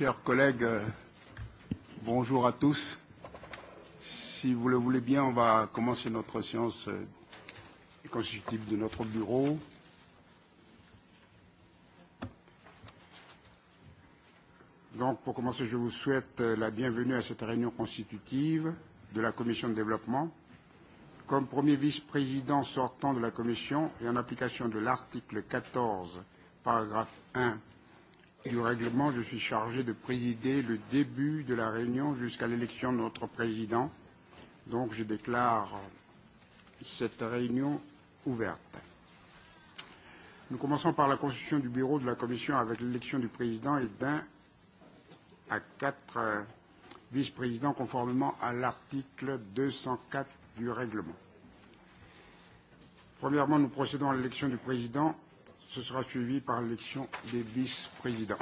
Chers collègues, euh, bonjour à tous. Si vous le voulez bien, on va commencer notre séance euh, constitutive de notre bureau. Donc, pour commencer, je vous souhaite euh, la bienvenue à cette réunion constitutive de la Commission de développement. Comme premier vice-président sortant de la Commission et en application de l'article 14, paragraphe 1 du règlement, je suis chargé de présider le début de la réunion jusqu'à l'élection de notre président. Donc je déclare cette réunion ouverte. Nous commençons par la constitution du bureau de la Commission avec l'élection du président et d'un à quatre euh, vice-présidents conformément à l'article 204 du règlement. Premièrement, nous procédons à l'élection du président ce sera suivi par l'élection des vice-présidents.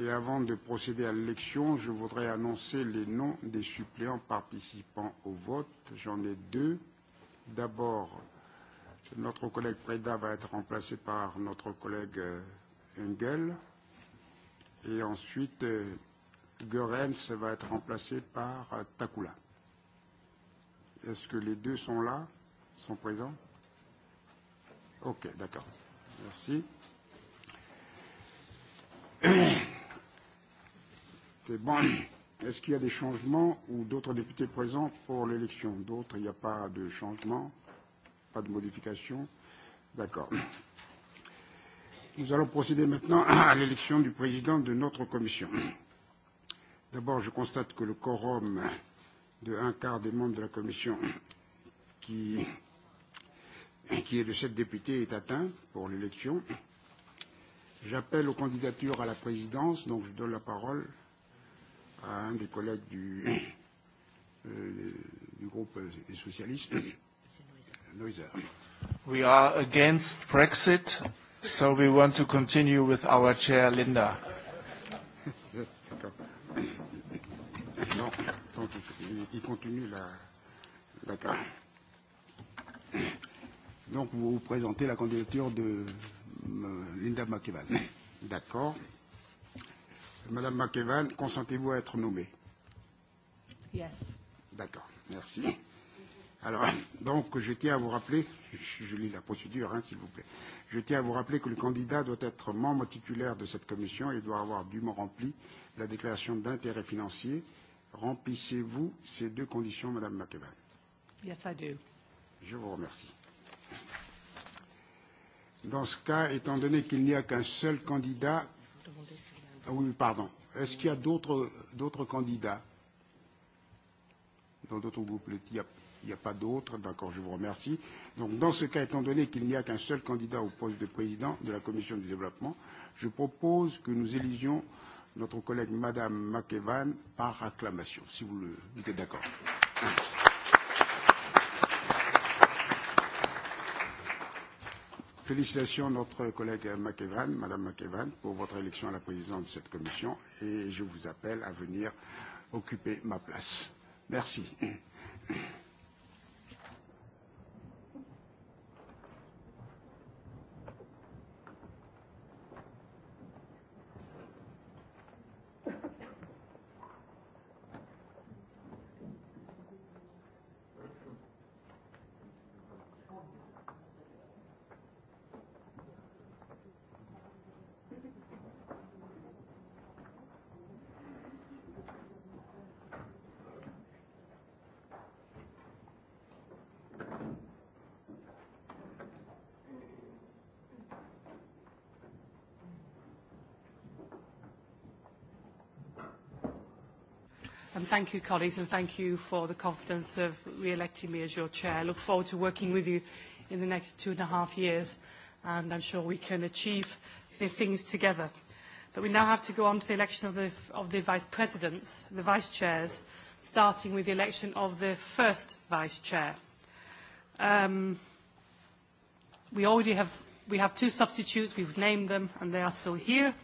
Et avant de procéder à l'élection, je voudrais annoncer les noms des suppléants participants au vote. J'en ai deux. D'abord, notre collègue Preda va être remplacé par notre collègue euh, Engel. Et ensuite, euh, Goerens va être remplacé par euh, Takula. Est-ce que les deux sont là, sont présents Ok, d'accord. Merci. C'est bon. Est-ce qu'il y a des changements ou d'autres députés présents pour l'élection D'autres, il n'y a pas de changement, pas de modification D'accord. Nous allons procéder maintenant à l'élection du président de notre commission. D'abord, je constate que le quorum de un quart des membres de la commission qui qui est de sept députés, est atteint pour l'élection. J'appelle aux candidatures à la présidence, donc je donne la parole à un des collègues du, euh, du groupe des socialistes, Noiser. We are against Brexit, so we want to continue with our chair, Linda. non, il continue la, la carte. Donc vous, vous présentez la candidature de euh, Linda McEvan. D'accord. Madame McEvan, consentez-vous à être nommée Yes. D'accord, merci. Alors, donc, je tiens à vous rappeler, je lis la procédure, hein, s'il vous plaît. Je tiens à vous rappeler que le candidat doit être membre titulaire de cette commission et doit avoir dûment rempli la déclaration d'intérêt financier. Remplissez-vous ces deux conditions, Madame McEvan Yes, I do. Je vous remercie. Dans ce cas, étant donné qu'il n'y a qu'un seul candidat, ah oui, pardon. Est-ce qu'il y a d'autres candidats dans d'autres groupes Il n'y a, a pas d'autres. D'accord, je vous remercie. Donc, dans ce cas, étant donné qu'il n'y a qu'un seul candidat au poste de président de la Commission du développement, je propose que nous élisions notre collègue Madame McEvan par acclamation, si vous, le, vous êtes d'accord. Oui. félicitations notre collègue McEvan, Madame McEvan, pour votre élection à la présidence de cette commission et je vous appelle à venir occuper ma place. Merci. thank you, colleagues, and thank you for the confidence of re-electing me as your chair. I look forward to working with you in the next two and a half years, and I'm sure we can achieve the things together. But we now have to go on to the election of the, of the vice presidents, the vice chairs, starting with the election of the first vice chair. Um, we already have, we have two substitutes, we've named them, and they are still here.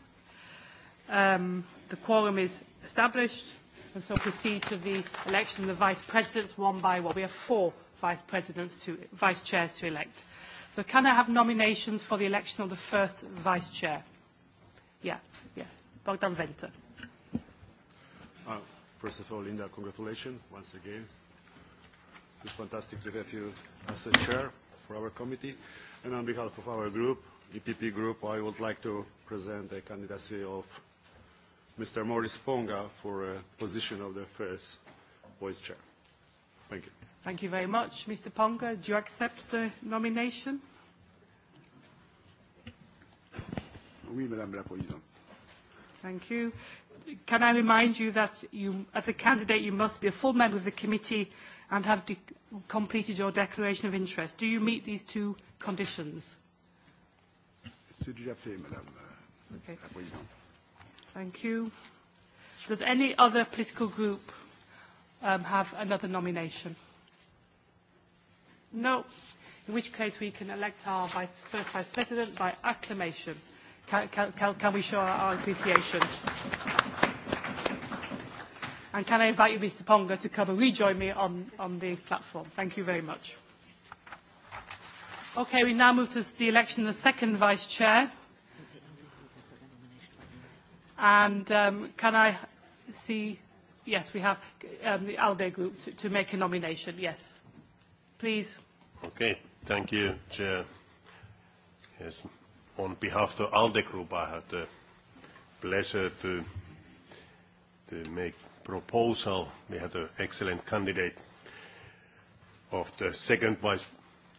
Um, the quorum is established and so proceed to the election of the vice presidents one by one. We have four vice presidents to vice chairs to elect. So can I have nominations for the election of the first vice chair? Yeah, yeah. Bogdan Venter. Uh, first of all, Linda, congratulations once again. It's fantastic to have you as a chair for our committee. And on behalf of our group, EPP group, I would like to present the candidacy of Mr. Maurice Ponga for a position of the first Vice Chair. Thank you. Thank you very much. Mr. Ponga, do you accept the nomination? Oui, Madame la Présidente. Thank you. Can I remind you that you, as a candidate, you must be a full member of the committee and have de completed your declaration of interest. Do you meet these two conditions? C'est déjà fait, Madame euh, okay. la Présidente. Thank you. Does any other political group um, have another nomination? No. In which case we can elect our vice, first Vice President by acclamation. Can, can, can we show our appreciation? And can I invite you, Mr Ponga, to come and rejoin me on, on the platform? Thank you very much. Okay, we now move to the election of the second Vice Chair. And um, can I see, yes, we have um, the ALDE group to, to make a nomination, yes. Please. Okay, thank you, Chair. Yes, on behalf of the ALDE group, I have the pleasure to, to make proposal. We have an excellent candidate of the second vice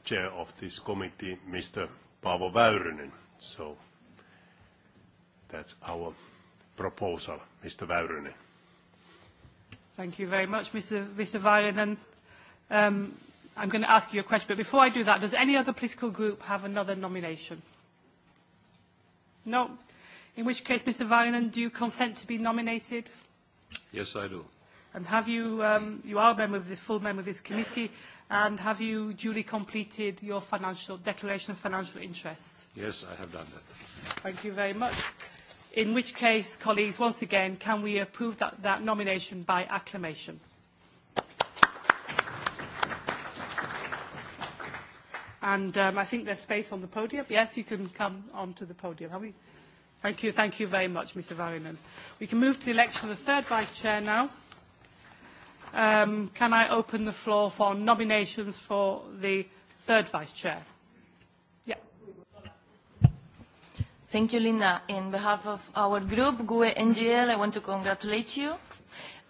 chair of this committee, Mr. Paavo Väyrynen. So that's our proposal, Mr. Väyrynen. Thank you very much, Mr. Väyrynen. Um, I'm going to ask you a question, but before I do that, does any other political group have another nomination? No. In which case, Mr. Väyrynen, do you consent to be nominated? Yes, I do. And have you, um, you are a member of the full member of this committee, and have you duly completed your financial declaration of financial interests? Yes, I have done that. Thank you very much in which case, colleagues, once again, can we approve that, that nomination by acclamation? And um, I think there's space on the podium. Yes, you can come onto the podium. Have we? Thank you. Thank you very much, Mr. Varinen. We can move to the election of the third vice chair now. Um, can I open the floor for nominations for the third vice chair? Thank you, Linda. In behalf of our group, GUE NGL, I want to congratulate you.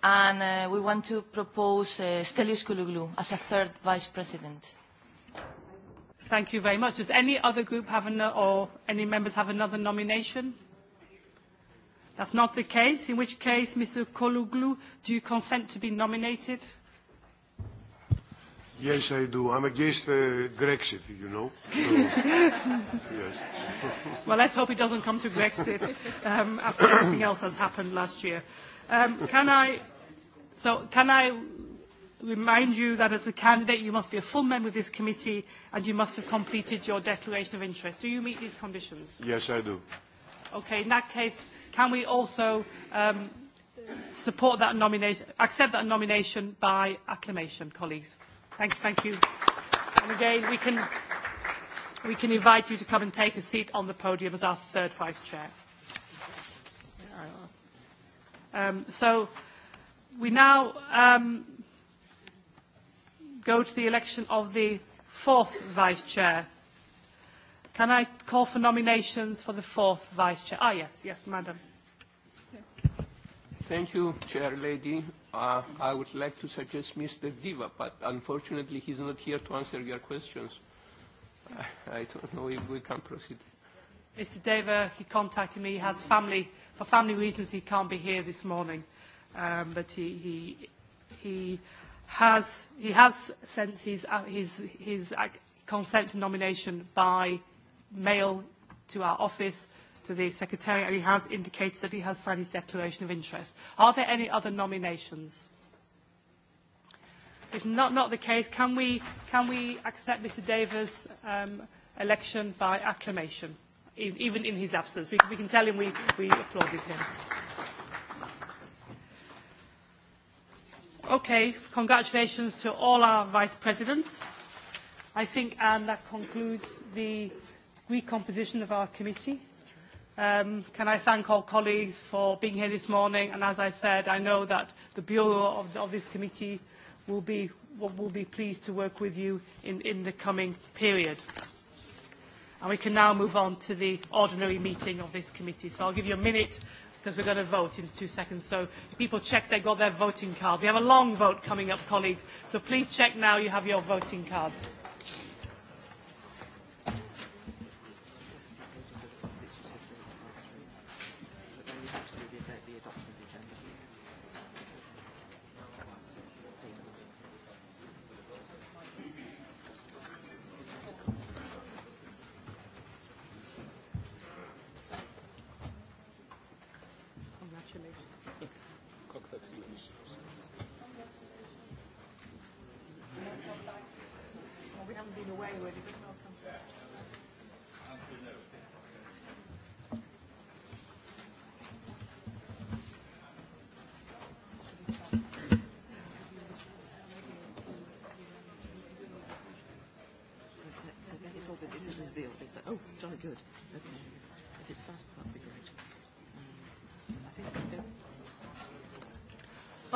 And uh, we want to propose uh, Stelios Kouloglou as a third vice president. Thank you very much. Does any other group have another, or any members have another nomination? That's not the case, in which case, Mr. Kouloglou, do you consent to be nominated? Yes, I do. I'm against uh, Grexit, you know. So, yes. well, let's hope he doesn't come to Brexit um, after everything else has happened last year. Um, can I, so can I remind you that as a candidate you must be a full member of this committee and you must have completed your declaration of interest. Do you meet these conditions? Yes, I do. Okay, in that case, can we also um, support that nomination, accept that nomination by acclamation, colleagues? Thanks, thank you. And again, we can we can invite you to come and take a seat on the podium as our third vice chair. Um, so we now um, go to the election of the fourth vice chair. Can I call for nominations for the fourth vice chair? Ah, yes, yes, madam. Thank you, Chair Lady. Uh, I would like to suggest Mr. Diva, but unfortunately he's not here to answer your questions. I don't know if we can proceed. Mr. Deva, he contacted me. He has family, for family reasons, he can't be here this morning. Um, but he, he, he, has, he has sent his, uh, his, his uh, consent to nomination by mail to our office, to the secretary, and he has indicated that he has signed his declaration of interest. Are there any other nominations? If not, not the case, can we, can we accept Mr Davis' um, election by acclamation, even in his absence? We, we can tell him we, we applauded him. Okay, congratulations to all our vice presidents. I think, and that concludes the recomposition of our committee. Um, can I thank all colleagues for being here this morning? And as I said, I know that the Bureau of, of this committee will be, will be pleased to work with you in, in the coming period. And we can now move on to the ordinary meeting of this committee. So I'll give you a minute because we're going to vote in two seconds. So if people check they've got their voting card. We have a long vote coming up, colleagues. So please check now you have your voting cards.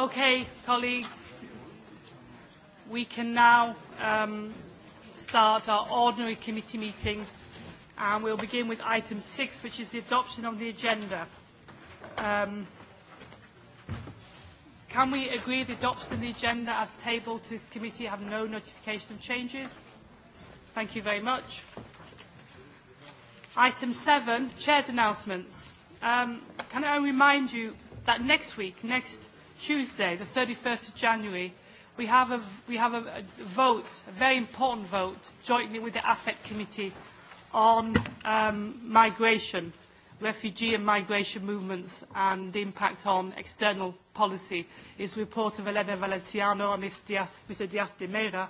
Okay, colleagues, we can now um, start our ordinary committee meeting and we'll begin with item six, which is the adoption of the agenda. Um, can we agree the adoption of the agenda as tabled to this committee? have no notification of changes. Thank you very much. Item seven, chair's announcements. Um, can I remind you that next week, next Tuesday, the 31st of January, we have a, we have a, a vote, a very important vote, jointly with the AFET committee on um, migration, refugee and migration movements and the impact on external policy. It's a report of Elena Valenciano and Mr. Diaz de Mera.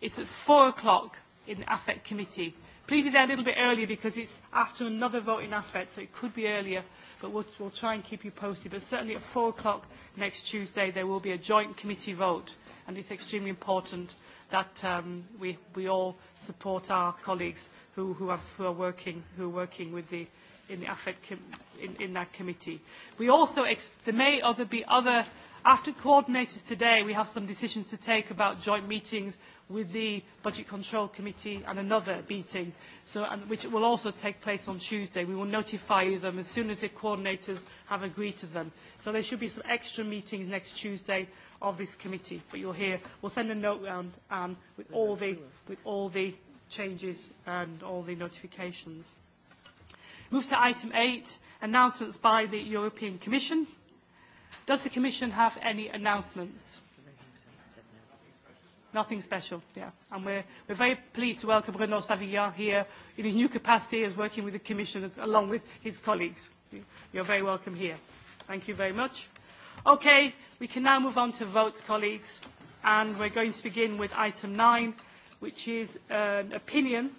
It's at 4 o'clock in the AFET committee. Please be there a little bit earlier because it's after another vote in AFET, so it could be earlier but we'll, we'll try and keep you posted. But certainly at 4 o'clock next Tuesday, there will be a joint committee vote, and it's extremely important that um, we, we all support our colleagues who, who, have, who, are, working, who are working with the, in the AFED com in, in that committee. We also, ex there may other be other After coordinators today, we have some decisions to take about joint meetings with the Budget Control Committee and another meeting, so, and, which will also take place on Tuesday. We will notify them as soon as the coordinators have agreed to them. So there should be some extra meetings next Tuesday of this committee, but you'll hear, we'll send a note round um, with, all the, with all the changes and all the notifications. Move to item 8, announcements by the European Commission. Does the Commission have any announcements? Nothing special, yeah. And we're, we're very pleased to welcome Renaud Savillard here in his new capacity as working with the Commission along with his colleagues. You're very welcome here. Thank you very much. Okay, we can now move on to votes, colleagues. And we're going to begin with item nine, which is an opinion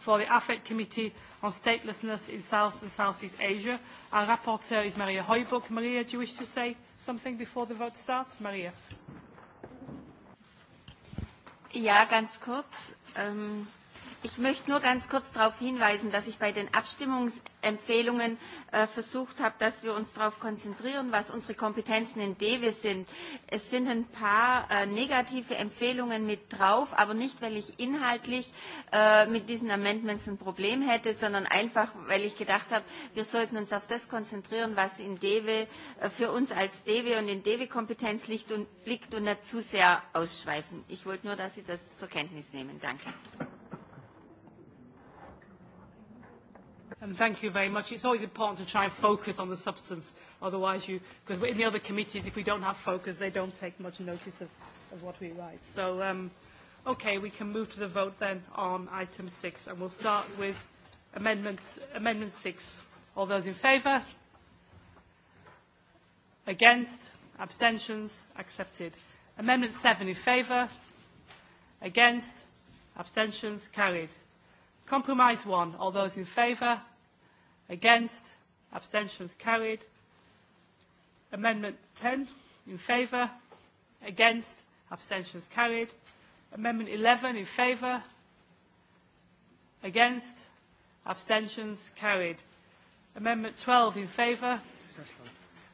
for the AFET Committee on statelessness in South and Southeast Asia. Our rapporteur is Maria Hoybuck. Maria, do you wish to say something before the vote starts? Maria. Ja, ganz kurz. Um, Ich möchte nur ganz kurz darauf hinweisen, dass ich bei den Abstimmungsempfehlungen äh, versucht habe, dass wir uns darauf konzentrieren, was unsere Kompetenzen in DEWE sind. Es sind ein paar äh, negative Empfehlungen mit drauf, aber nicht, weil ich inhaltlich äh, mit diesen Amendments ein Problem hätte, sondern einfach, weil ich gedacht habe, wir sollten uns auf das konzentrieren, was in DEWE äh, für uns als DEWE und in DEWE-Kompetenz liegt und, liegt und nicht zu sehr ausschweifen. Ich wollte nur, dass Sie das zur Kenntnis nehmen. Danke. And thank you very much. It's always important to try and focus on the substance, otherwise you, because in the other committees, if we don't have focus, they don't take much notice of, of what we write. So, um, okay, we can move to the vote then on item six, and we'll start with amendment, amendment six. All those in favour? Against? Abstentions? Accepted. Amendment seven in favour? Against? Abstentions? Carried. Compromise 1. All those in favour? Against? Abstentions carried. Amendment 10. In favour? Against? Abstentions carried. Amendment 11. In favour? Against? Abstentions carried. Amendment 12. In favour?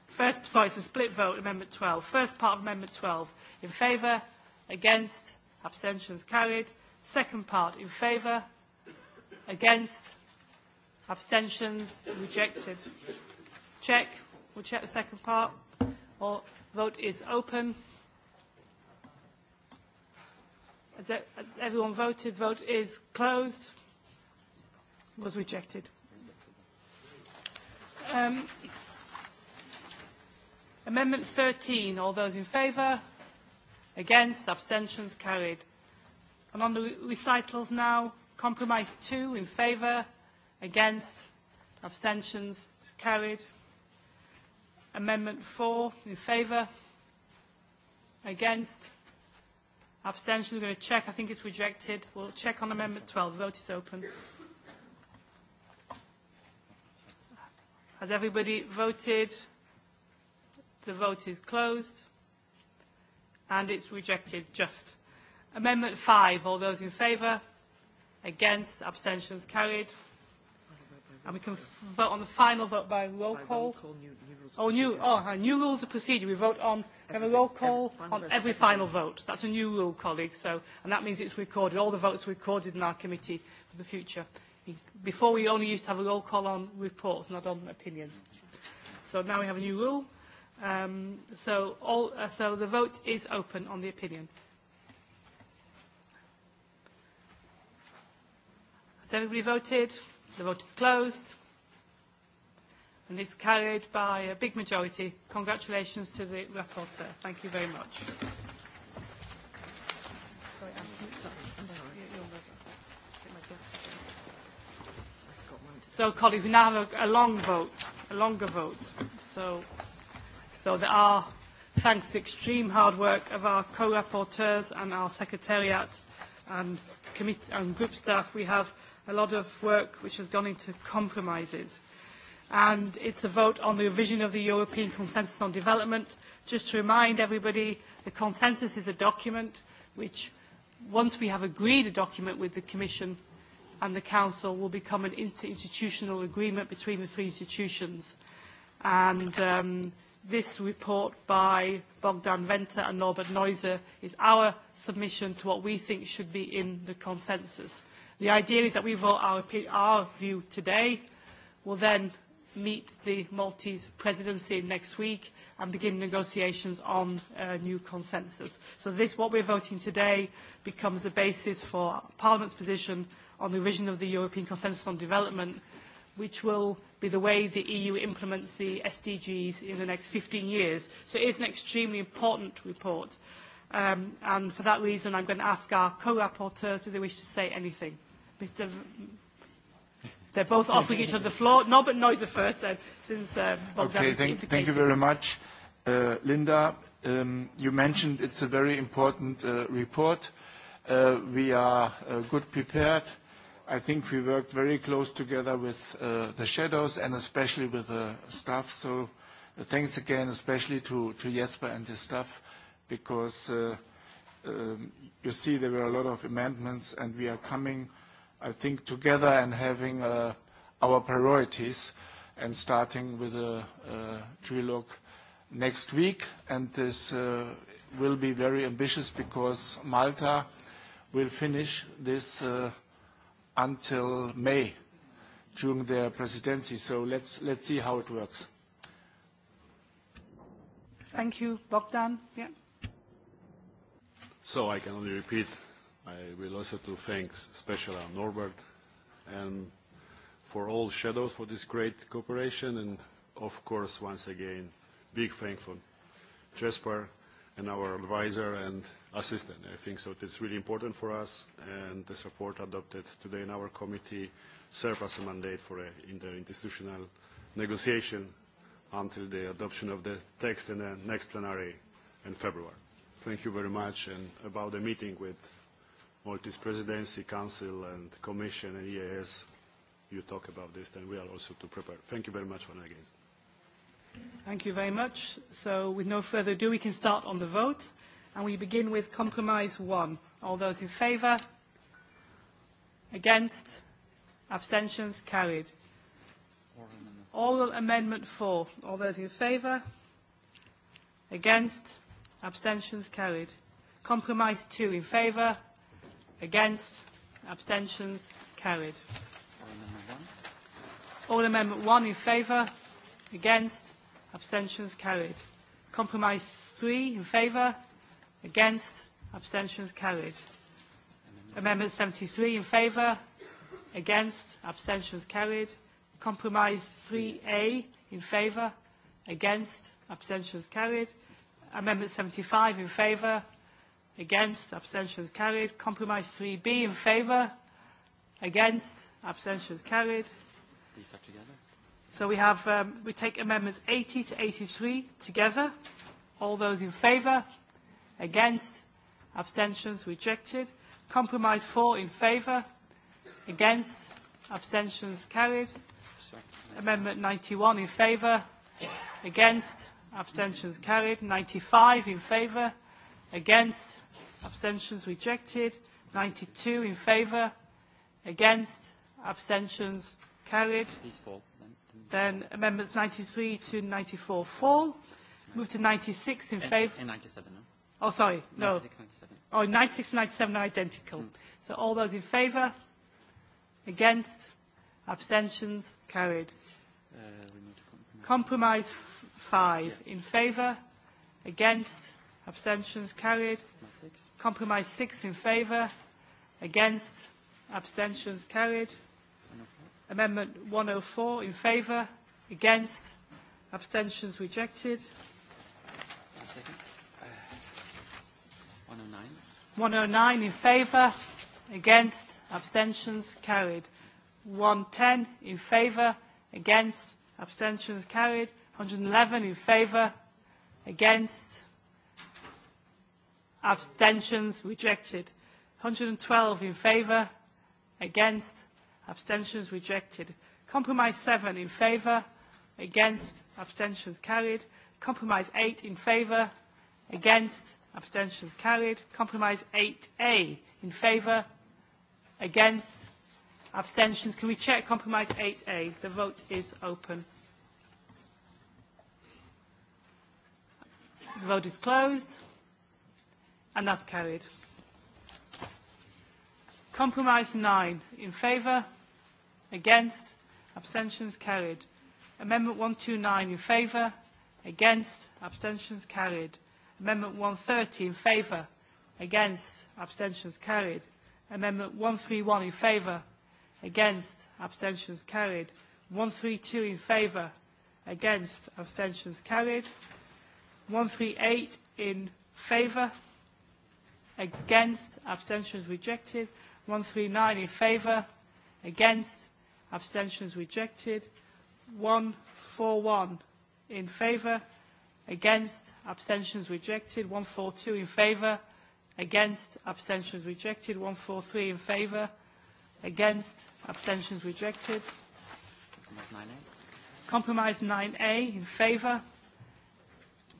First, sorry, it's a split vote, Amendment 12. First part of Amendment 12. In favour? Against? Abstentions carried. Second part. In favour? Against? Abstentions? Rejected. Check. We'll check the second part. Or vote is open. Has everyone voted? Vote is closed. Was rejected. Um, amendment 13. All those in favour? Against? Abstentions? Carried. And on the recitals now. Compromise 2 in favour, against, abstentions, it's carried. Amendment 4 in favour, against, abstentions, we're going to check, I think it's rejected. We'll check on Amendment 12, vote is open. Has everybody voted? The vote is closed and it's rejected just. Amendment 5, all those in favour? Against, abstentions carried. And we can vote on the final vote by roll call. Oh, new, oh, new rules of procedure. We vote on we have a roll call on every final vote. That's a new rule, colleagues. So, and that means it's recorded. All the votes are recorded in our committee for the future. Before we only used to have a roll call on reports, not on opinions. So now we have a new rule. Um, so, all, uh, so the vote is open on the opinion. everybody voted? The vote is closed. And it's carried by a big majority. Congratulations to the rapporteur. Thank you very much. So, colleagues, we now have a, a long vote, a longer vote. So, so there are, thanks to the extreme hard work of our co-rapporteurs and our secretariat and, and group staff, we have a lot of work which has gone into compromises. And it's a vote on the revision of the European Consensus on Development. Just to remind everybody, the consensus is a document which, once we have agreed a document with the Commission and the Council, will become an interinstitutional agreement between the three institutions. And um, this report by Bogdan Venter and Norbert Neuser is our submission to what we think should be in the consensus. The idea is that we vote our, our view today. We'll then meet the Maltese presidency next week and begin negotiations on a uh, new consensus. So this, what we're voting today becomes the basis for Parliament's position on the revision of the European Consensus on Development, which will be the way the EU implements the SDGs in the next 15 years. So it is an extremely important report. Um, and for that reason, I'm going to ask our co-rapporteur, do they wish to say anything? Mr. They're both offering each other the floor. Norbert Neuser first, then, since uh, Bob Okay, thank, thank you very much. Uh, Linda, um, you mentioned it's a very important uh, report. Uh, we are uh, good prepared. I think we worked very close together with uh, the shadows and especially with the staff. So uh, thanks again, especially to, to Jesper and his staff, because uh, um, you see there were a lot of amendments and we are coming – I think, together and having uh, our priorities and starting with a, a trilogue next week. And this uh, will be very ambitious because Malta will finish this uh, until May during their presidency. So let's, let's see how it works. Thank you. Bogdan? Yeah. So I can only repeat I will also to thank especially Norbert and for all shadows for this great cooperation and of course once again big thank for Jesper and our advisor and assistant. I think so it's really important for us and the support adopted today in our committee serve as a mandate for a in the institutional negotiation until the adoption of the text in the next plenary in February. Thank you very much and about the meeting with Maltese Presidency, Council and Commission and EAS, you talk about this and we are also to prepare. Thank you very much for again. Thank you very much. So with no further ado, we can start on the vote. And we begin with compromise one. All those in favor? Against? Abstentions? Carried. All amendment four. All those in favor? Against? Abstentions? Carried. Compromise two in favor? Against? Abstentions? Carried. All Amendment 1 in favour? Against? Abstentions? Carried. Compromise 3 in favour? Against? Abstentions? Carried. Amendment 73 in favour? Against? Abstentions? Carried. Compromise 3A in favour? Against? Abstentions? Carried. Amendment 75 in favour? Against, abstentions carried. Compromise 3B in favour. Against, abstentions carried. These are together. So we have, um, we take amendments 80 to 83 together. All those in favour? Against, abstentions rejected. Compromise 4 in favour. Against, abstentions carried. Amendment 91 in favour. Against, abstentions carried. 95 in favour. Against, abstentions rejected 92 in favour against abstentions carried These Then, amendments 93 to 94 fall move to 96 in favour and 97 no? oh sorry 96, no 97. oh 96 and 97 are identical mm. so all those in favour against abstentions carried uh, we move to compromise. compromise yes. in favour against Abstentions carried. Compromise six in favour. Against. Abstentions carried. Amendment 104 in favour. Against. Abstentions rejected. One second. Uh, 109. 109 in favour. Against. Abstentions carried. 110 in favour. Against. Abstentions carried. 111 in favour. Against abstentions rejected 112 in favour against abstentions rejected compromise 7 in favour against abstentions carried compromise 8 in favour against abstentions carried compromise 8a in favour against abstentions can we check compromise 8a the vote is open the vote is closed and that's carried. Compromise 9, in favour, against, abstentions carried. Amendment 129 in favour, against, abstentions carried. Amendment 130 in favour, against, abstentions carried. Amendment 131 in favour, against, abstentions carried. 132 in favour, against, abstentions carried. 138 in favour, against, abstentions rejected. 139 in favour, against, abstentions rejected. 141 in favour, against, abstentions rejected. 142 in favour, against, abstentions rejected. 143 in favour, against, abstentions rejected. Compromise 9A. Compromise 9A in favour,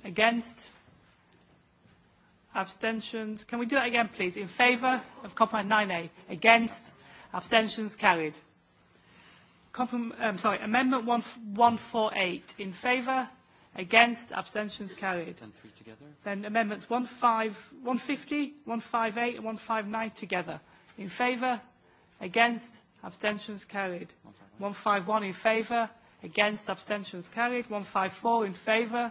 against, abstentions. Can we do that again, please? In favour of compromise 9A. Against? Abstentions carried. Comprom um, sorry, amendment 148 in favour. Against? Abstentions carried. And three together. Then amendments 15, 150, 158 and 159 together. In favour? Against? Abstentions carried. 151 in favour. Against? Abstentions carried. 154 in favour.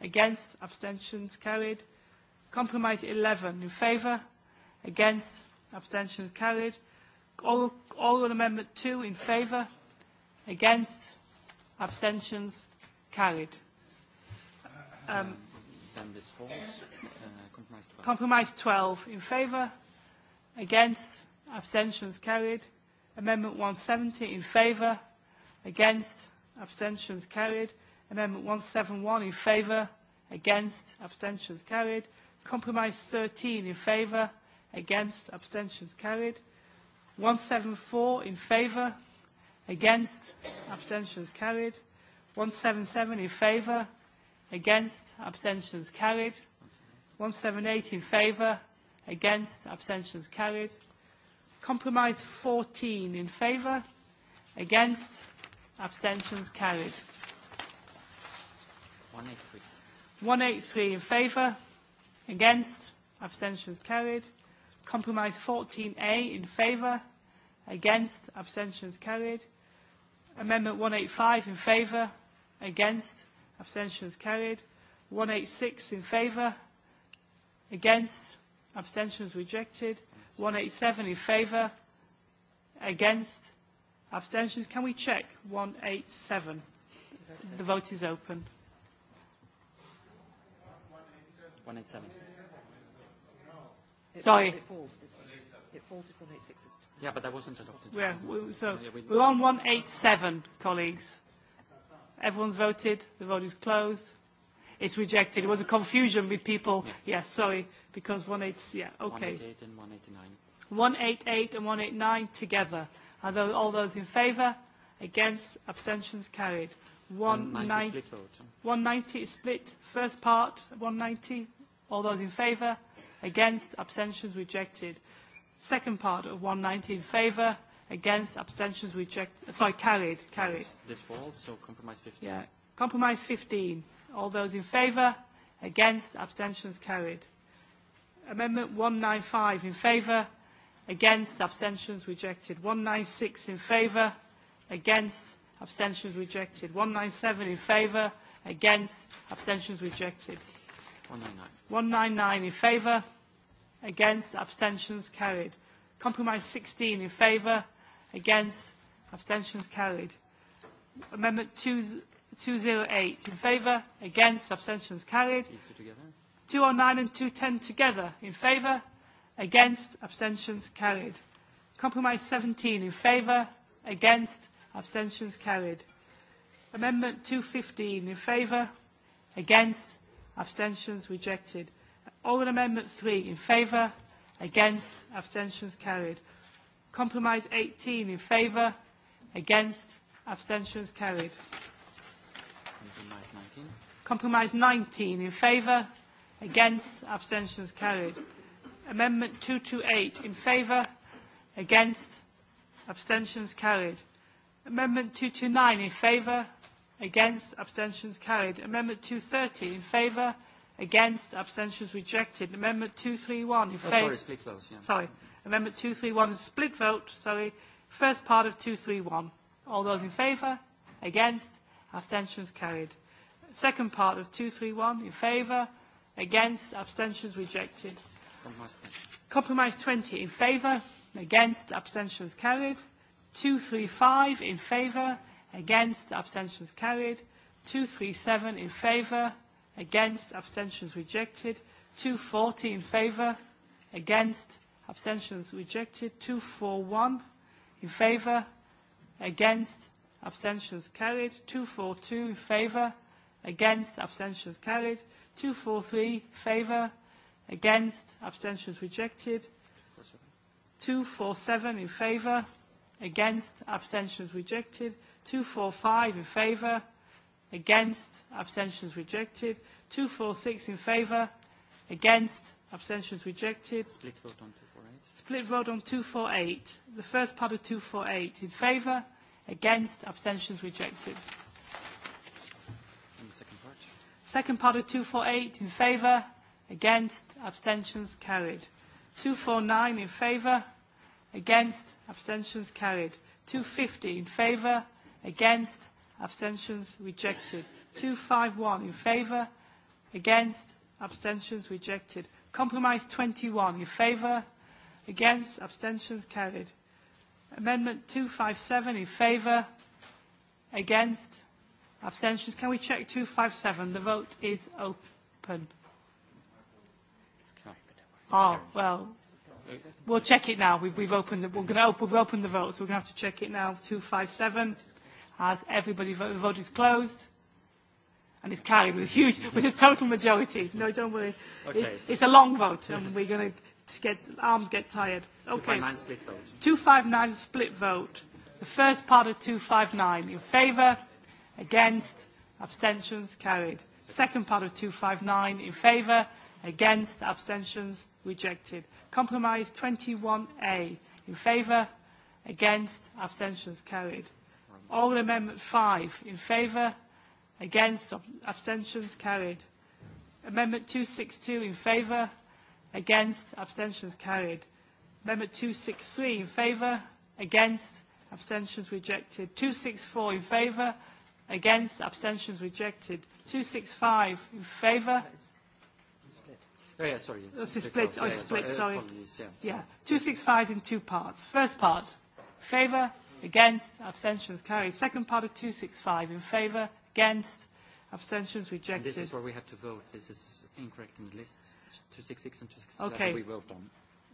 Against? Abstentions carried. Compromise 11 in favour, against, abstentions carried. All all Amendment 2 in favour, against, abstentions carried. Um, then this falls. Uh, compromise 12. Compromise 12 in favour, against, abstentions carried. Amendment 170 in favour, against, abstentions carried. Amendment 171 in favour, against, abstentions carried. Compromise 13 in favour, against, abstentions carried. 174 in favour, against, abstentions carried. 177 in favour, against, abstentions carried. 178 in favour, against, abstentions carried. Compromise 14 in favour, against, abstentions carried. 183 in favour, Against? Abstentions carried. Compromise 14A in favour. Against? Abstentions carried. Amendment 185 in favour. Against? Abstentions carried. 186 in favour. Against? Abstentions rejected. 187 in favour. Against? Abstentions. Can we check 187? The vote is open. 187. Sorry. It falls. It falls if 186 is. Yeah, but that wasn't adopted. Yeah, so we're on 187, colleagues. Everyone's voted. The vote is closed. It's rejected. It was a confusion with people. Yeah, yeah sorry, because 187, yeah, okay. 188 and 189. 188 and 189 together. Are those, all those in favour? Against? Abstentions carried. 190, 190 is split. First part, 190. All those in favour? Against? Abstentions rejected. Second part of 190 in favour? Against? Abstentions rejected. Sorry, carried. Carried. This falls, so compromise 15. Yeah. Compromise 15. All those in favour? Against? Abstentions carried. Amendment 195 in favour? Against? Abstentions rejected. 196 in favour? Against? Abstentions rejected. 197 in favour? Against? Abstentions rejected. 199. in favour. Against. Abstentions carried. Compromise 16 in favour. Against. Abstentions carried. Amendment 208 in favour. Against. Abstentions carried. 209 and 210 together in favour. Against. Abstentions carried. Compromise 17 in favour. Against. Abstentions carried. Amendment 215 in favour. Against abstentions rejected. in Amendment 3 in favour, against, abstentions carried. Compromise 18 in favour, against, abstentions carried. Compromise 19. Compromise 19 in favour, against, abstentions carried. Amendment 228 in favour, against, abstentions carried. Amendment 229 in favour, Against, abstentions carried. Amendment 230 in favour. Against, abstentions rejected. Amendment 231 in favour. Oh, sorry, split votes. Yeah. Sorry. Amendment 231 is a split vote. Sorry. First part of 231. All those in favour? Against, abstentions carried. Second part of 231 in favour. Against, abstentions rejected. Compromise 20. Compromise 20 in favour. Against, abstentions carried. 235 in favour Against, abstentions carried. 237 in favour. Against, abstentions rejected. 240 in favour. Against, abstentions rejected. 241 in favour. Against, abstentions carried. 242 in favour. Against, abstentions carried. 243 favour. Against, abstentions rejected. 247 in favour. Against, abstentions rejected. 245 in favour, against, abstentions rejected. 246 in favour, against, abstentions rejected. Split vote on 248. Split vote on 248. The first part of 248 in favour, against, abstentions rejected. And the second part. Second part of 248 in favour, against, abstentions carried. 249 in favour, against, abstentions carried. 250 in favour, Against? Abstentions? Rejected. 251 in favour? Against? Abstentions? Rejected. Compromise 21 in favour? Against? Abstentions? Carried. Amendment 257 in favour? Against? Abstentions? Can we check 257? The vote is open. Oh, well, we'll check it now. We've, we've opened the, we're going to open, we've opened the vote, so we're going to have to check it now. 257. As, everybody vote, The vote is closed. And it's carried with a huge, with a total majority. No, don't worry. Okay, it's, so it's a long vote, and we're going to get arms get tired. Okay. 259 split vote. nine split vote. The first part of 259 in favour, against, abstentions carried. Second part of 259 in favour, against, abstentions rejected. Compromise 21A in favour, against, abstentions carried. All Amendment 5 in favour, against, abstentions carried. Amendment 262 in favour, against, abstentions carried. Amendment 263 in favour, against, abstentions rejected. 264 in favour, against, abstentions rejected. 265 in favour. Oh, yeah, sorry. It's, it's split. Oh, it's split, oh, sorry. Yeah, yeah. 265 in two parts. First part, favour, against abstentions carried second part of 265 in favor against abstentions rejected this is where we have to vote this is incorrect in the lists 266 and 267 okay. we vote on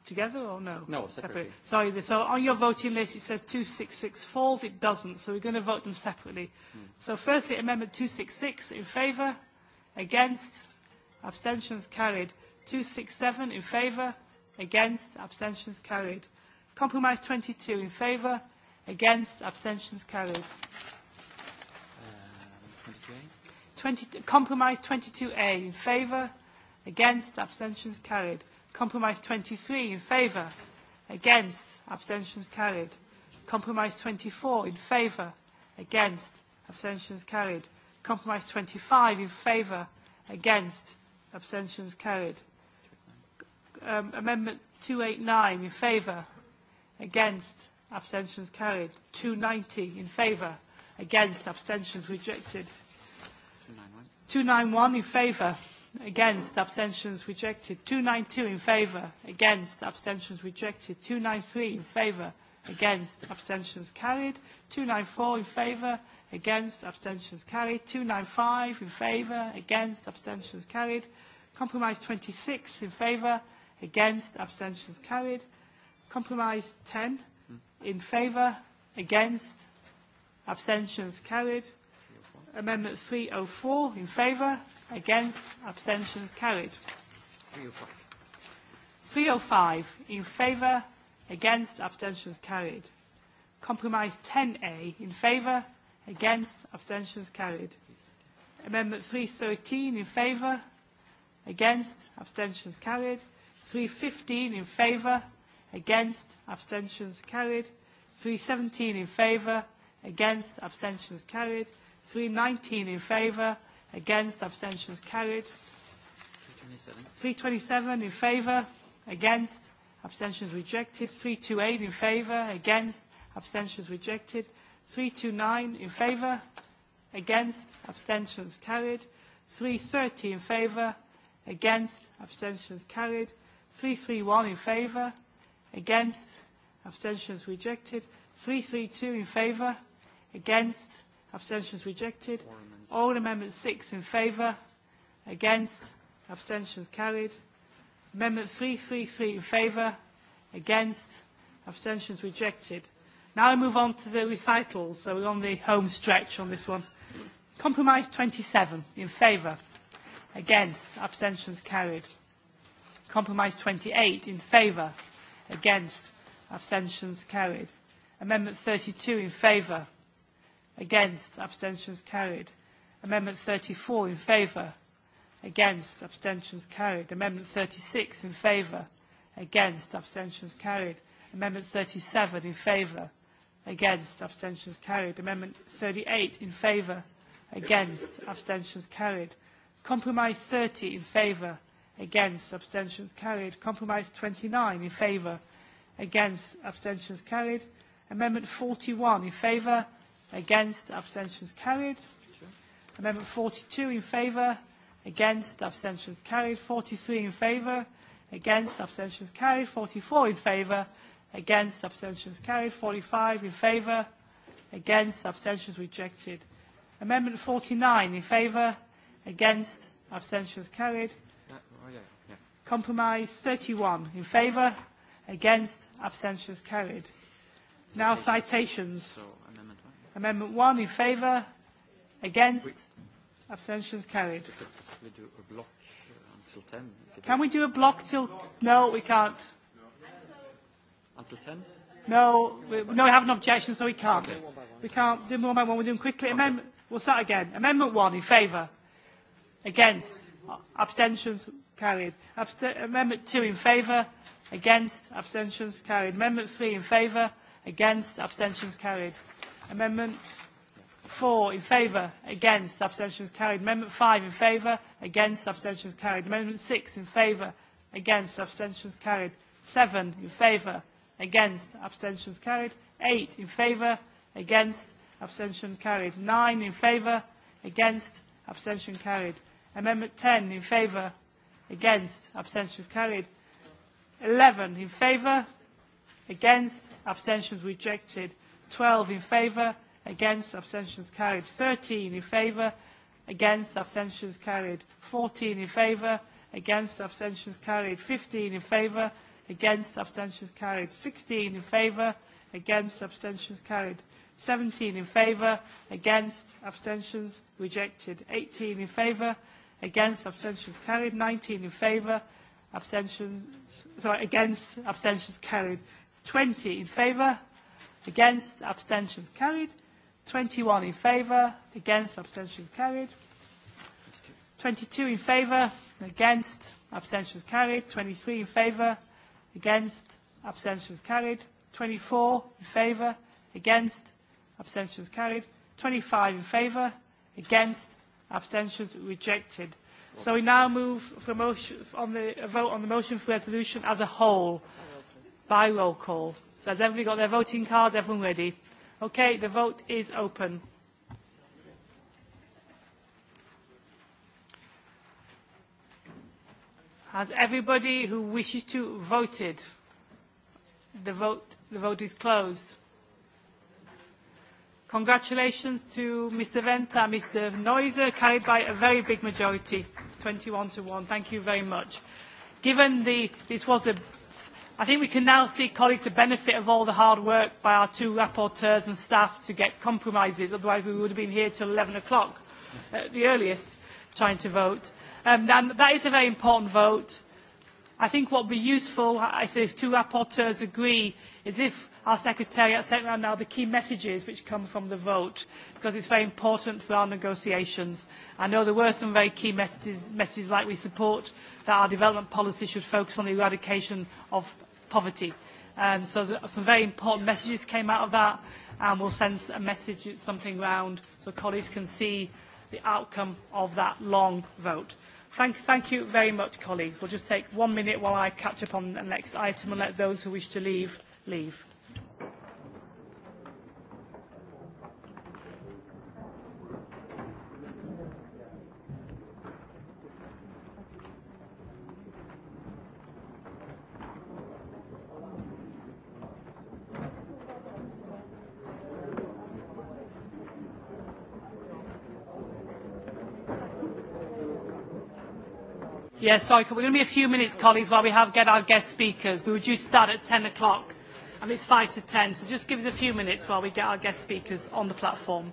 together or no? No, separately. separately. Sorry, so on your voting list it says 266 falls, it doesn't, so we're going to vote them separately. Mm. So firstly, Amendment 266 in favour, against, abstentions carried. 267 in favour, against, abstentions carried. Compromise 22 in favour, Against? Abstentions carried. 22A. Uh, compromise 22A in favour. Against? Abstentions carried. Compromise 23 in favour. Against? Abstentions carried. Compromise 24 in favour. Against? Abstentions carried. Compromise 25 in favour. Against? Abstentions carried. Um, amendment 289 in favour. Against? abstentions carried. 290 in favour, against, abstentions rejected. 291 in favour, against, abstentions rejected. 292 in favour, against, abstentions rejected. 293 in favour, against, abstentions carried. 294 in favour, against, abstentions carried. 295 in favour, against, abstentions carried. Compromise 26 in favour, against, abstentions carried. Compromise 10 In favour? Against? Abstentions carried. Amendment 304 in favour, against, abstentions carried. 305. in favour, against, abstentions carried. Compromise 10A in favour, against, abstentions carried. Amendment 313 in favour, against, abstentions carried. 315 in favour, Against, abstentions carried. 317 in favour. Against, abstentions carried. 319 in favour. Against, abstentions carried. 327, 327 in favour. Against, abstentions rejected. 328 in favour. Against, abstentions rejected. 329 in favour. Against, abstentions carried. 330 in favour. Against, abstentions carried. 331 in favour. Against? Abstentions rejected. 332 in favour. Against? Abstentions rejected. all amendments 6 in favour. Against? Abstentions carried. Amendment 333 in favour. Against? Abstentions rejected. Now I move on to the recitals, so we're on the home stretch on this one. Compromise 27 in favour. Against? Abstentions carried. Compromise 28 in favour. Against. Abstentions carried. Amendment 32 in favour. Against. Abstentions carried. Amendment 34 in favour. Against. Abstentions carried. Amendment 36 in favour. Against. Abstentions carried. Amendment 37 in favour. Against. Abstentions carried. Amendment 38 in favour. Against. Abstentions carried. Compromise 30 in favour against, abstentions carried. Compromise 29 in favour, against, abstentions carried. Amendment 41 in favour, against, abstentions carried. Amendment 42 in favour, against, abstentions carried. 43 in favour, against, abstentions carried. 44 in favour, against, abstentions carried. 45 in favour, against, abstentions rejected. Amendment 49 in favour, against, abstentions carried. Compromise 31 in favor, against, abstentions carried. Citations. Now citations. So, amendment, one. amendment 1 in favor, against, we, abstentions carried. We do a block uh, until 10. Can we do a block till... No, we can't. Until 10? No, we, no, we have an objection, so we can't. Okay. We can't do more by one. We're doing quickly. Okay. Amendment, we'll start again. Amendment 1 in favor, against, abstentions Carried. Abst- amendment 2 in favour. Against. Abstentions. Carried. Amendment 3 in favour. Against. Abstentions. Carried. Amendment 4 in favour. Against. Abstentions. Carried. Amendment 5 in favour. Against. Abstentions. Carried. Amendment 6 in favour. Against. Abstentions. Carried. 7 in favour. Against. Abstentions. Carried. 8 in favour. Against. abstentions carried. 9 in favour. Against. Abstention carried. Amendment 10 in favour. Against. Abstentions carried. 11 in favour. Against. Abstentions rejected. 12 in favour. Against. Abstentions carried. 13 in favour. Against. Abstentions carried. 14 in favour. Against. Abstentions carried. 15 in favour. Against. Abstentions carried. 16 in favour. Against. Abstentions carried. 17 in favour. Against. Abstentions rejected. 18 in favour against abstentions carried 19 in favour abstentions sorry against abstentions carried 20 in favour against abstentions carried 21 in favour against abstentions carried 22 in favour against abstentions carried 23 in favour against abstentions carried 24 in favour against abstentions carried 25 in favour against abstentions rejected. So we now move for motion, on the, a vote on the motion for resolution as a whole by roll call. So has everybody got their voting cards? Everyone ready? Okay, the vote is open. Has everybody who wishes to voted? The vote, the vote is closed. Congratulations to Mr. and Mr. Neuser, carried by a very big majority, 21 to 1. Thank you very much. Given the, this was a, I think we can now see, colleagues, the benefit of all the hard work by our two rapporteurs and staff to get compromises. Otherwise, we would have been here till 11 o'clock at the earliest trying to vote. Um, and that is a very important vote. I think what would be useful, uh, if the two rapporteurs agree, is if our secretariat sent around now the key messages which come from the vote because it's very important for our negotiations. I know there were some very key messages, messages like we support that our development policy should focus on the eradication of poverty. And so the, some very important messages came out of that and we'll send a message, something round so colleagues can see the outcome of that long vote. Thank, thank you very much, colleagues. We'll just take one minute while I catch up on the next item and let those who wish to leave, leave. Yeah, sorry, we're going to be a few minutes, colleagues, while we have get our guest speakers. We were due to start at 10 o'clock, and it's 5 to 10, so just give us a few minutes while we get our guest speakers on the platform.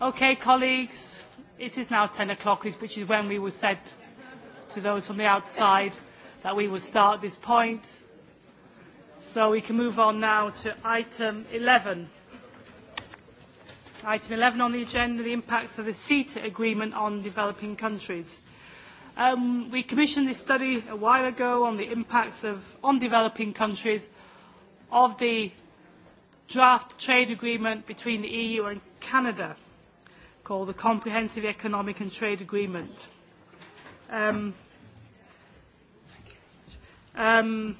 Okay, colleagues, it is now 10 o'clock, which is when we were said to those from the outside that we would start this point. So we can move on now to item 11. Item 11 on the agenda, the impacts of the CETA agreement on developing countries. Um, we commissioned this study a while ago on the impacts of, on developing countries of the draft trade agreement between the EU and Canada called the Comprehensive Economic and Trade Agreement. Um, um,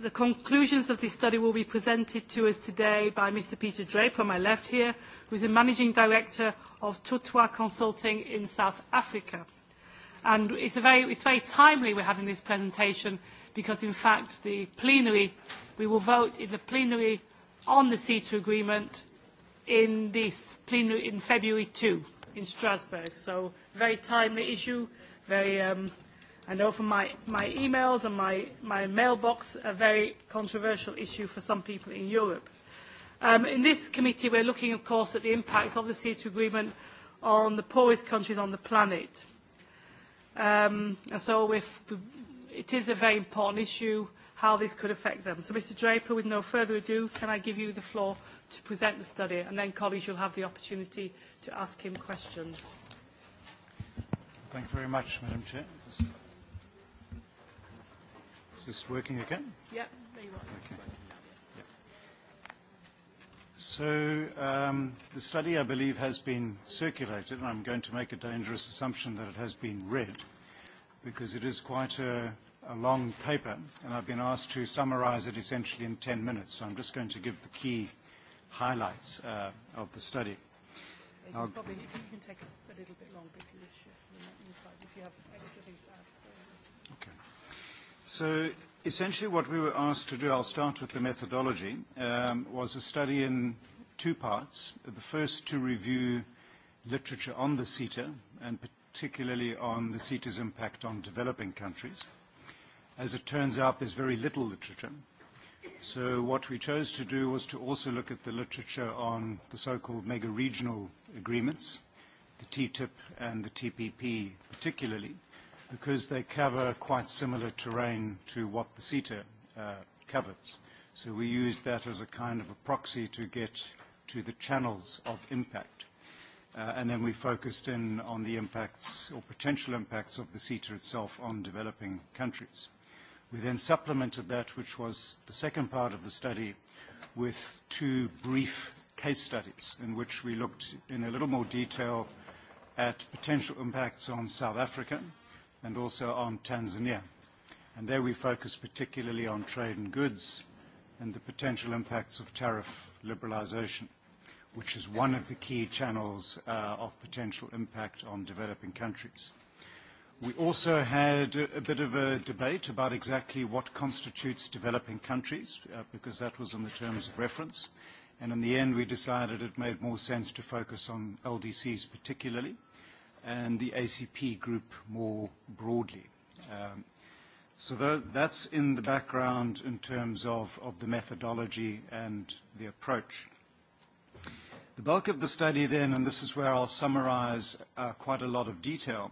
the conclusions of this study will be presented to us today by Mr. Peter Draper, on my left here, who is the Managing Director of Tutwa Consulting in South Africa. And it's, a very, it's very timely we're having this presentation because, in fact, the plenary, we will vote in the plenary on the CETA agreement in this plenary in February too, in Strasbourg. So very timely issue, very, um, I know from my, my emails and my, my mailbox, a very controversial issue for some people in Europe. Um, in this committee, we're looking, of course, at the impacts of the CO2 agreement on the poorest countries on the planet. Um, and so if, it is a very important issue how this could affect them. So, Mr Draper, with no further ado, can I give you the floor to present the study, and then colleagues, you'll have the opportunity to ask him questions. Thank you very much, Madam Chair. Is this, is this working again? Yep, there you are. Okay. So um, the study, I believe, has been circulated, and I'm going to make a dangerous assumption that it has been read, because it is quite a a long paper, and I've been asked to summarize it essentially in 10 minutes. So I'm just going to give the key highlights uh, of the study. You probably, if you can take a little bit if you wish, if you have extra things to add. Okay. So essentially what we were asked to do, I'll start with the methodology, um, was a study in two parts. The first to review literature on the CETA and particularly on the CETA's impact on developing countries. As it turns out, there's very little literature So what we chose to do was to also look at the literature on the so-called mega-regional agreements, the TTIP and the TPP particularly, because they cover quite similar terrain to what the CETA uh, covers. So we used that as a kind of a proxy to get to the channels of impact. Uh, and then we focused in on the impacts or potential impacts of the CETA itself on developing countries. We then supplemented that, which was the second part of the study, with two brief case studies in which we looked in a little more detail at potential impacts on South Africa and also on Tanzania. And there we focused particularly on trade and goods and the potential impacts of tariff liberalization, which is one of the key channels uh, of potential impact on developing countries. We also had a bit of a debate about exactly what constitutes developing countries, uh, because that was in the terms of reference. And in the end, we decided it made more sense to focus on LDCs particularly, and the ACP group more broadly. Um, so th that's in the background in terms of, of the methodology and the approach. The bulk of the study then, and this is where I'll summarize uh, quite a lot of detail,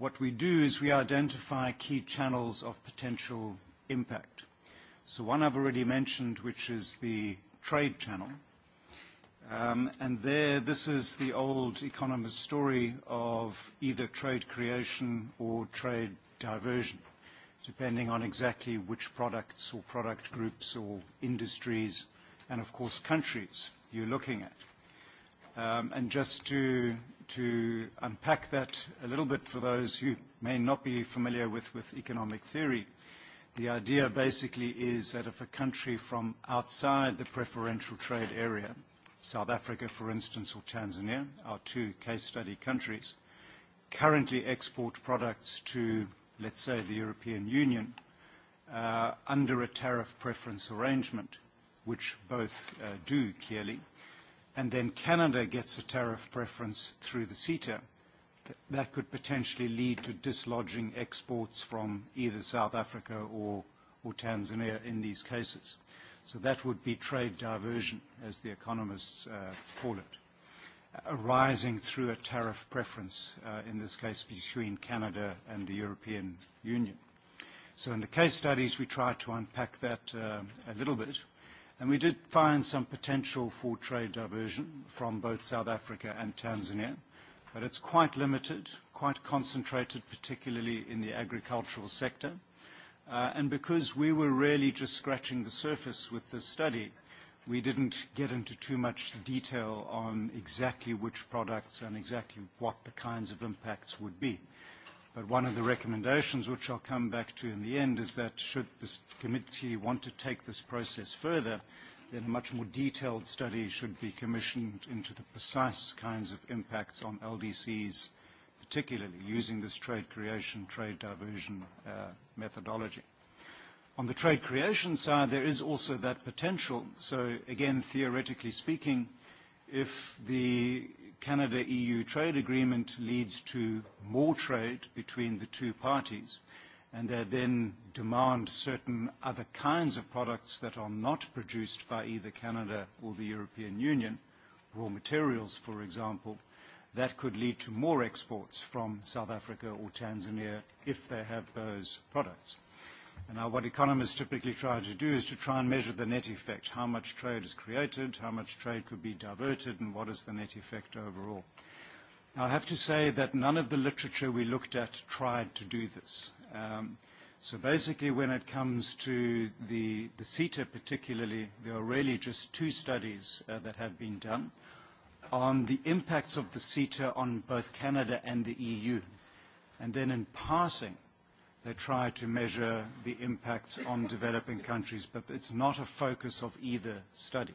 what we do is we identify key channels of potential impact. So one I've already mentioned, which is the trade channel. Um, and there, this is the old economist story of either trade creation or trade diversion, depending on exactly which products or product groups or industries and, of course, countries you're looking at. Um, and just to, unpack that a little bit for those who may not be familiar with, economic theory, the idea basically is that if a country from outside the preferential trade area, South Africa, for instance, or Tanzania, our two case study countries, currently export products to, let's say, the European Union uh, under a tariff preference arrangement, which both uh, do clearly, and then Canada gets a tariff preference through the CETA, that could potentially lead to dislodging exports from either South Africa or, or Tanzania in these cases. So that would be trade diversion, as the economists uh, call it, uh, arising through a tariff preference, uh, in this case between Canada and the European Union. So in the case studies, we tried to unpack that uh, a little bit. And we did find some potential for trade diversion from both South Africa and Tanzania, but it's quite limited, quite concentrated, particularly in the agricultural sector. Uh, and because we were really just scratching the surface with this study, we didn't get into too much detail on exactly which products and exactly what the kinds of impacts would be. Uh, But one of the recommendations, which I'll come back to in the end, is that should this committee want to take this process further, then a much more detailed study should be commissioned into the precise kinds of impacts on LDCs, particularly using this trade creation, trade diversion uh, methodology. On the trade creation side, there is also that potential. So again, theoretically speaking, if the Canada-EU trade agreement leads to more trade between the two parties, and they then demand certain other kinds of products that are not produced by either Canada or the European Union, raw materials, for example, that could lead to more exports from South Africa or Tanzania if they have those products. And now what economists typically try to do is to try and measure the net effect, how much trade is created, how much trade could be diverted, and what is the net effect overall. Now, I have to say that none of the literature we looked at tried to do this. Um, so basically, when it comes to the, the CETA particularly, there are really just two studies uh, that have been done on the impacts of the CETA on both Canada and the EU. And then in passing, They try to measure the impacts on developing countries, but it's not a focus of either study.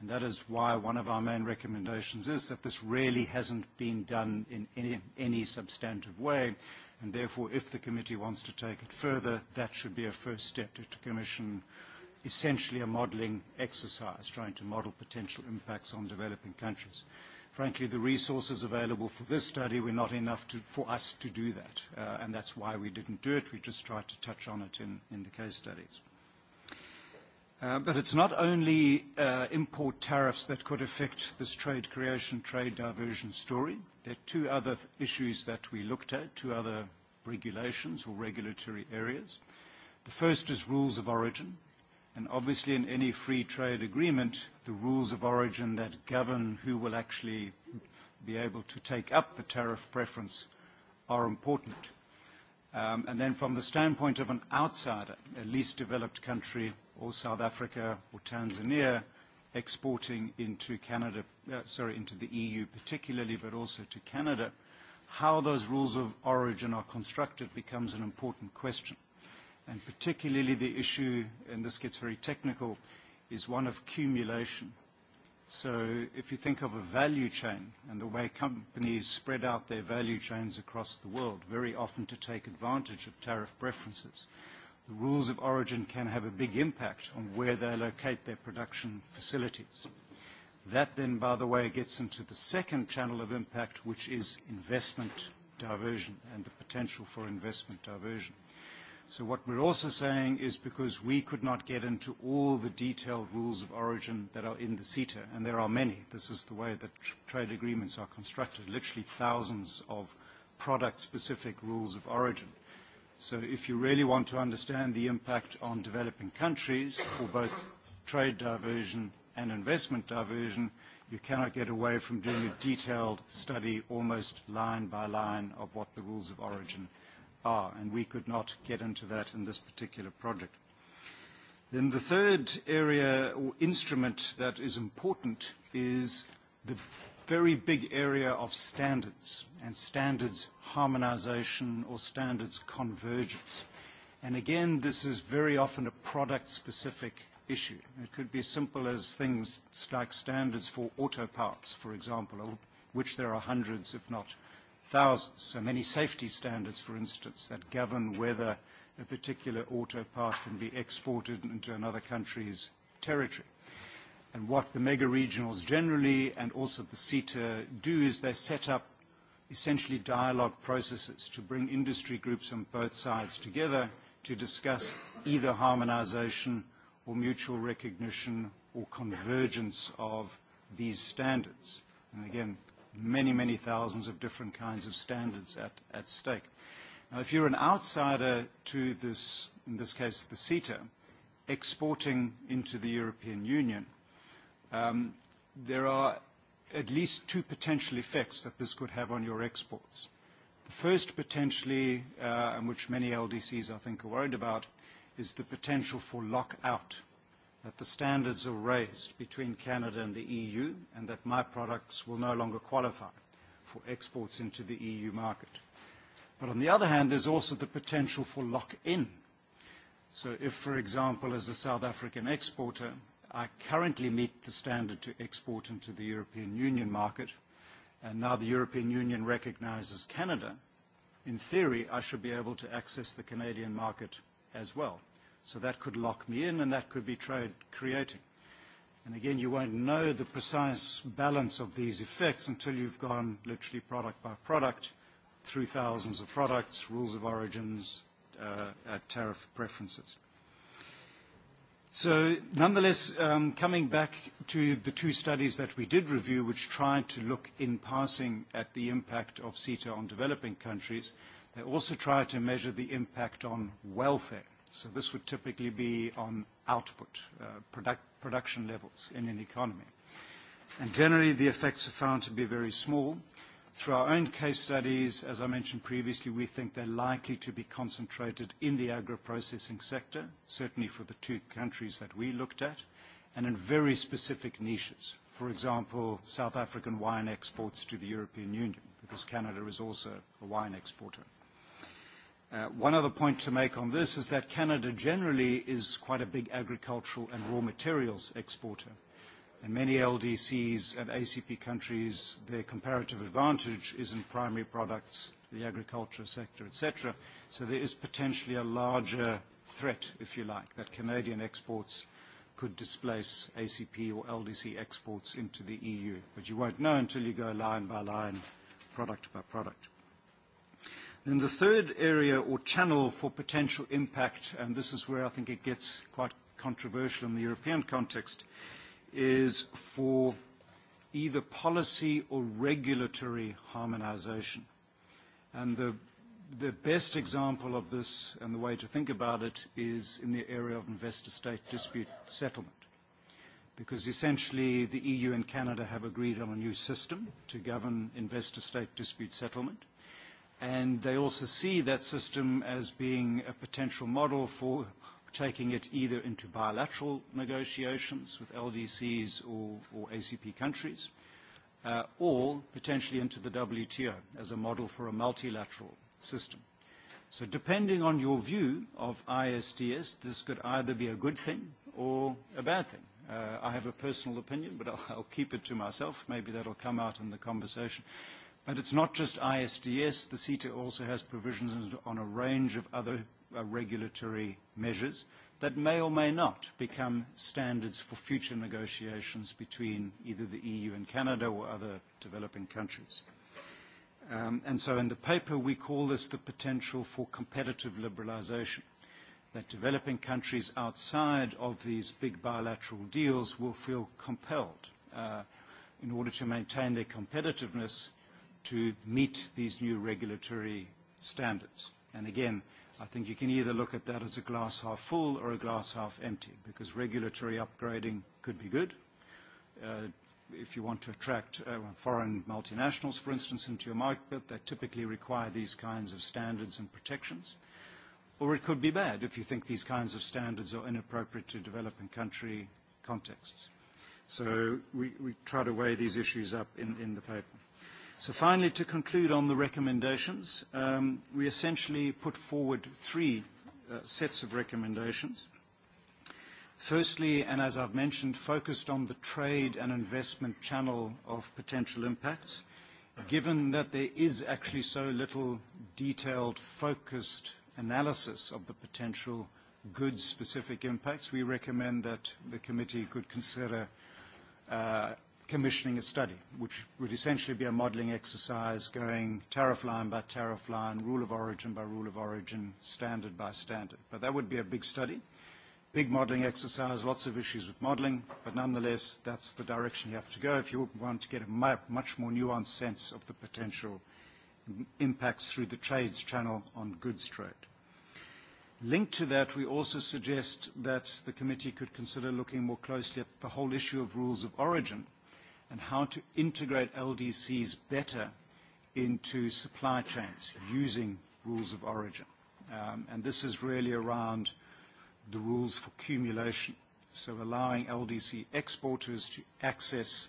And that is why one of our main recommendations is that this really hasn't been done in any, any substantive way. And therefore, if the committee wants to take it further, that should be a first step to, to commission essentially a modeling exercise, trying to model potential impacts on developing countries frankly, the resources available for this study were not enough to, for us to do that, uh, and that's why we didn't do it. We just tried to touch on it in, in the case studies. Uh, but it's not only uh, import tariffs that could affect this trade creation, trade diversion story. There are two other th issues that we looked at, two other regulations or regulatory areas. The first is rules of origin. And obviously in any free trade agreement, the rules of origin that govern who will actually be able to take up the tariff preference are important. Um, and then from the standpoint of an outsider, a least developed country or South Africa or Tanzania exporting into Canada, uh, sorry, into the EU particularly, but also to Canada, how those rules of origin are constructed becomes an important question and particularly the issue, and this gets very technical, is one of accumulation. So if you think of a value chain and the way companies spread out their value chains across the world, very often to take advantage of tariff preferences, the rules of origin can have a big impact on where they locate their production facilities. That then, by the way, gets into the second channel of impact, which is investment diversion and the potential for investment diversion. So what we're also saying is because we could not get into all the detailed rules of origin that are in the CETA, and there are many. This is the way that tr trade agreements are constructed, literally thousands of product-specific rules of origin. So if you really want to understand the impact on developing countries for both trade diversion and investment diversion, you cannot get away from doing a detailed study almost line by line of what the rules of origin are are, and we could not get into that in this particular project. Then the third area or instrument that is important is the very big area of standards and standards harmonization or standards convergence. And again, this is very often a product-specific issue. It could be as simple as things like standards for auto parts, for example, of which there are hundreds, if not thousands. So many safety standards, for instance, that govern whether a particular auto part can be exported into another country's territory. And what the mega regionals generally and also the CETA do is they set up essentially dialogue processes to bring industry groups on both sides together to discuss either harmonization or mutual recognition or convergence of these standards. And again, many, many thousands of different kinds of standards at, at stake. Now, if you're an outsider to this, in this case, the CETA, exporting into the European Union, um, there are at least two potential effects that this could have on your exports. The first potentially, uh, and which many LDCs I think are worried about, is the potential for lockout that the standards are raised between Canada and the EU and that my products will no longer qualify for exports into the EU market. But on the other hand, there's also the potential for lock-in. So if, for example, as a South African exporter, I currently meet the standard to export into the European Union market, and now the European Union recognizes Canada, in theory, I should be able to access the Canadian market as well. So that could lock me in and that could be trade creating. And again, you won't know the precise balance of these effects until you've gone literally product by product through thousands of products, rules of origins, uh, uh, tariff preferences. So nonetheless, um, coming back to the two studies that we did review, which tried to look in passing at the impact of CETA on developing countries, they also tried to measure the impact on welfare. So this would typically be on output, uh, product, production levels in an economy. And generally, the effects are found to be very small. Through our own case studies, as I mentioned previously, we think they're likely to be concentrated in the agro-processing sector, certainly for the two countries that we looked at, and in very specific niches. For example, South African wine exports to the European Union, because Canada is also a wine exporter. Uh, one other point to make on this is that Canada generally is quite a big agricultural and raw materials exporter. In many LDCs and ACP countries, their comparative advantage is in primary products, the agriculture sector, etc. So there is potentially a larger threat, if you like, that Canadian exports could displace ACP or LDC exports into the EU. But you won't know until you go line by line, product by product. Then the third area or channel for potential impact, and this is where I think it gets quite controversial in the European context, is for either policy or regulatory harmonization. And the, the best example of this and the way to think about it is in the area of investor-state dispute settlement. Because essentially the EU and Canada have agreed on a new system to govern investor-state dispute settlement and they also see that system as being a potential model for taking it either into bilateral negotiations with LDCs or, or ACP countries, uh, or potentially into the WTO as a model for a multilateral system. So depending on your view of ISDS, this could either be a good thing or a bad thing. Uh, I have a personal opinion, but I'll, I'll keep it to myself. Maybe that'll come out in the conversation. And it's not just ISDS. The CETA also has provisions on a range of other uh, regulatory measures that may or may not become standards for future negotiations between either the EU and Canada or other developing countries. Um, and so in the paper, we call this the potential for competitive liberalization, that developing countries outside of these big bilateral deals will feel compelled uh, in order to maintain their competitiveness to meet these new regulatory standards. And again, I think you can either look at that as a glass half full or a glass half empty, because regulatory upgrading could be good. Uh, if you want to attract uh, foreign multinationals, for instance, into your market, they typically require these kinds of standards and protections. Or it could be bad if you think these kinds of standards are inappropriate to developing country contexts. So we, we try to weigh these issues up in, in the paper. So finally, to conclude on the recommendations, um, we essentially put forward three uh, sets of recommendations. Firstly, and as I've mentioned, focused on the trade and investment channel of potential impacts, given that there is actually so little detailed, focused analysis of the potential goods-specific impacts, we recommend that the committee could consider uh, commissioning a study, which would essentially be a modeling exercise going tariff line by tariff line, rule of origin by rule of origin, standard by standard. But that would be a big study, big modeling exercise, lots of issues with modeling, but nonetheless, that's the direction you have to go if you want to get a much more nuanced sense of the potential impacts through the trades channel on goods trade. Linked to that, we also suggest that the committee could consider looking more closely at the whole issue of rules of origin and how to integrate LDCs better into supply chains using rules of origin. Um, and this is really around the rules for cumulation, so allowing LDC exporters to access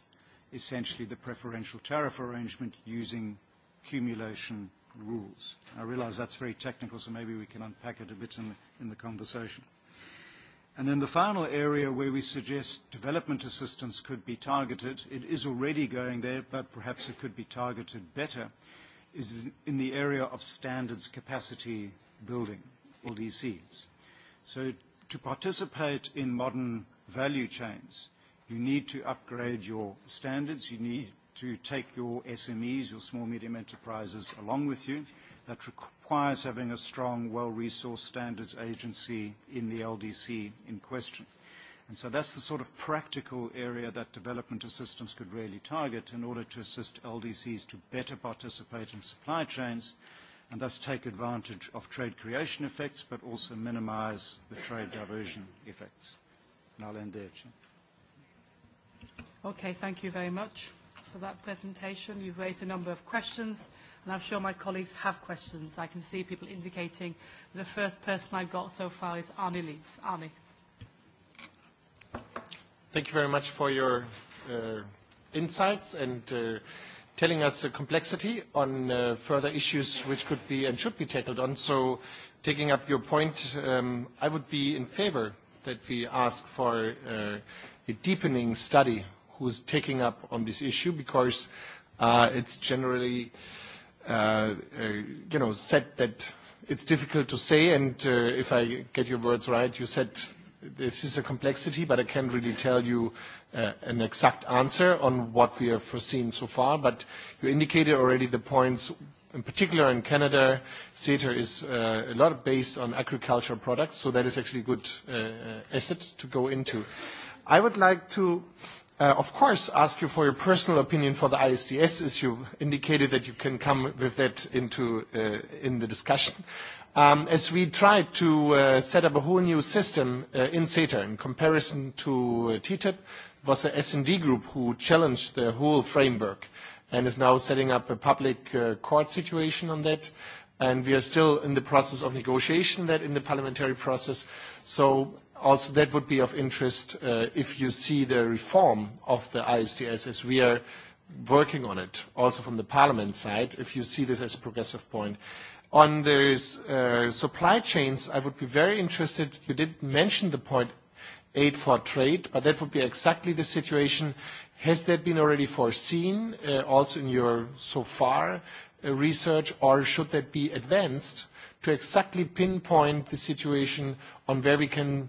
essentially the preferential tariff arrangement using cumulation rules. I realize that's very technical, so maybe we can unpack it a bit in, in the conversation. And then the final area where we suggest development assistance could be targeted, it is already going there, but perhaps it could be targeted better, is in the area of standards capacity building, LDCs. So to participate in modern value chains, you need to upgrade your standards, you need to take your SMEs, your small medium enterprises, along with you. That requires having a strong, well-resourced standards agency in the LDC in question. And so that's the sort of practical area that development assistance could really target in order to assist LDCs to better participate in supply chains and thus take advantage of trade creation effects, but also minimize the trade diversion effects. And I'll end there, Chair. Okay, thank you very much for that presentation. You've raised a number of questions and I'm sure my colleagues have questions. I can see people indicating the first person I've got so far is Arnie Leeds. Arnie. Thank you very much for your uh, insights and uh, telling us the complexity on uh, further issues which could be and should be tackled on. So taking up your point, um, I would be in favor that we ask for uh, a deepening study who's taking up on this issue because uh, it's generally uh, Uh, uh, you know, said that it's difficult to say, and uh, if I get your words right, you said this is a complexity, but I can't really tell you an exact answer on what we have foreseen so far. But you indicated already the points, in particular in Canada, CETA is a lot based on agricultural products, so that is actually a good asset to go into. I would like to Uh, of course, ask you for your personal opinion for the ISDS issue. Indicated that you can come with that into uh, in the discussion. Um, as we try to uh, set up a whole new system uh, in CETA in comparison to uh, TTIP, it was the S&D group who challenged the whole framework and is now setting up a public uh, court situation on that. And we are still in the process of negotiation that in the parliamentary process. So also that would be of interest uh, if you see the reform of the ISDS as we are working on it, also from the parliament side, if you see this as a progressive point. On the uh, supply chains, I would be very interested, you did mention the point aid for trade, but that would be exactly the situation. Has that been already foreseen uh, also in your so far uh, research, or should that be advanced to exactly pinpoint the situation on where we can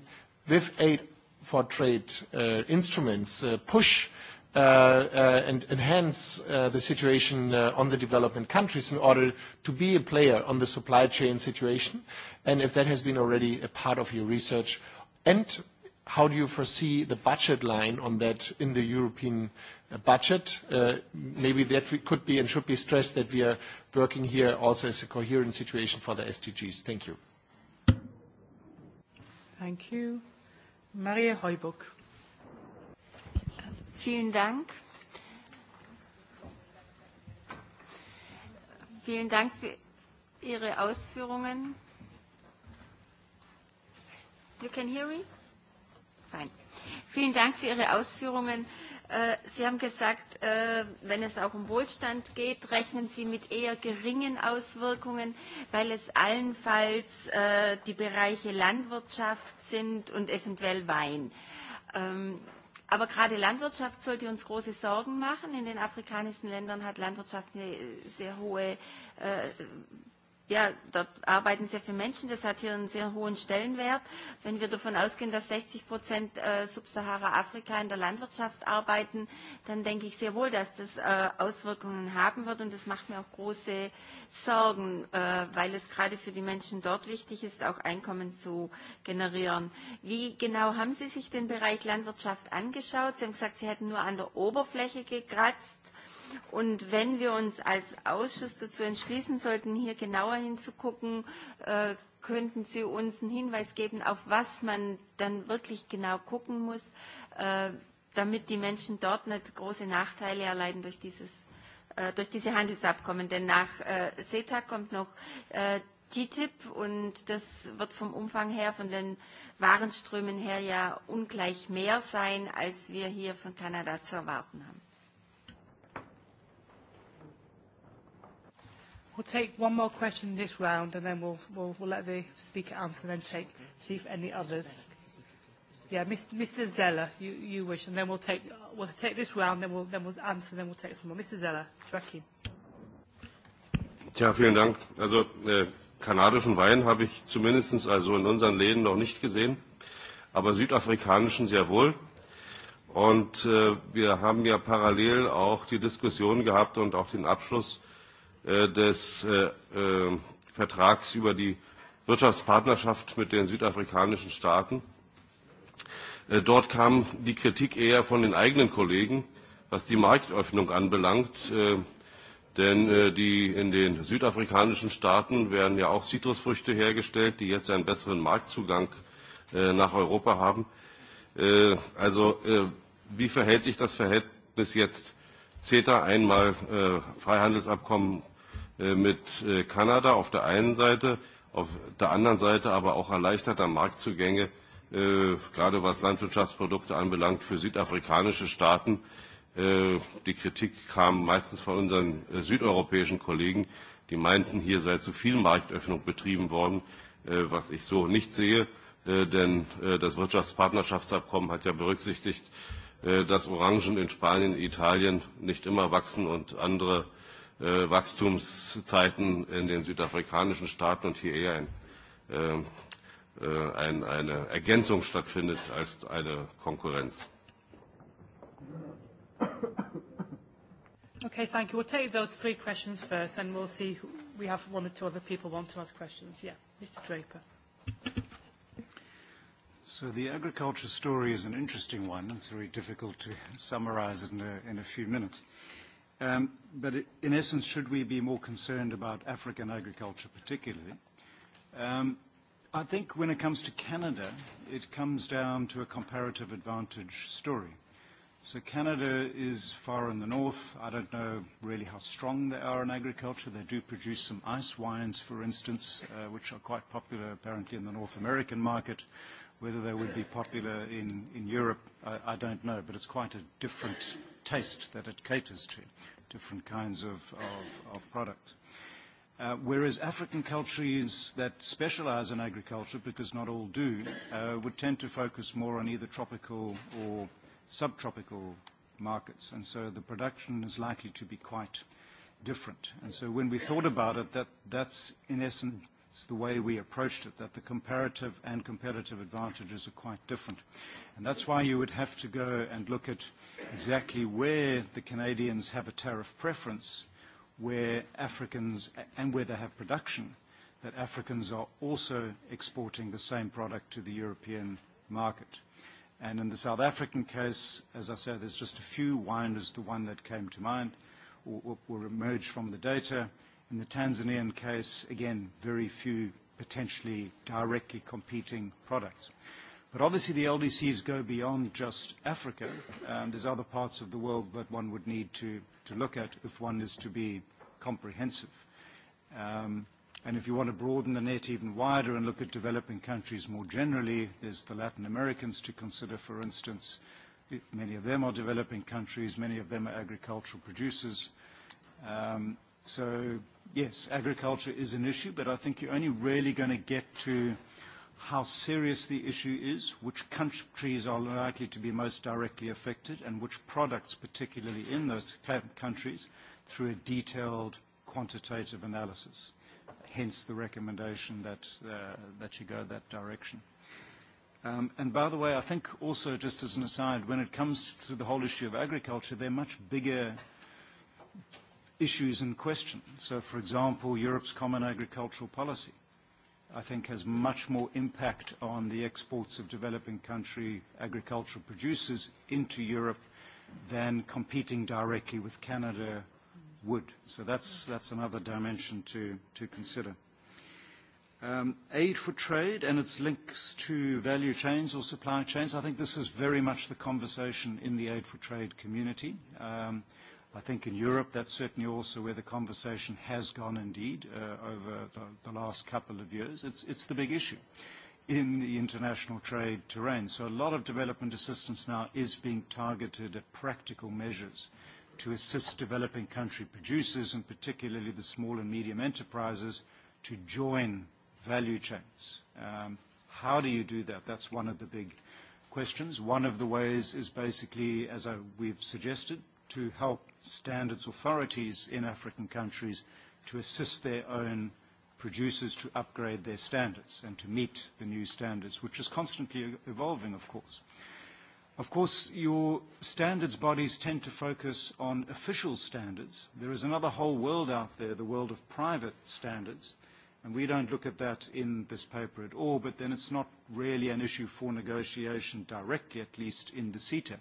with aid for trade uh, instruments uh, push uh, uh, and enhance uh, the situation uh, on the development countries in order to be a player on the supply chain situation? And if that has been already a part of your research, and how do you foresee the budget line on that in the European uh, budget? Uh, maybe that we could be and should be stressed that we are working here also as a coherent situation for the SDGs. Thank you. Thank you. Maria Heubuck. Vielen Dank. Vielen Dank für Ihre Ausführungen. You can hear me? Fine. Vielen Dank für Ihre Ausführungen Äh, Sie haben gesagt, äh, wenn es auch um Wohlstand geht, rechnen Sie mit eher geringen Auswirkungen, weil es allenfalls äh, die Bereiche Landwirtschaft sind und eventuell Wein. Ähm, aber gerade Landwirtschaft sollte uns große Sorgen machen. In den afrikanischen Ländern hat Landwirtschaft eine sehr hohe ja, dort arbeiten sehr viele Menschen, das hat hier einen sehr hohen Stellenwert. Wenn wir davon ausgehen, dass 60 Prozent äh, Subsahara-Afrika in der Landwirtschaft arbeiten, dann denke ich sehr wohl, dass das äh, Auswirkungen haben wird und das macht mir auch große Sorgen, äh, weil es gerade für die Menschen dort wichtig ist, auch Einkommen zu generieren. Wie genau haben Sie sich den Bereich Landwirtschaft angeschaut? Sie haben gesagt, Sie hätten nur an der Oberfläche gekratzt. Und wenn wir uns als Ausschuss dazu entschließen sollten, hier genauer hinzugucken, äh, könnten Sie uns einen Hinweis geben, auf was man dann wirklich genau gucken muss, äh, damit die Menschen dort nicht große Nachteile erleiden durch, dieses, äh, durch diese Handelsabkommen. Denn nach äh, CETA kommt noch äh, TTIP und das wird vom Umfang her, von den Warenströmen her ja ungleich mehr sein, als wir hier von Kanada zu erwarten haben. We'll take one more question this round, and then we'll, we'll, we'll let the speaker answer, and then take, see if any others. Yeah, Mr. Zeller, you, you wish, and then we'll take, we'll take this round, then we'll, then we'll answer, then we'll take some more. Mr. Zeller, Joachim. Tja, vielen Dank. Also äh, kanadischen Wein habe ich zumindest also in unseren Läden noch nicht gesehen, aber südafrikanischen sehr wohl. Und äh, wir haben ja parallel auch die Diskussion gehabt und auch den Abschluss Äh, des äh, äh, Vertrags über die Wirtschaftspartnerschaft mit den südafrikanischen Staaten. Dort kam die Kritik eher von den eigenen Kollegen, was die Marktöffnung anbelangt. Denn die in den südafrikanischen Staaten werden ja auch Zitrusfrüchte hergestellt, die jetzt einen besseren Marktzugang nach Europa haben. Also wie verhält sich das Verhältnis jetzt CETA einmal Freihandelsabkommen Äh, mit äh, Kanada auf der einen Seite, auf der anderen Seite aber auch erleichterter Marktzugänge, äh, gerade was Landwirtschaftsprodukte anbelangt, für südafrikanische Staaten. Die Kritik kam meistens von unseren südeuropäischen Kollegen, die meinten, hier sei zu viel Marktöffnung betrieben worden, was ich so nicht sehe, denn das Wirtschaftspartnerschaftsabkommen hat ja berücksichtigt, dass Orangen in Spanien, Italien nicht immer wachsen und andere äh, Wachstumszeiten in den südafrikanischen Staaten und hier eher ein, äh, äh, ein, eine Ergänzung stattfindet als eine Konkurrenz. Okay, thank you. We'll take those three questions first, and we'll see. Who, we have one or two other people want to ask questions. Yeah, Mr. Draper. So the agriculture story is an interesting one. It's very difficult to summarize it in a, in a few minutes. Uh, Um, but in essence, should we be more concerned about African agriculture particularly? Um, I think when it comes to Canada, it comes down to a comparative advantage story. So Canada is far in the north. I don't know really how strong they are in agriculture. They do produce some ice wines, for instance, uh, which are quite popular apparently in the North American market. Whether they would be popular in, in Europe, I, I don't know, but it's quite a different taste that it caters to, different kinds of, of, of products. Uh, whereas African countries that specialize in agriculture, because not all do, uh, would tend to focus more on either tropical or subtropical markets. And so the production is likely to be quite different. And so when we thought about it, that, that's in essence It's the way we approached it, that the comparative and competitive advantages are quite different. And that's why you would have to go and look at exactly where the Canadians have a tariff preference, where Africans, and where they have production, that Africans are also exporting the same product to the European market. And in the South African case, as I said, there's just a few wine is the one that came to mind or, or emerged from the data. In the Tanzanian case, again, very few potentially directly competing products. But obviously the LDCs go beyond just Africa. Um, there's other parts of the world that one would need to, to look at if one is to be comprehensive. Um, and if you want to broaden the net even wider and look at developing countries more generally, there's the Latin Americans to consider, for instance. Many of them are developing countries. Many of them are agricultural producers. Um, so yes, agriculture is an issue, but I think you're only really going to get to how serious the issue is, which countries are likely to be most directly affected, and which products, particularly in those countries, through a detailed quantitative analysis. Hence the recommendation that, uh, that you go that direction. Um, and by the way, I think also, just as an aside, when it comes to the whole issue of agriculture, they're much bigger issues in question. So, for example, Europe's common agricultural policy, I think, has much more impact on the exports of developing country agricultural producers into Europe than competing directly with Canada would. So that's, that's another dimension to, to consider. Um, aid for trade and its links to value chains or supply chains, I think this is very much the conversation in the aid for trade community. Um, – I think in Europe, that's certainly also where the conversation has gone indeed uh, over the, the last couple of years. It's, it's the big issue in the international trade terrain. So a lot of development assistance now is being targeted at practical measures to assist developing country producers and particularly the small and medium enterprises to join value chains. Um, how do you do that? That's one of the big questions. One of the ways is basically, as I, we've suggested, to help standards authorities in African countries to assist their own producers to upgrade their standards and to meet the new standards, which is constantly evolving, of course. Of course, your standards bodies tend to focus on official standards. There is another whole world out there, the world of private standards, and we don't look at that in this paper at all, but then it's not really an issue for negotiation directly, at least in the CETA.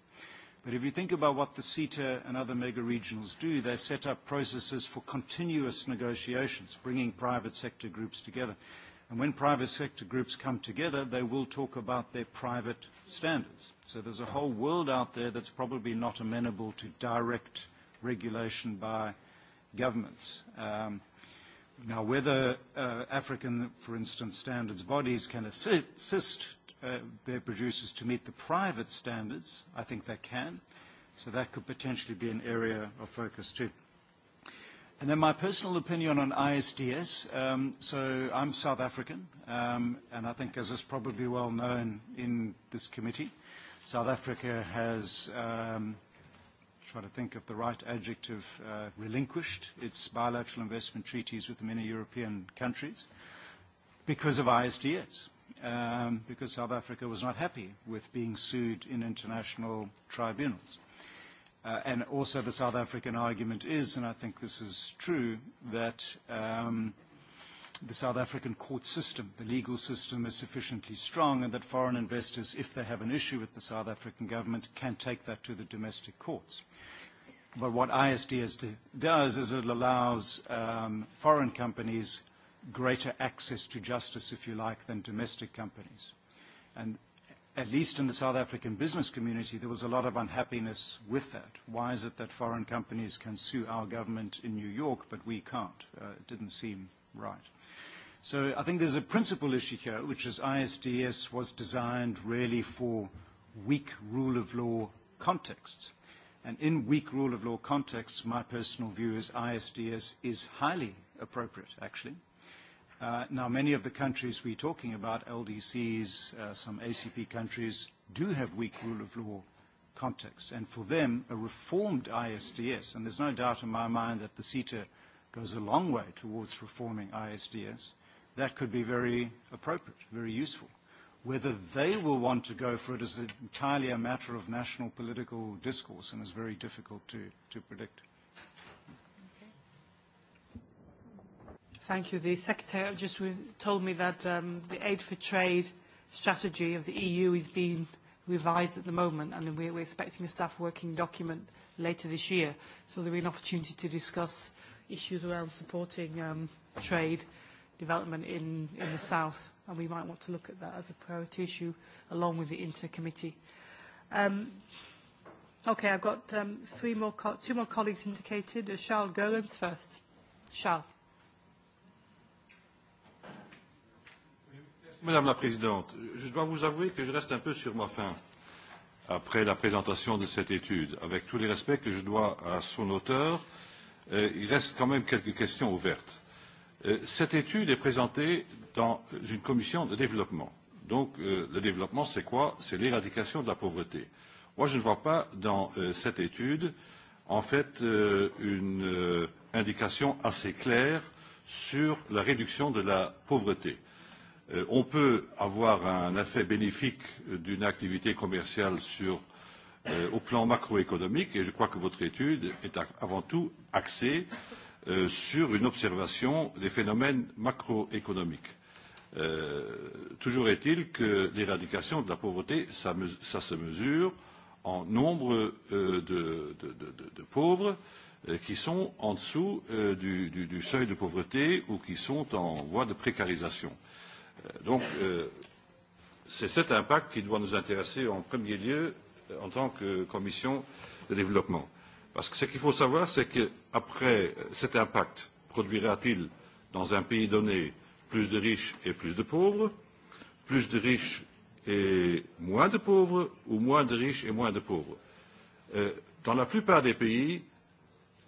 But if you think about what the CETA and other mega regionals do, they set up processes for continuous negotiations, bringing private sector groups together. And when private sector groups come together, they will talk about their private standards. So there's a whole world out there that's probably not amenable to direct regulation by governments. Um, now, whether uh, African, for instance, standards bodies can assist Uh, their producers to meet the private standards, I think they can. So that could potentially be an area of focus too. And then my personal opinion on ISDS. Um, so I'm South African, um, and I think as is probably well known in this committee, South Africa has, um, try to think of the right adjective, uh, relinquished its bilateral investment treaties with many European countries because of ISDS um, because South Africa was not happy with being sued in international tribunals. Uh, and also the South African argument is, and I think this is true, that um, the South African court system, the legal system is sufficiently strong and that foreign investors, if they have an issue with the South African government, can take that to the domestic courts. But what ISDS does is it allows um, foreign companies greater access to justice, if you like, than domestic companies. And at least in the South African business community, there was a lot of unhappiness with that. Why is it that foreign companies can sue our government in New York, but we can't? Uh, it didn't seem right. So I think there's a principal issue here, which is ISDS was designed really for weak rule of law contexts. And in weak rule of law contexts, my personal view is ISDS is highly appropriate, actually. Uh, now, many of the countries we're talking about, LDCs, uh, some ACP countries, do have weak rule of law contexts. And for them, a reformed ISDS, and there's no doubt in my mind that the CETA goes a long way towards reforming ISDS, that could be very appropriate, very useful. Whether they will want to go for it is entirely a matter of national political discourse and is very difficult to predict. Thank you. The Secretary just told me that um, the Aid for Trade strategy of the EU is being revised at the moment, and we're, we're expecting a staff working document later this year. So there'll be an opportunity to discuss issues around supporting um, trade development in, in the south, and we might want to look at that as a priority issue along with the inter-committee. Um, okay, I've got um, three more two more colleagues indicated. Uh, Charles Goerens first. Charles. Madame la Présidente, je dois vous avouer que je reste un peu sur ma faim après la présentation de cette étude. Avec tous les respects que je dois à son auteur, euh, il reste quand même quelques questions ouvertes. Euh, cette étude est présentée dans une commission de développement. Donc euh, le développement, c'est quoi C'est l'éradication de la pauvreté. Moi, je ne vois pas dans euh, cette étude, en fait, euh, une euh, indication assez claire sur la réduction de la pauvreté. Euh, on peut avoir un effet bénéfique euh, d'une activité commerciale sur, euh, au plan macroéconomique et je crois que votre étude est avant tout axée euh, sur une observation des phénomènes macroéconomiques. Euh, toujours est-il que l'éradication de la pauvreté, ça, ça se mesure en nombre euh, de, de, de, de pauvres euh, qui sont en dessous euh, du, du, du seuil de pauvreté ou qui sont en voie de précarisation. Euh, Euh, donc, euh, c'est cet impact qui doit nous intéresser en premier lieu euh, en tant que commission de développement. Parce que ce qu'il faut savoir, c'est qu'après cet impact, produira-t-il dans un pays donné plus de riches et plus de pauvres, plus de riches et moins de pauvres, ou moins de riches et moins de pauvres Dans la plupart des pays,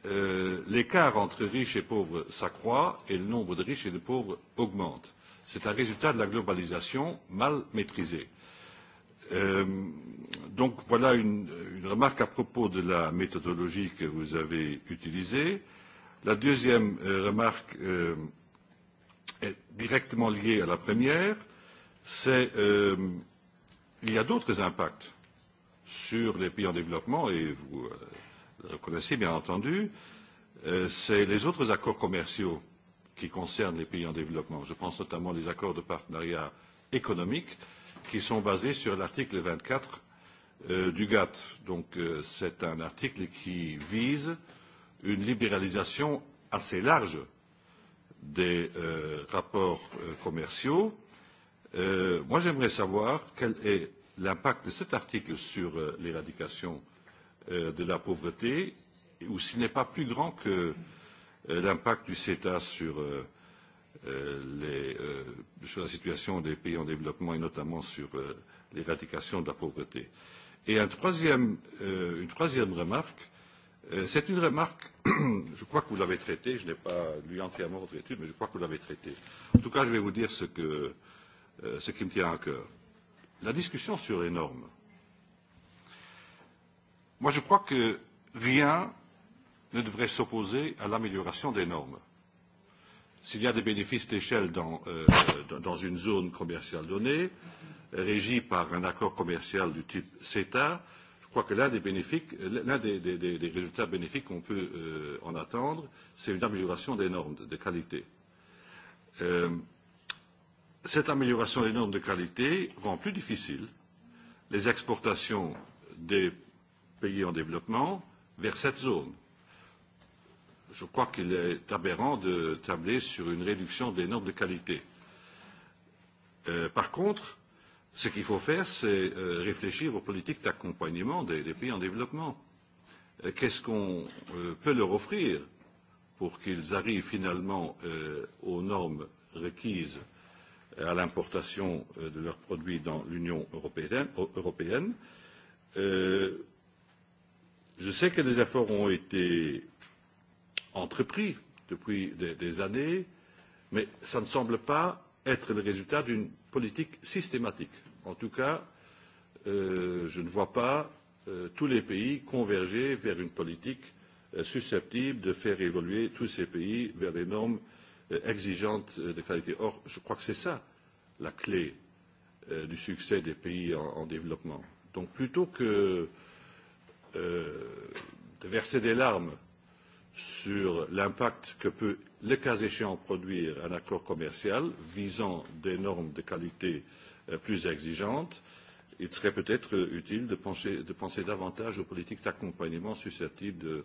l'écart entre riches et pauvres s'accroît et le nombre de riches et de pauvres augmente. C'est un résultat de la globalisation mal maîtrisée. Euh, donc voilà une, une remarque à propos de la méthodologie que vous avez utilisée. La deuxième euh, remarque euh, est directement liée à la première. C'est euh, il y a d'autres impacts sur les pays en développement et vous euh, le reconnaissez bien entendu. Euh, c'est les autres accords commerciaux qui concernent les pays en développement. Je pense notamment aux accords de partenariat économique qui sont basés sur l'article 24 euh, du GATT. Donc euh, c'est un article qui vise une libéralisation assez large des euh, rapports euh, commerciaux. Euh, moi j'aimerais savoir quel est l'impact de cet article sur euh, l'éradication euh, de la pauvreté ou s'il n'est pas plus grand que euh, Euh, l'impact du CETA sur, euh, euh, les, euh, sur la situation des pays en développement et notamment sur euh, l'éradication de la pauvreté. Et un troisième, euh, une troisième remarque, euh, c'est une remarque, je crois que vous l'avez traitée, je n'ai pas lu entièrement votre étude, mais je crois que vous l'avez traitée. En tout cas, je vais vous dire ce, que, euh, ce qui me tient à cœur. La discussion sur les normes. Moi, je crois que rien ne devrait s'opposer à l'amélioration des normes. S'il y a des bénéfices d'échelle dans, euh, dans une zone commerciale donnée, régie par un accord commercial du type CETA, je crois que l'un des, l'un des, des, des, des résultats bénéfiques qu'on peut euh, en attendre, c'est une amélioration des normes de, de qualité. Euh, cette amélioration des normes de qualité rend plus difficile les exportations des pays en développement vers cette zone je crois qu'il est aberrant de tabler sur une réduction des normes de qualité. Euh, par contre, ce qu'il faut faire, c'est euh, réfléchir aux politiques d'accompagnement des, des pays en développement. Euh, Qu'est-ce qu'on euh, peut leur offrir pour qu'ils arrivent finalement euh, aux normes requises euh, à l'importation euh, de leurs produits dans l'Union européenne, européenne. Euh, je sais que des efforts ont été entrepris depuis des, des années, mais ça ne semble pas être le résultat d'une politique systématique. En tout cas, euh, je ne vois pas euh, tous les pays converger vers une politique euh, susceptible de faire évoluer tous ces pays vers des normes euh, exigeantes euh, de qualité. Or, je crois que c'est ça la clé euh, du succès des pays en, en développement. Donc, plutôt que euh, de verser des larmes sur l'impact que peut, le cas échéant, produire un accord commercial visant des normes de qualité euh, plus exigeantes, il serait peut-être utile de, pencher, de penser davantage aux politiques d'accompagnement susceptibles de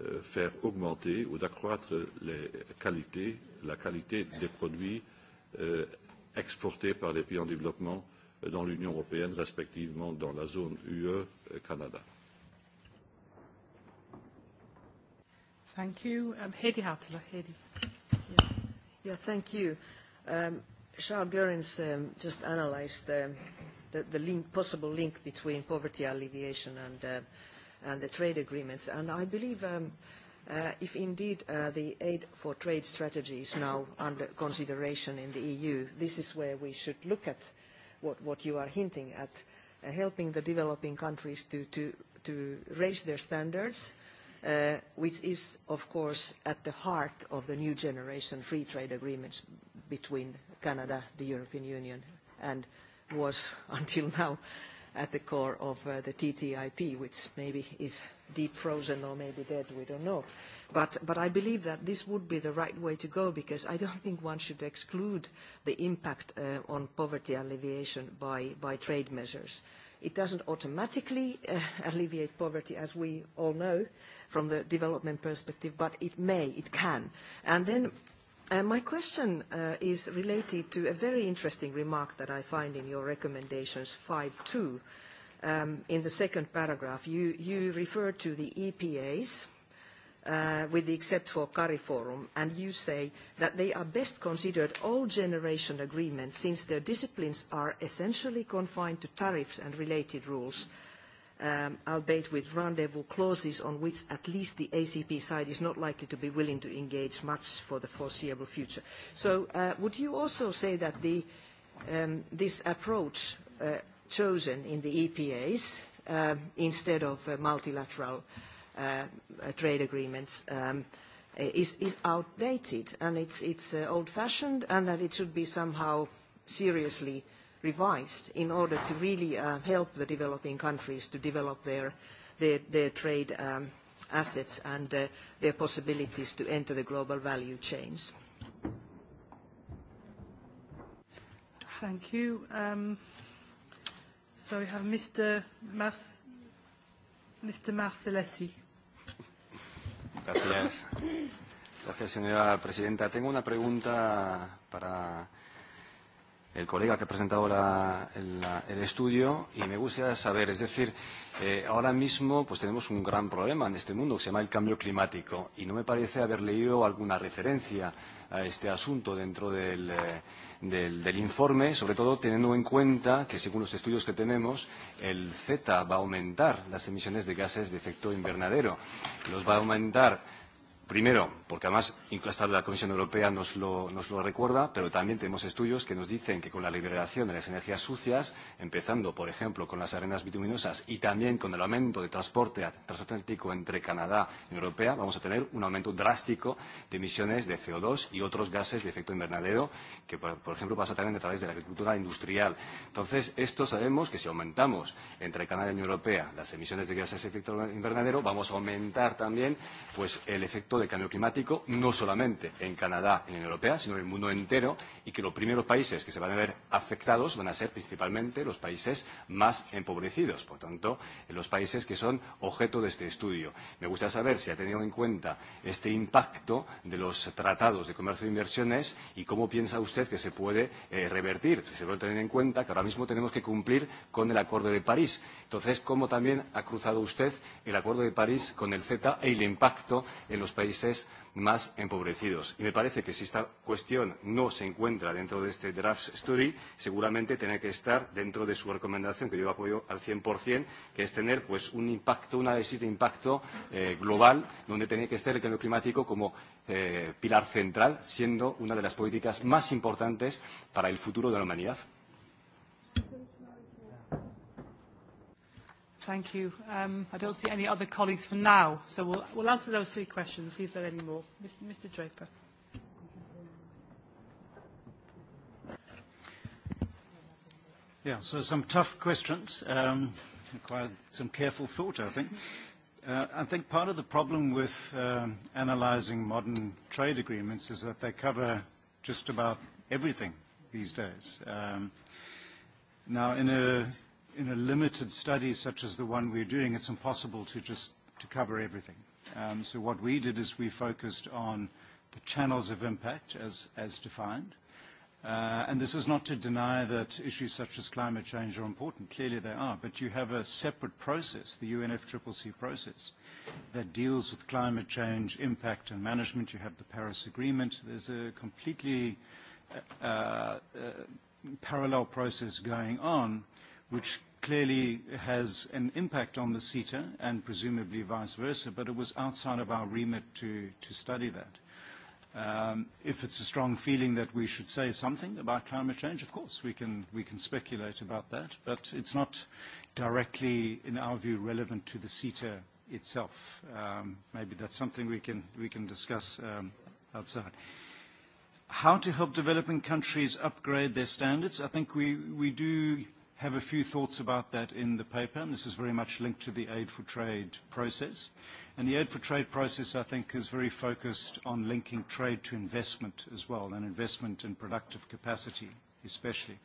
euh, faire augmenter ou d'accroître les qualités, la qualité des produits euh, exportés par les pays en développement dans l'Union européenne, respectivement dans la zone UE-Canada. Thank you. Um, Heidi Hautala. Heidi. Yeah. yeah, thank you. Um, Charles Goerens um, just analyzed um, the, the link, possible link between poverty alleviation and, uh, and the trade agreements. And I believe um, uh, if indeed uh, the aid for trade strategy is now under consideration in the EU, this is where we should look at what, what you are hinting at, uh, helping the developing countries to, to, to raise their standards – Uh, which is, of course, at the heart of the new generation free trade agreements between Canada, the European Union, and was until now at the core of uh, the TTIP, which maybe is deep frozen or maybe dead, we don't know. But, but I believe that this would be the right way to go because I don't think one should exclude the impact uh, on poverty alleviation by, by trade measures. Uh, It doesn't automatically uh, alleviate poverty, as we all know from the development perspective, but it may, it can. And then Uh, my question uh, is related to a very interesting remark that I find in your recommendations 5.2. Um, in the second paragraph, you, you refer to the EPAs Uh, with the except for CARIFORUM, and you say that they are best considered old-generation agreements since their disciplines are essentially confined to tariffs and related rules, um, albeit with rendezvous clauses on which at least the ACP side is not likely to be willing to engage much for the foreseeable future. So uh, would you also say that the, um, this approach uh, chosen in the EPAs um, instead of uh, multilateral uh, uh, trade agreements um, is, is, outdated and it's, it's uh, old-fashioned and that it should be somehow seriously revised in order to really uh, help the developing countries to develop their, their, their trade um, assets and uh, their possibilities to enter the global value chains. Thank you. Um, so we have Mr. Mr. Marcellesi. Gracias. Gracias, señora presidenta. Tengo una pregunta para el colega que ha presentado la, el, el estudio y me gusta saber, es decir, eh, ahora mismo pues tenemos un gran problema en este mundo que se llama el cambio climático y no me parece haber leído alguna referencia a este asunto dentro del, eh, del, del informe, sobre todo teniendo en cuenta que, según los estudios que tenemos, el Z va a aumentar las emisiones de gases de efecto invernadero. Los va a aumentar Primero, porque además incluso la Comisión Europea nos lo, nos lo recuerda, pero también tenemos estudios que nos dicen que con la liberación de las energías sucias, empezando por ejemplo con las arenas bituminosas y también con el aumento de transporte transatlántico entre Canadá y Europea, vamos a tener un aumento drástico de emisiones de CO2 y otros gases de efecto invernadero que por, por ejemplo pasa también a través de la agricultura industrial. Entonces, esto sabemos que si aumentamos entre Canadá y Europea las emisiones de gases de efecto invernadero, vamos a aumentar también pues, el efecto impacto del cambio climático, no solamente en Canadá y en la Unión Europea, sino en el mundo entero, y que los primeros países que se van a ver afectados van a ser principalmente los países más empobrecidos, por tanto, los países que son objeto de este estudio. Me gustaría saber si ha tenido en cuenta este impacto de los tratados de comercio e inversiones y cómo piensa usted que se puede eh, revertir. Se puede tener en cuenta que ahora mismo tenemos que cumplir con el Acuerdo de París. Entonces, ¿cómo también ha cruzado usted el Acuerdo de París con el CETA y el impacto en los países países más empobrecidos. Y me parece que si esta cuestión no se encuentra dentro de este draft study, seguramente tiene que estar dentro de su recomendación, que yo apoyo al 100%, que es tener pues, un impacto, un análisis de impacto eh, global, donde tiene que estar el cambio climático como eh, pilar central, siendo una de las políticas más importantes para el futuro de la humanidad. Thank you. Um, I don't see any other colleagues for now, so we'll, we'll answer those three questions, see if there are any more. Mr, Mr Draper. Yeah, so some tough questions. Um, require some careful thought, I think. Uh, I think part of the problem with um, analyzing modern trade agreements is that they cover just about everything these days. Um, now, in a in a limited study such as the one we're doing, it's impossible to just to cover everything. Um, so what we did is we focused on the channels of impact as, as defined. Uh, and this is not to deny that issues such as climate change are important. Clearly they are. But you have a separate process, the UNFCCC process, that deals with climate change, impact and management. You have the Paris Agreement. There's a completely uh, uh, parallel process going on which clearly has an impact on the CETA and presumably vice versa, but it was outside of our remit to, to study that. Um, if it's a strong feeling that we should say something about climate change, of course, we can, we can speculate about that, but it's not directly, in our view, relevant to the CETA itself. Um, maybe that's something we can, we can discuss um, outside how to help developing countries upgrade their standards. I think we, we do have a few thoughts about that in the paper, and this is very much linked to the Aid for Trade process. And the Aid for Trade process, I think, is very focused on linking trade to investment as well, and investment in productive capacity especially.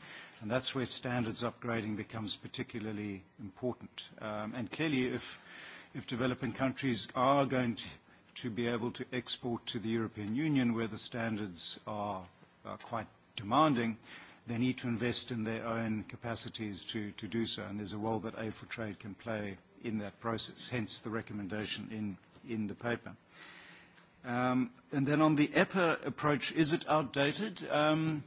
And that's where standards upgrading becomes particularly important. Um, and clearly, if, if developing countries are going to, to be able to export to the European Union, where the standards are, are quite demanding, they need to invest in their own capacities to, to do so, and there's a role that Aid for Trade can play in that process, hence the recommendation in, in the paper. Um, and then on the EPA approach, is it outdated? Um,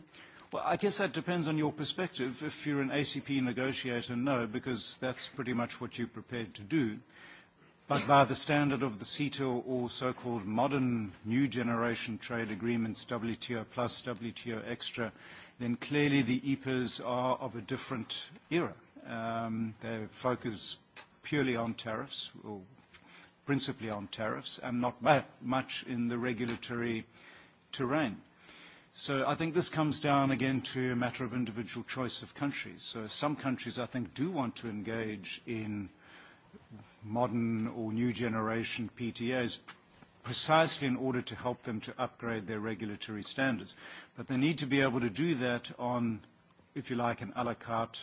well, I guess that depends on your perspective. If you're an ACP negotiator, no, because that's pretty much what you're prepared to do. Uh, But by the standard of the CETA or so-called modern new generation trade agreements, WTO plus, WTO extra, then clearly the EPAs are of a different era. Um, they focus purely on tariffs, or principally on tariffs, and not much in the regulatory terrain. So I think this comes down again to a matter of individual choice of countries. So some countries, I think, do want to engage in – modern or new generation PTAs precisely in order to help them to upgrade their regulatory standards. But they need to be able to do that on, if you like, an a la carte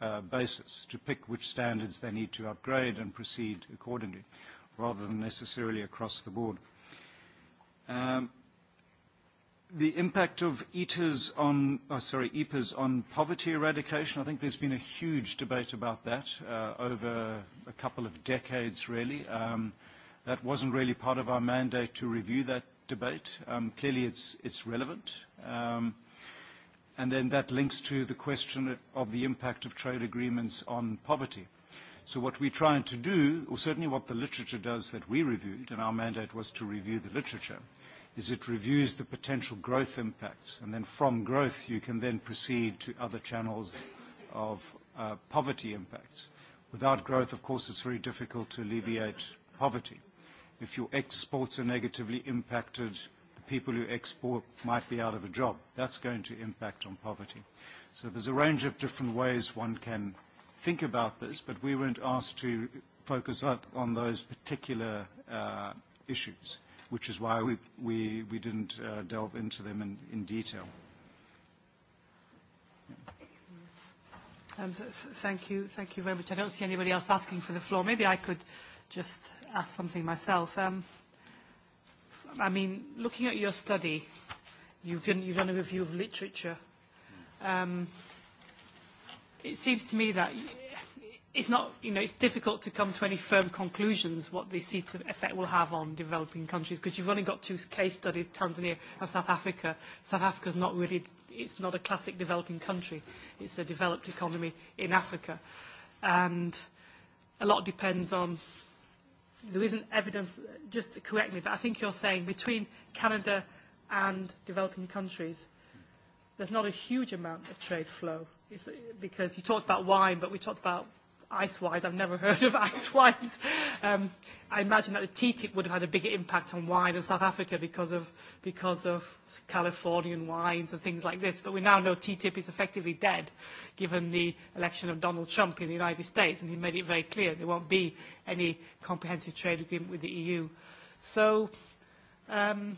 uh, basis to pick which standards they need to upgrade and proceed accordingly rather than necessarily across the board. Um, the impact of ETAs on, oh, sorry, EPAs on poverty eradication, I think there's been a huge debate about that uh, over a couple of decades, really. Um, that wasn't really part of our mandate to review that debate. Um, clearly, it's, it's relevant. Um, and then that links to the question of the impact of trade agreements on poverty. So what we're trying to do, or certainly what the literature does that we reviewed, and our mandate was to review the literature, is it reviews the potential growth impacts, and then from growth you can then proceed to other channels of uh, poverty impacts. Without growth, of course, it's very difficult to alleviate poverty. If your exports are negatively impacted, the people who export might be out of a job. That's going to impact on poverty. So there's a range of different ways one can think about this, but we weren't asked to focus up on those particular uh, issues which is why we, we, we didn't uh, delve into them in, in detail. Um, th thank you. Thank you very much. I don't see anybody else asking for the floor. Maybe I could just ask something myself. Um, I mean, looking at your study, you've done, you've done a review of literature. Um, it seems to me that it's not, you know, it's difficult to come to any firm conclusions what the of effect will have on developing countries because you've only got two case studies, Tanzania and South Africa. South Africa's not really, it's not a classic developing country. It's a developed economy in Africa. And a lot depends on, there isn't evidence, just to correct me, but I think you're saying between Canada and developing countries, there's not a huge amount of trade flow. It's because you talked about wine, but we talked about ice wise. I've never heard of ice wise. Um, I imagine that the TTIP would have had a bigger impact on wine in South Africa because of, because of Californian wines and things like this. But we now know TTIP is effectively dead given the election of Donald Trump in the United States, and he made it very clear there won't be any comprehensive trade agreement with the EU. So, um,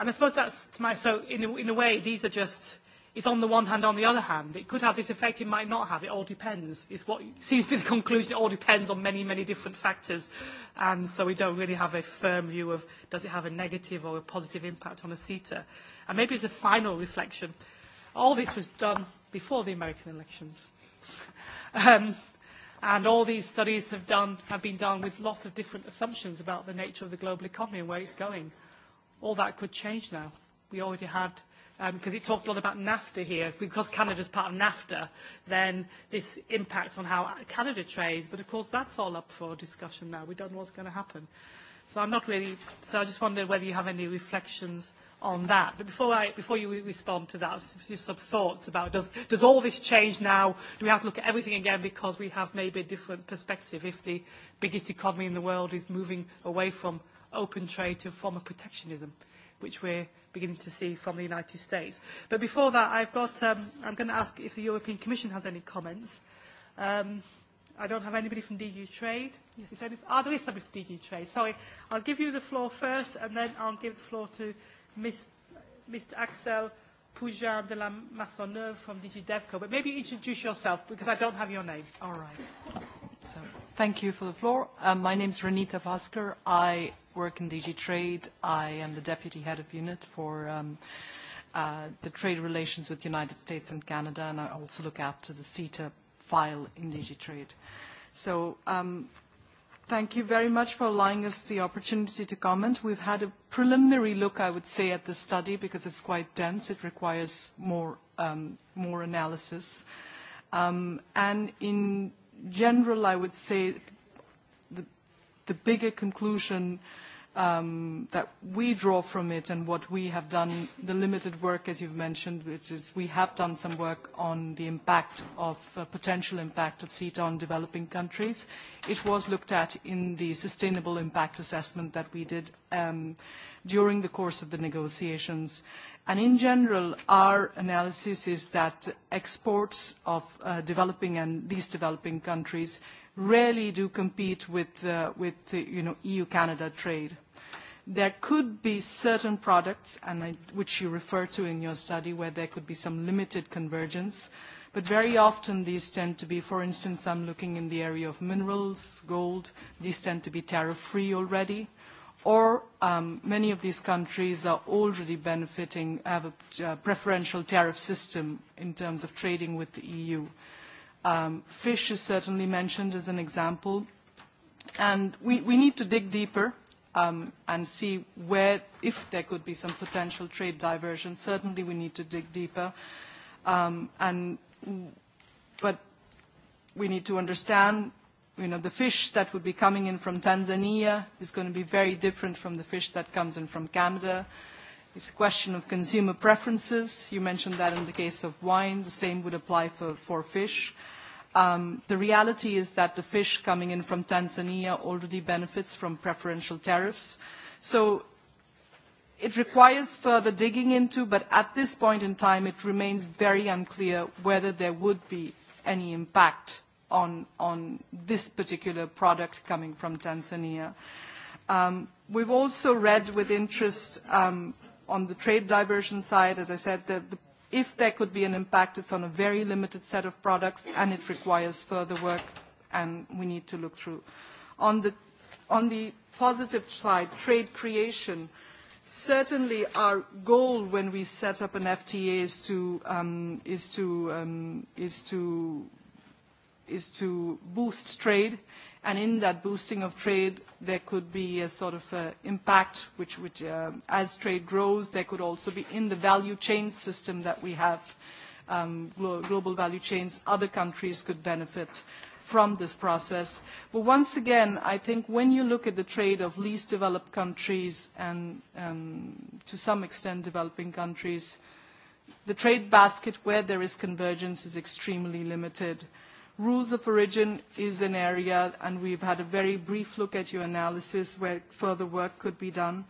and I suppose that's my, so in a, in a way, these are just is on the one hand, on the other hand. It could have this effect, it might not have, it all depends. It's what seems to be the conclusion, it all depends on many, many different factors. And so we don't really have a firm view of does it have a negative or a positive impact on a CETA. And maybe as a final reflection, all this was done before the American elections. um, and all these studies have, done, have been done with lots of different assumptions about the nature of the global economy and where it's going. All that could change now. We already had because um, it talked a lot about NAFTA here. Because Canada's part of NAFTA, then this impacts on how Canada trades. But of course, that's all up for discussion now. We don't know what's going to happen. So I'm not really. So I just wonder whether you have any reflections on that. But before, I, before you respond to that, just some thoughts about does, does all this change now? Do we have to look at everything again because we have maybe a different perspective if the biggest economy in the world is moving away from open trade to a form of protectionism? which we're beginning to see from the United States. But before that, I've got, um, I'm going to ask if the European Commission has any comments. Um, I don't have anybody from DG Trade. Yes. Is there any, oh, there is somebody from DG Trade. Sorry, I'll give you the floor first, and then I'll give the floor to Ms, Mr. Axel Pujan de la Massonneuve from DG DevCo. But maybe introduce yourself, because I don't have your name. All right. So, thank you for the floor. Um, my name is Renita Vasker. I work in DG Trade. I am the deputy head of unit for um, uh, the trade relations with United States and Canada, and I also look after the CETA file in DG Trade. So um, thank you very much for allowing us the opportunity to comment. We've had a preliminary look, I would say, at the study because it's quite dense. It requires more, um, more analysis. Um, and in general, I would say the bigger conclusion um, that we draw from it and what we have done, the limited work, as you've mentioned, which is we have done some work on the impact of uh, potential impact of CETA on developing countries. It was looked at in the sustainable impact assessment that we did um, during the course of the negotiations. And in general, our analysis is that exports of uh, developing and least developing countries – rarely do compete with, uh, with uh, you know, EU-Canada trade. There could be certain products, and I, which you refer to in your study, where there could be some limited convergence, but very often these tend to be, for instance, I'm looking in the area of minerals, gold, these tend to be tariff-free already, or um, many of these countries are already benefiting, have a uh, preferential tariff system in terms of trading with the EU. Um, fish is certainly mentioned as an example. And we, we need to dig deeper um, and see where, if there could be some potential trade diversion. Certainly we need to dig deeper. Um, and, but we need to understand you know, the fish that would be coming in from Tanzania is going to be very different from the fish that comes in from Canada. It's a question of consumer preferences. You mentioned that in the case of wine. The same would apply for, for fish. Um, the reality is that the fish coming in from Tanzania already benefits from preferential tariffs. So it requires further digging into, but at this point in time, it remains very unclear whether there would be any impact on, on this particular product coming from Tanzania. Um, we've also read with interest um, on the trade diversion side, as I said, the, the, if there could be an impact, it's on a very limited set of products, and it requires further work, and we need to look through. On the, on the positive side, trade creation, certainly our goal when we set up an FTA is to, um, is to, um, is to, is to boost trade And in that boosting of trade, there could be a sort of uh, impact, which, which uh, as trade grows, there could also be in the value chain system that we have, um, global value chains, other countries could benefit from this process. But once again, I think when you look at the trade of least developed countries and um, to some extent developing countries, the trade basket where there is convergence is extremely limited. Rules of origin is an area, and we've had a very brief look at your analysis where further work could be done.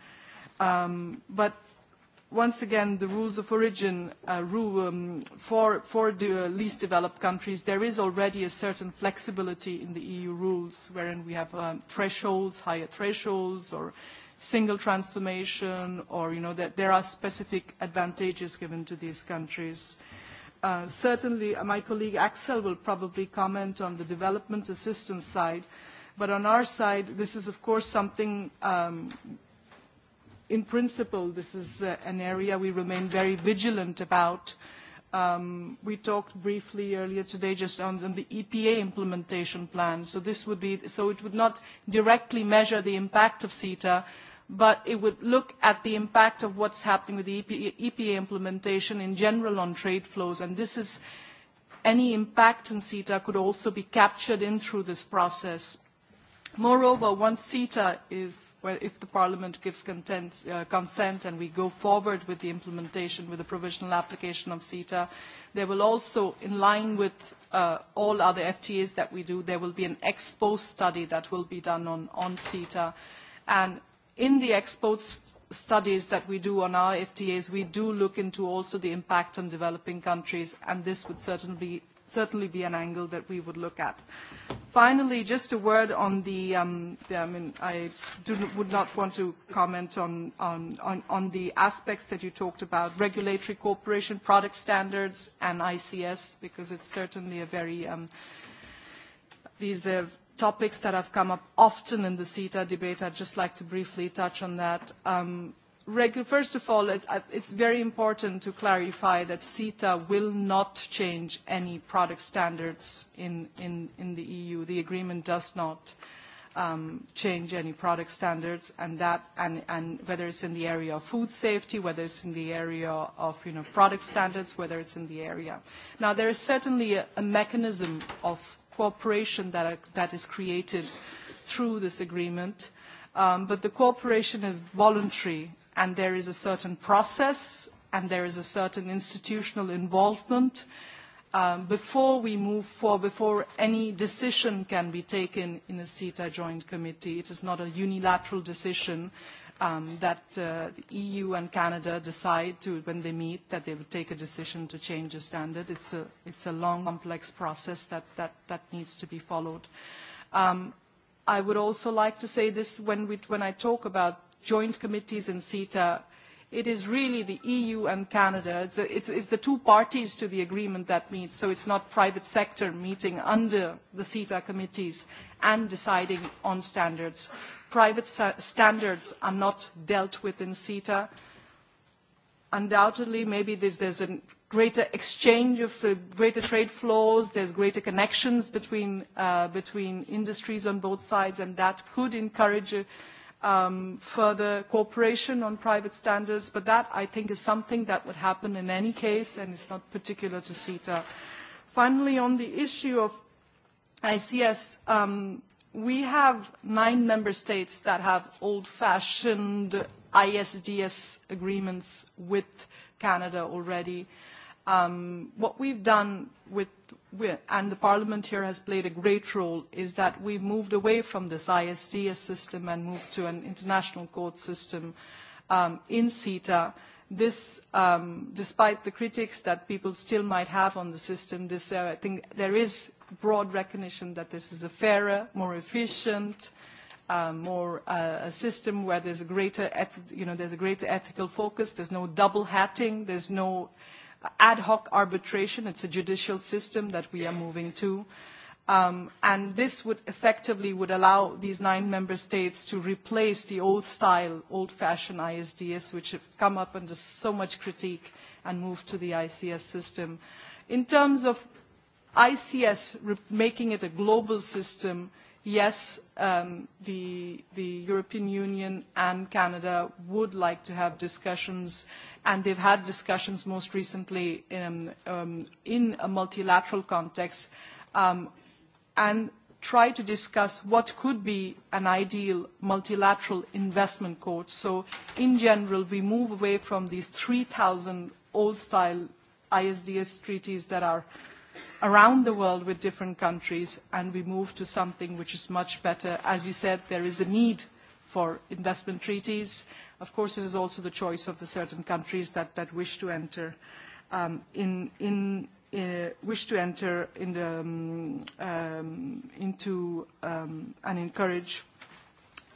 Um, but once again, the rules of origin uh, rule, um, for, for the least developed countries, there is already a certain flexibility in the EU rules, wherein we have um, thresholds, higher thresholds, or single transformation, or you know, that there are specific advantages given to these countries. Uh, certainly, uh, my colleague Axel will probably comment on the development assistance side, but on our side, this is of course something, um, in principle, this is uh, an area we remain very vigilant about. Um, we talked briefly earlier today just on, on the EPA implementation plan, so this would be, so it would not directly measure the impact of CETA, but it would look at the impact of what's happening with the EPA implementation in general on trade flows. And this is any impact in CETA could also be captured in through this process. Moreover, once CETA, if, well, if the Parliament gives consent uh, and we go forward with the implementation, with the provisional application of CETA, there will also, in line with uh, all other FTAs that we do, there will be an ex post study that will be done on, on CETA. And in the exports studies that we do on our FTAs, we do look into also the impact on developing countries, and this would certainly be, certainly be an angle that we would look at. Finally, just a word on the, um, I mean, I would not want to comment on, the aspects that you talked about, regulatory cooperation, product standards, and ICS, because it's certainly a very, um, these are topics that have come up often in the CETA debate. I'd just like to briefly touch on that. Um, first of all, it, uh, it's very important to clarify that CETA will not change any product standards in, in, in the EU. The agreement does not um, change any product standards, and, that, and, and whether it's in the area of food safety, whether it's in the area of you know, product standards, whether it's in the area. Now, there is certainly a, a mechanism of cooperation that, are, uh, that is created through this agreement. Um, but the cooperation is voluntary, and there is a certain process, and there is a certain institutional involvement um, before we move forward, before any decision can be taken in a CETA joint committee. It is not a unilateral decision, um, that uh, the EU and Canada decide to, when they meet, that they would take a decision to change the standard. It's a, it's a long, complex process that, that, that needs to be followed. Um, I would also like to say this when, we, when I talk about joint committees in CETA, it is really the EU and Canada. It's, is the two parties to the agreement that meet, so it's not private sector meeting under the CETA committees and deciding on standards. Private standards are not dealt with in CETA. Undoubtedly, maybe there's, is a greater exchange of uh, greater trade flows, there's greater connections between, uh, between industries on both sides, and that could encourage um, further cooperation on private standards, but that, I think, is something that would happen in any case, and it's not particular to CETA. Finally, on the issue of ICS, um, we have nine member states that have old-fashioned ISDS agreements with Canada already. Um, what we've done with and the Parliament here has played a great role, is that we've moved away from this ISDS system and moved to an international court system um, in CETA. This, um, despite the critics that people still might have on the system, this, uh, I think there is broad recognition that this is a fairer, more efficient, um, more uh, a system where there's a greater, you know, there's a greater ethical focus. There's no double hatting. There's no ad hoc arbitration. It's a judicial system that we are moving to. Um, and this would effectively would allow these nine member states to replace the old style, old-fashioned ISDS, which have come up under so much critique, and move to the ICS system. In terms of ICS, making it a global system, yes, um, the, the European Union and Canada would like to have discussions, and they've had discussions most recently in, um, um, in a multilateral context, um, and try to discuss what could be an ideal multilateral investment court. So in general, we move away from these 3,000 old-style ISDS treaties that are around the world with different countries and we move to something which is much better. As you said, there is a need for investment treaties. Of course, it is also the choice of the certain countries that, that wish to enter um, in, in, uh, wish to enter in the, um, um, into um, and encourage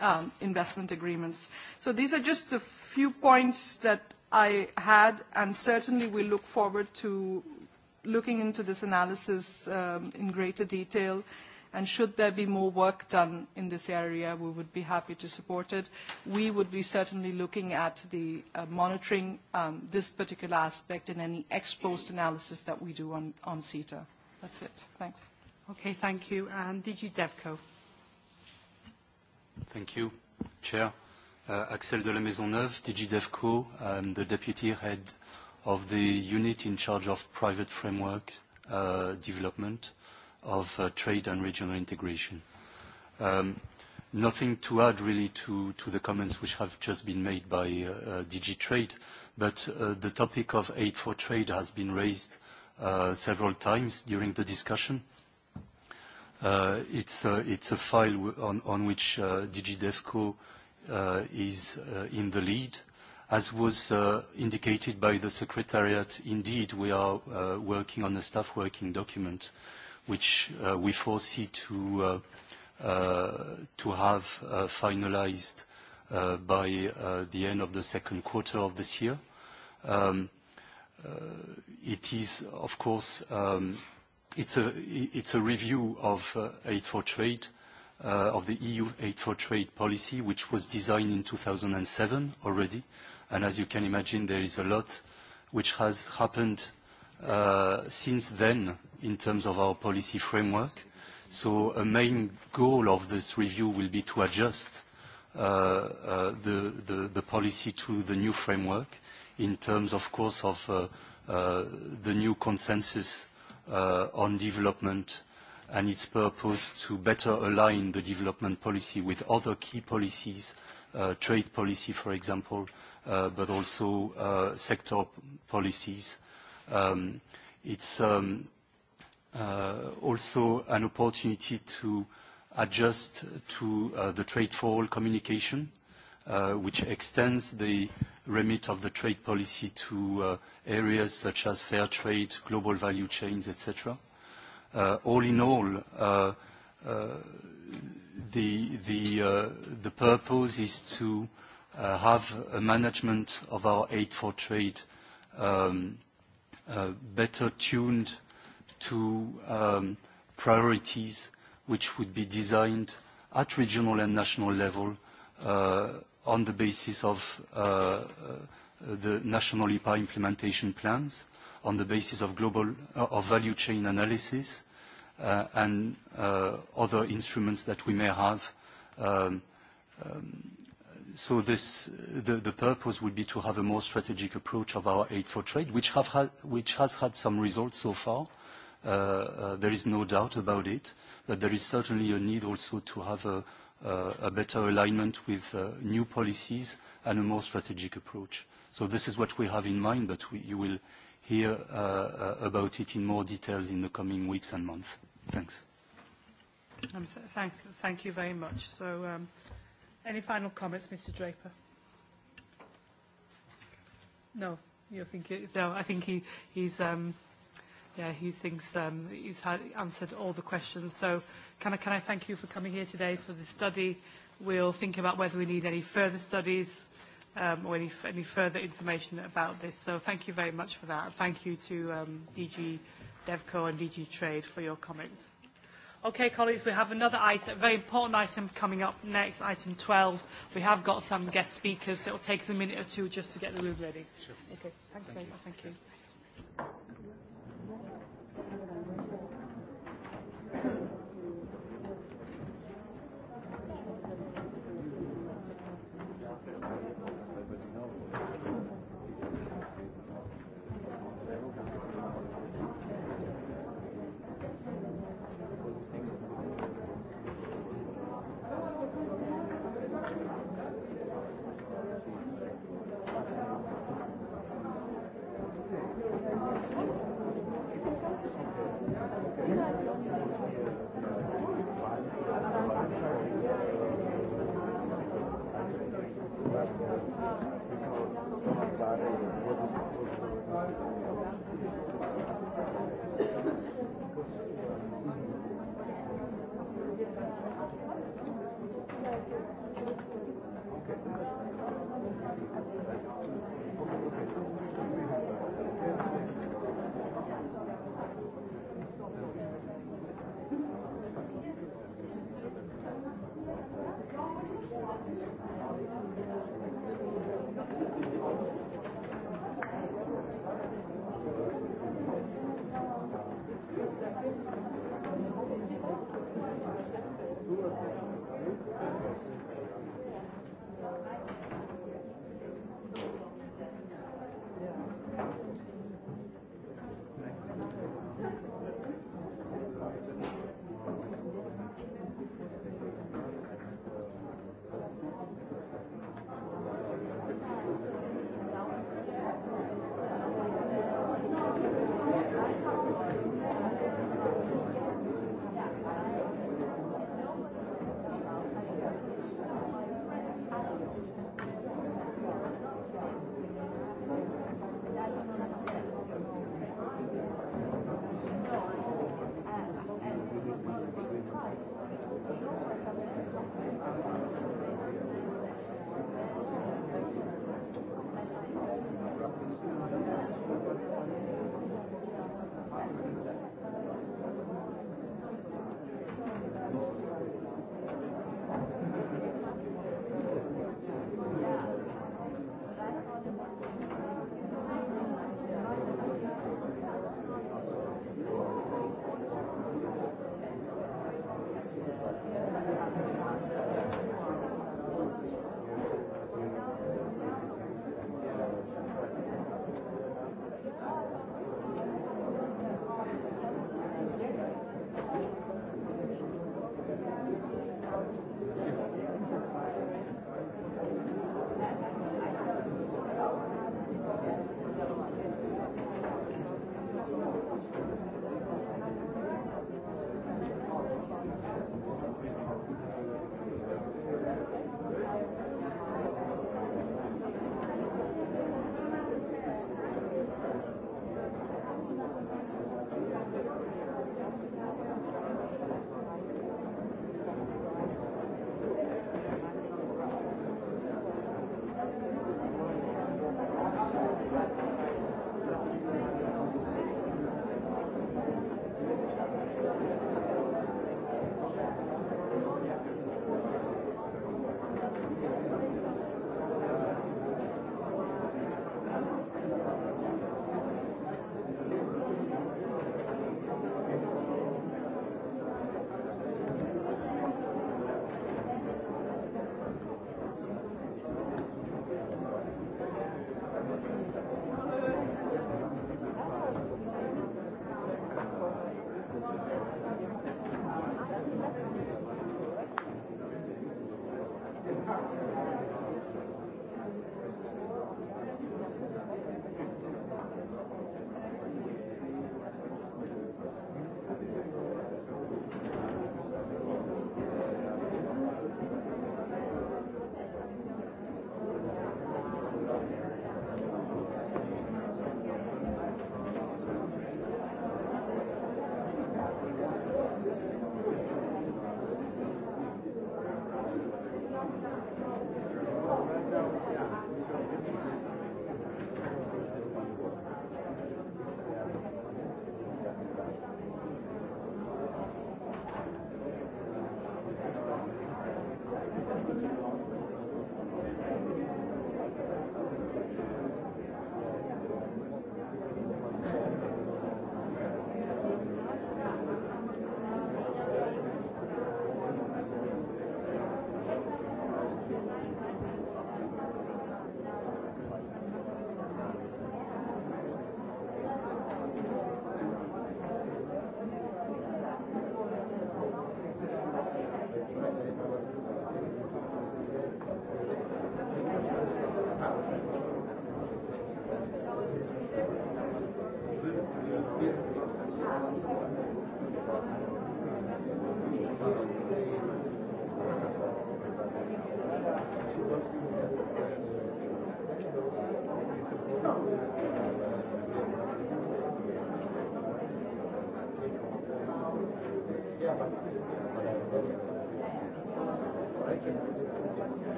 um, investment agreements. So these are just a few points that I had, and certainly we look forward to looking into this analysis um, in greater detail. And should there be more work done in this area, we would be happy to support it. We would be certainly looking at the uh, monitoring um, this particular aspect in any ex-post analysis that we do on, on CETA. That's it. Thanks. Okay, thank you. And DG DevCo. Thank you, Chair. Uh, Axel de la Maisonneuve, DG DevCo. um, the Deputy Head of the unit in charge of private framework uh, development of uh, trade and regional integration. Um, nothing to add really to, to the comments which have just been made by uh, uh DG Trade, but uh, the topic of aid for trade has been raised uh, several times during the discussion. It's, it's a file on, on which DG DevCo is in the lead. As was uh, indicated by the Secretariat, indeed, we are uh, working on a staff working document, which uh, we foresee to, uh, uh, to have uh, finalized by the end of the second quarter of this year. Um, it is, of course, um, it's, a, it's a review of Aid for Trade, of the EU Aid for Trade policy, which was designed in 2007 already, And as you can imagine, there is a lot which has happened uh, since then in terms of our policy framework. So a main goal of this review will be to adjust uh, uh, the, the, the policy to the new framework in terms, of course, of uh, uh, the new consensus uh, on development and its purpose to better align the development policy with other key policies, uh, trade policy, for example, Uh, but also uh, sector policies. Um, it's um, uh, also an opportunity to adjust to uh, the trade for all communication, uh, which extends the remit of the trade policy to uh, areas such as fair trade, global value chains, etc. Uh, all in all, uh, uh, the, the, uh, the purpose is to uh, Uh, have a management of our aid for trade um, uh, better tuned to um, priorities which would be designed at regional and national level uh, on the basis of the national IPA implementation plans, on the basis of global of value chain analysis, and other instruments that we may have um, So this, the, purpose would be to have a more strategic approach of our Aid for Trade, which, have had, which has had some results so far. Uh, uh, there is no doubt about it, but there is certainly a need also to have a, better alignment with uh, new policies and a more strategic approach. So this is what we have in mind, but you will hear about it in more details in the coming weeks and months. Thanks. thank, you very much. So, um, Any final comments, Mr. Draper? No, you think it, no. I think he he's um, yeah he thinks um, he's had answered all the questions. So can I can I thank you for coming here today for the study. We'll think about whether we need any further studies um, or any any further information about this. So thank you very much for that. Thank you to um, DG DevCo and DG Trade for your comments. Okay, colleagues, we have another item, a very important item coming up next, item 12. We have got some guest speakers, so it will take us a minute or two just to get the room ready. Sure. Okay, thanks Thank very much. Thank you.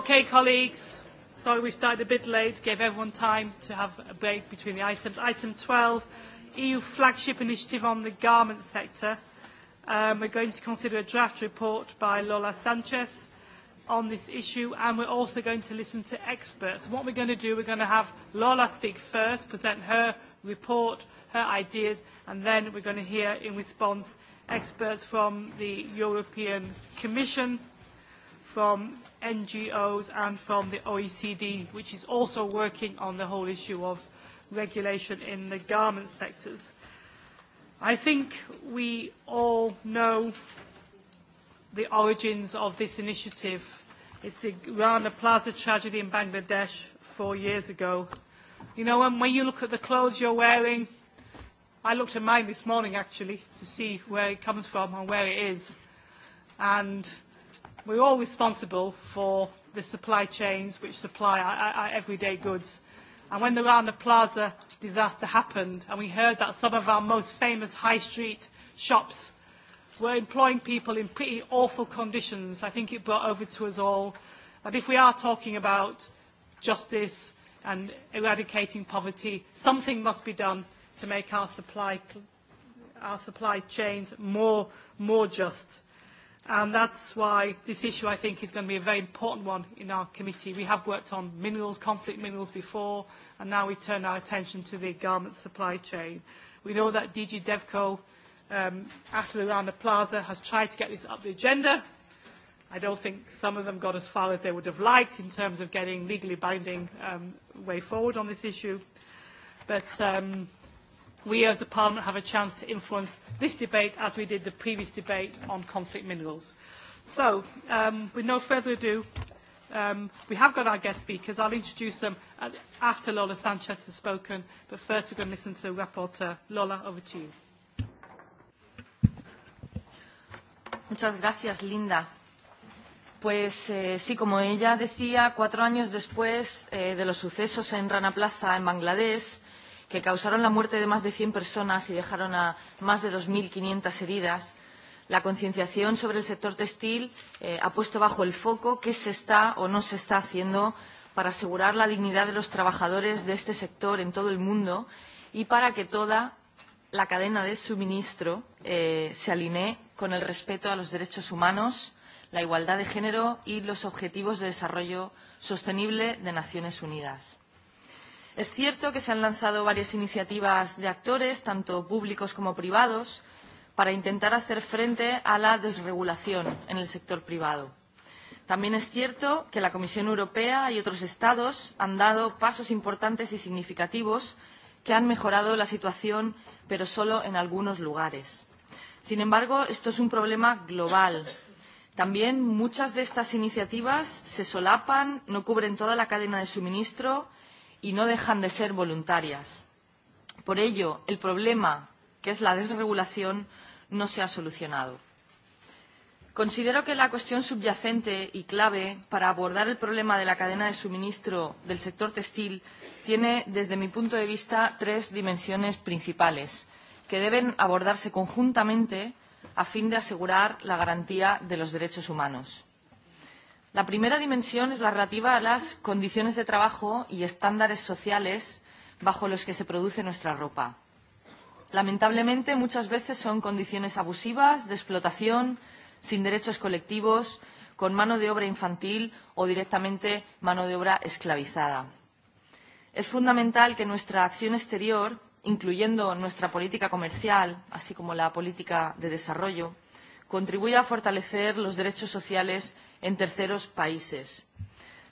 Okay, colleagues. Sorry we started a bit late. Gave everyone time to have a break between the items. Item 12, EU flagship initiative on the garment sector. Um, we're going to consider a draft report by Lola Sanchez on this issue, and we're also going to listen to experts. What we're going to do, we're going to have Lola speak first, present her report, her ideas, and then we're going to hear in response experts from the European Commission, from NGOs and from the OECD, which is also working on the whole issue of regulation in the garment sectors. I think we all know the origins of this initiative. It's the Rana Plaza tragedy in Bangladesh four years ago. You know, and when you look at the clothes you're wearing, I looked at mine this morning actually to see where it comes from and where it is. And We're all responsible for the supply chains which supply our, our everyday goods. And when the Rana Plaza disaster happened, and we heard that some of our most famous high street shops were employing people in pretty awful conditions, I think it brought over to us all that if we are talking about justice and eradicating poverty, something must be done to make our supply, our supply chains more, more just. And that's why this issue, I think, is going to be a very important one in our committee. We have worked on minerals, conflict minerals before, and now we turn our attention to the garment supply chain. We know that DG DevCo, um, after the Rana Plaza, has tried to get this up the agenda. I don't think some of them got as far as they would have liked in terms of getting legally binding um, way forward on this issue. But... Um, we as a Parliament have a chance to influence this debate as we did the previous debate on conflict minerals. So, um, with no further ado, um, we have got our guest speakers. I'll introduce them after Lola Sanchez has spoken, but first we're going to listen to the rapporteur. Lola, over to you. Muchas gracias, Linda. Pues eh, sí, como ella decía, cuatro años después eh, de los sucesos en Rana Plaza, en Bangladesh, que causaron la muerte de más de 100 personas y dejaron a más de 2.500 heridas, la concienciación sobre el sector textil eh, ha puesto bajo el foco qué se está o no se está haciendo para asegurar la dignidad de los trabajadores de este sector en todo el mundo y para que toda la cadena de suministro eh, se alinee con el respeto a los derechos humanos, la igualdad de género y los objetivos de desarrollo sostenible de Naciones Unidas. Es cierto que se han lanzado varias iniciativas de actores, tanto públicos como privados, para intentar hacer frente a la desregulación en el sector privado. También es cierto que la Comisión Europea y otros Estados han dado pasos importantes y significativos que han mejorado la situación, pero solo en algunos lugares. Sin embargo, esto es un problema global. También muchas de estas iniciativas se solapan, no cubren toda la cadena de suministro y no dejan de ser voluntarias. Por ello, el problema, que es la desregulación, no se ha solucionado. Considero que la cuestión subyacente y clave para abordar el problema de la cadena de suministro del sector textil tiene, desde mi punto de vista, tres dimensiones principales que deben abordarse conjuntamente a fin de asegurar la garantía de los derechos humanos. La primera dimensión es la relativa a las condiciones de trabajo y estándares sociales bajo los que se produce nuestra ropa. Lamentablemente, muchas veces son condiciones abusivas, de explotación, sin derechos colectivos, con mano de obra infantil o directamente mano de obra esclavizada. Es fundamental que nuestra acción exterior, incluyendo nuestra política comercial, así como la política de desarrollo, contribuye a fortalecer los derechos sociales en terceros países.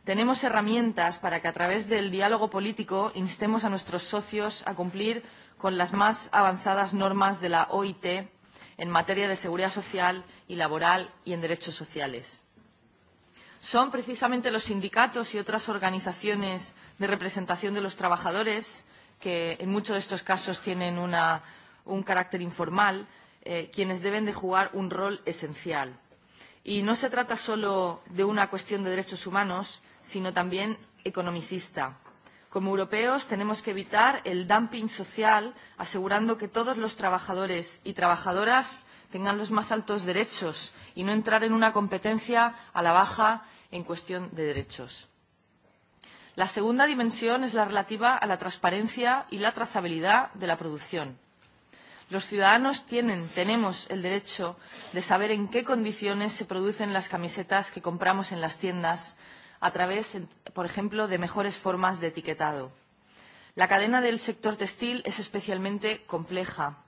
Tenemos herramientas para que a través del diálogo político instemos a nuestros socios a cumplir con las más avanzadas normas de la OIT en materia de seguridad social y laboral y en derechos sociales. Son precisamente los sindicatos y otras organizaciones de representación de los trabajadores, que en muchos de estos casos tienen una, un carácter informal, eh, quienes deben de jugar un rol esencial. Y no se trata solo de una cuestión de derechos humanos, sino también economicista. Como europeos tenemos que evitar el dumping social, asegurando que todos los trabajadores y trabajadoras tengan los más altos derechos y no entrar en una competencia a la baja en cuestión de derechos. La segunda dimensión es la relativa a la transparencia y la trazabilidad de la producción. Los ciudadanos tienen, tenemos el derecho de saber en qué condiciones se producen las camisetas que compramos en las tiendas a través, por ejemplo, de mejores formas de etiquetado. La cadena del sector textil es especialmente compleja.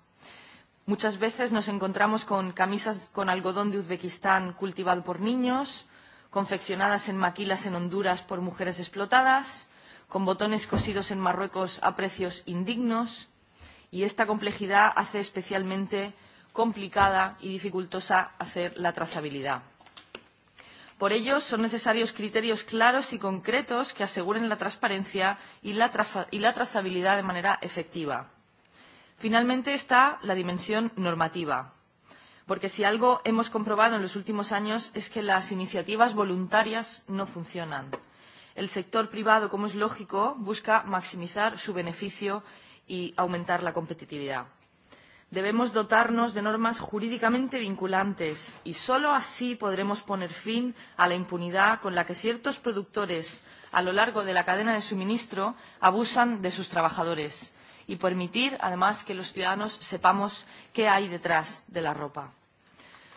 Muchas veces nos encontramos con camisas con algodón de Uzbekistán cultivado por niños, confeccionadas en maquilas en Honduras por mujeres explotadas, con botones cosidos en Marruecos a precios indignos, y esta complejidad hace especialmente complicada y dificultosa hacer la trazabilidad. Por ello, son necesarios criterios claros y concretos que aseguren la transparencia y la, traza y la trazabilidad de manera efectiva. Finalmente está la dimensión normativa, porque si algo hemos comprobado en los últimos años es que las iniciativas voluntarias no funcionan. El sector privado, como es lógico, busca maximizar su beneficio y aumentar la competitividad. Debemos dotarnos de normas jurídicamente vinculantes y solo así podremos poner fin a la impunidad con la que ciertos productores a lo largo de la cadena de suministro abusan de sus trabajadores y permitir, además, que los ciudadanos sepamos qué hay detrás de la ropa.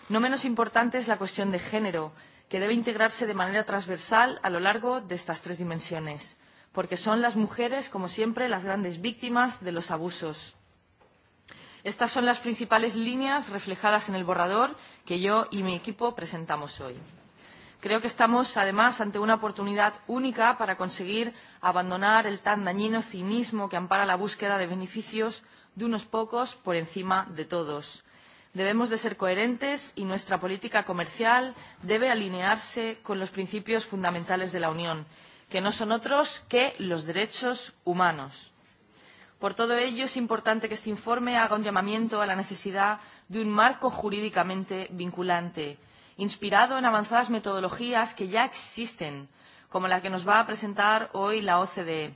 No menos importante es la cuestión de género, que debe integrarse de manera transversal a lo largo de estas tres dimensiones porque son las mujeres, como siempre, las grandes víctimas de los abusos. Estas son las principales líneas reflejadas en el borrador que yo y mi equipo presentamos hoy. Creo que estamos, además, ante una oportunidad única para conseguir abandonar el tan dañino cinismo que ampara la búsqueda de beneficios de unos pocos por encima de todos. Debemos de ser coherentes y nuestra política comercial debe alinearse con los principios fundamentales de la Unión que no son otros que los derechos humanos. Por todo ello, es importante que este informe haga un llamamiento a la necesidad de un marco jurídicamente vinculante, inspirado en avanzadas metodologías que ya existen, como la que nos va a presentar hoy la OCDE,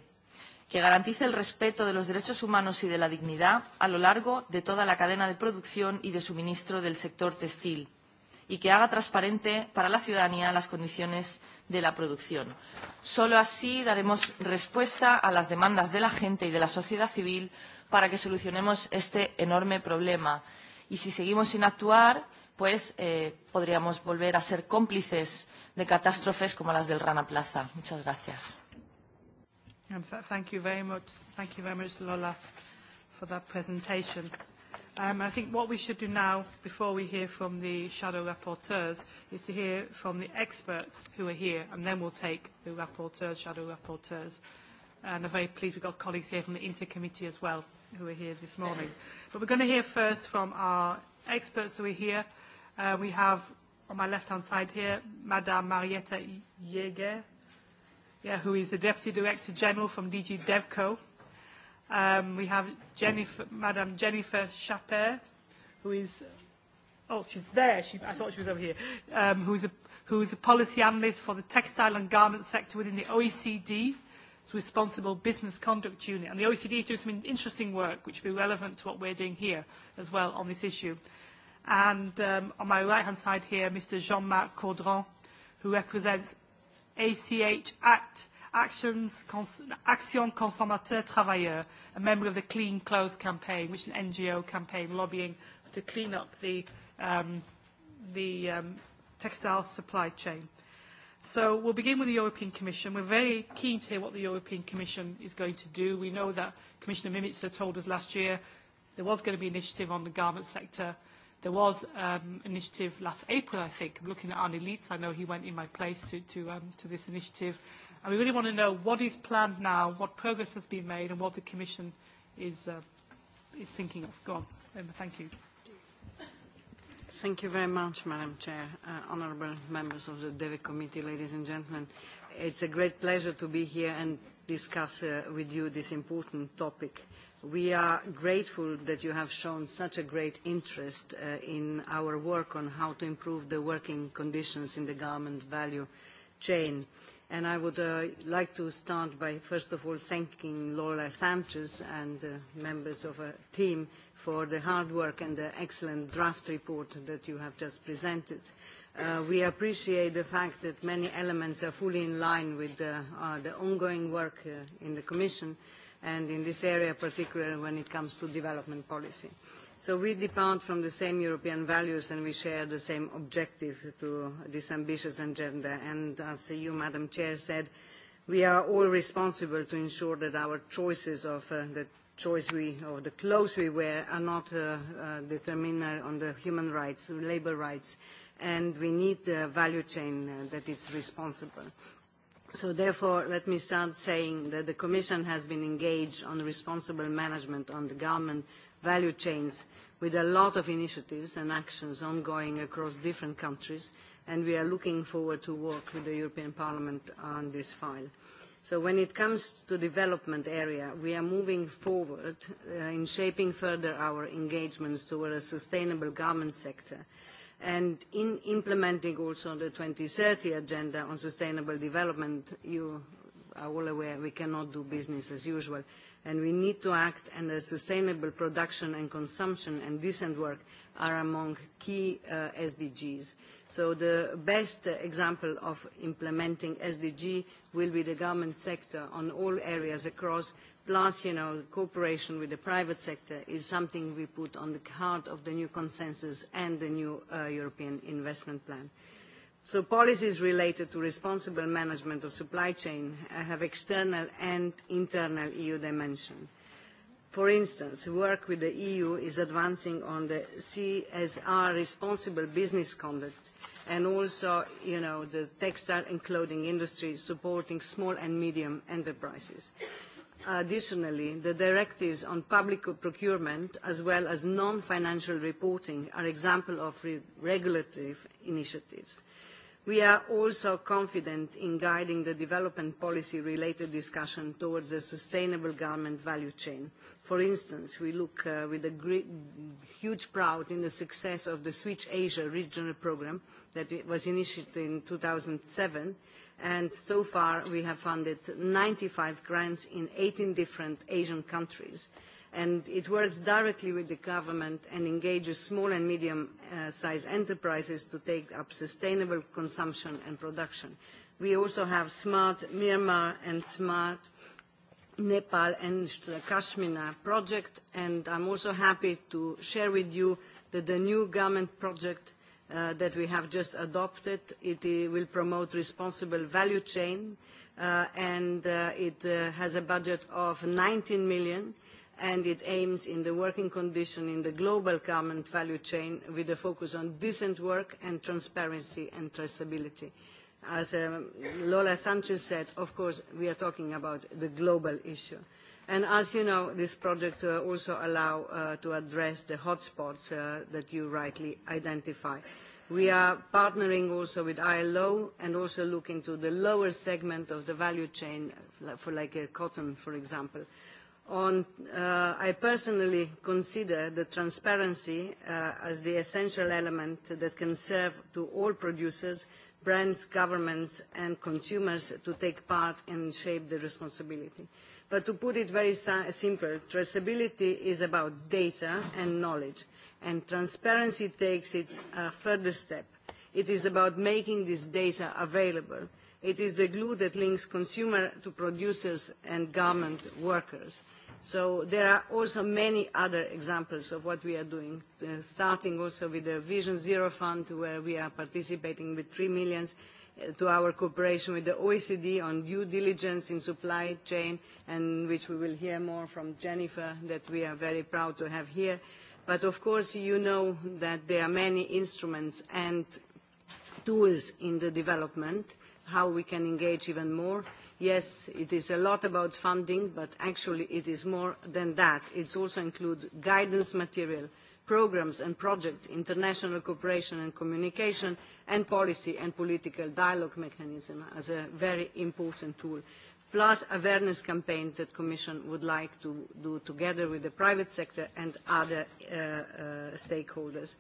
que garantice el respeto de los derechos humanos y de la dignidad a lo largo de toda la cadena de producción y de suministro del sector textil y que haga transparente para la ciudadanía las condiciones de la producción. Solo así daremos respuesta a las demandas de la gente y de la sociedad civil para que solucionemos este enorme problema. Y si seguimos sin actuar, pues eh, podríamos volver a ser cómplices de catástrofes como las del Rana Plaza. Muchas gracias. Thank you very much. Thank you very much, Lola, for that presentation. Um, I think what we should do now, before we hear from the shadow rapporteurs, is to hear from the experts who are here, and then we'll take the rapporteurs, shadow rapporteurs. And I'm very pleased we've got colleagues here from the intercommittee as well, who are here this morning. But we're going to hear first from our experts who are here. Uh, we have, on my left-hand side here, Madame Marietta Jäger, yeah, who is the Deputy Director General from DG DevCo, Um, we have Jennifer, Madame Jennifer Chaper, who is, oh, she's there. She, I thought she was over here. Um, who is a who is a policy analyst for the textile and garment sector within the OECD, its responsible business conduct unit. And the OECD is doing some interesting work which will be relevant to what we're doing here as well on this issue. And um, on my right-hand side here, Mr. Jean-Marc Caudron, who represents ACH Act Actions, Action Consommateur Travailleur, a member of the Clean Clothes campaign, which is an NGO campaign lobbying to clean up the, um, the um, textile supply chain. So we'll begin with the European Commission. We're very keen to hear what the European Commission is going to do. We know that Commissioner Mimica told us last year there was going to be initiative on the garment sector. There was um, initiative last April, I think. looking at Arne Leitz. I know he went in my place to, to, um, to this initiative. And we really want to know what is planned now, what progress has been made, and what the Commission is, uh, is thinking of. Go on. Emma, thank you. Thank you very much, Madam Chair, uh, honourable members of the DEVE Committee, ladies and gentlemen. It's a great pleasure to be here and discuss uh, with you this important topic. We are grateful that you have shown such a great interest uh, in our work on how to improve the working conditions in the garment value chain. Uh, And I would uh, like to start by, first of all, thanking Lola Sanchez and the uh, members of her team for the hard work and the excellent draft report that you have just presented. Uh, we appreciate the fact that many elements are fully in line with the, uh, uh, the ongoing work uh, in the Commission, and in this area particularly when it comes to development policy. So we depend from the same European values and we share the same objective to this ambitious agenda. And as you, Madam Chair, said, we are all responsible to ensure that our choices of uh, the choice we, or the clothes we wear are not uh, uh, determined on the human rights, labour rights, and we need a value chain uh, that is responsible. So therefore, let me start saying that the Commission has been engaged on responsible management on the garment value chains with a lot of initiatives and actions ongoing across different countries, and we are looking forward to work with the European Parliament on this file. So when it comes to development area, we are moving forward uh, in shaping further our engagements toward a sustainable garment sector and in implementing also the 2030 agenda on sustainable development, you are all aware we cannot do business as usual and we need to act and sustainable production and consumption and decent work are among key uh, SDGs. So the best example of implementing SDG will be the government sector on all areas across, plus, you know, cooperation with the private sector is something we put on the heart of the new consensus and the new uh, European investment plan. So policies related to responsible management of supply chain uh, have external and internal EU dimension. For instance, work with the EU is advancing on the CSR responsible business conduct and also, you know, the textile and clothing industry supporting small and medium enterprises. Additionally, the directives on public procurement as well as non-financial reporting are examples of re regulatory initiatives. We are also confident in guiding the development policy-related discussion towards a sustainable garment value chain. For instance, we look uh, with a huge pride in the success of the Switch Asia regional program that was initiated in 2007, and so far we have funded 95 grants in 18 different Asian countries, and it works directly with the government and engages small and medium-sized uh, enterprises to take up sustainable consumption and production. We also have Smart Myanmar and Smart Nepal and Kashmir project, and I'm also happy to share with you that the new government project uh, that we have just adopted, it, it uh, will promote responsible value chain, uh, and uh, it uh, has a budget of 19 million, and it aims in the working condition in the global garment value chain with a focus on decent work and transparency and traceability. As um, Lola Sanchez said, of course, we are talking about the global issue. And as you know, this project uh, also allow uh, to address the hotspots uh, that you rightly identify. We are partnering also with ILO and also looking into the lower segment of the value chain for like a cotton, for example On, uh, I personally consider the transparency uh, as the essential element that can serve to all producers, brands, governments and consumers to take part and shape the responsibility. But to put it very simple, traceability is about data and knowledge, and transparency takes it a further step. It is about making this data available. It is the glue that links consumer to producers and government workers So there are also many other examples of what we are doing, uh, starting also with the Vision Zero Fund, where we are participating with 3 million uh, to our cooperation with the OECD on due diligence in supply chain, and which we will hear more from Jennifer, that we are very proud to have here. But of course, you know that there are many instruments and tools in the development, how we can engage even more yes, it is a lot about funding, but actually it is more than that. It also includes guidance material, programmes and projects, international cooperation and communication, and policy and political dialogue mechanism as a very important tool plus awareness campaign that Commission would like to do together with the private sector and other uh, uh, stakeholders. Uh,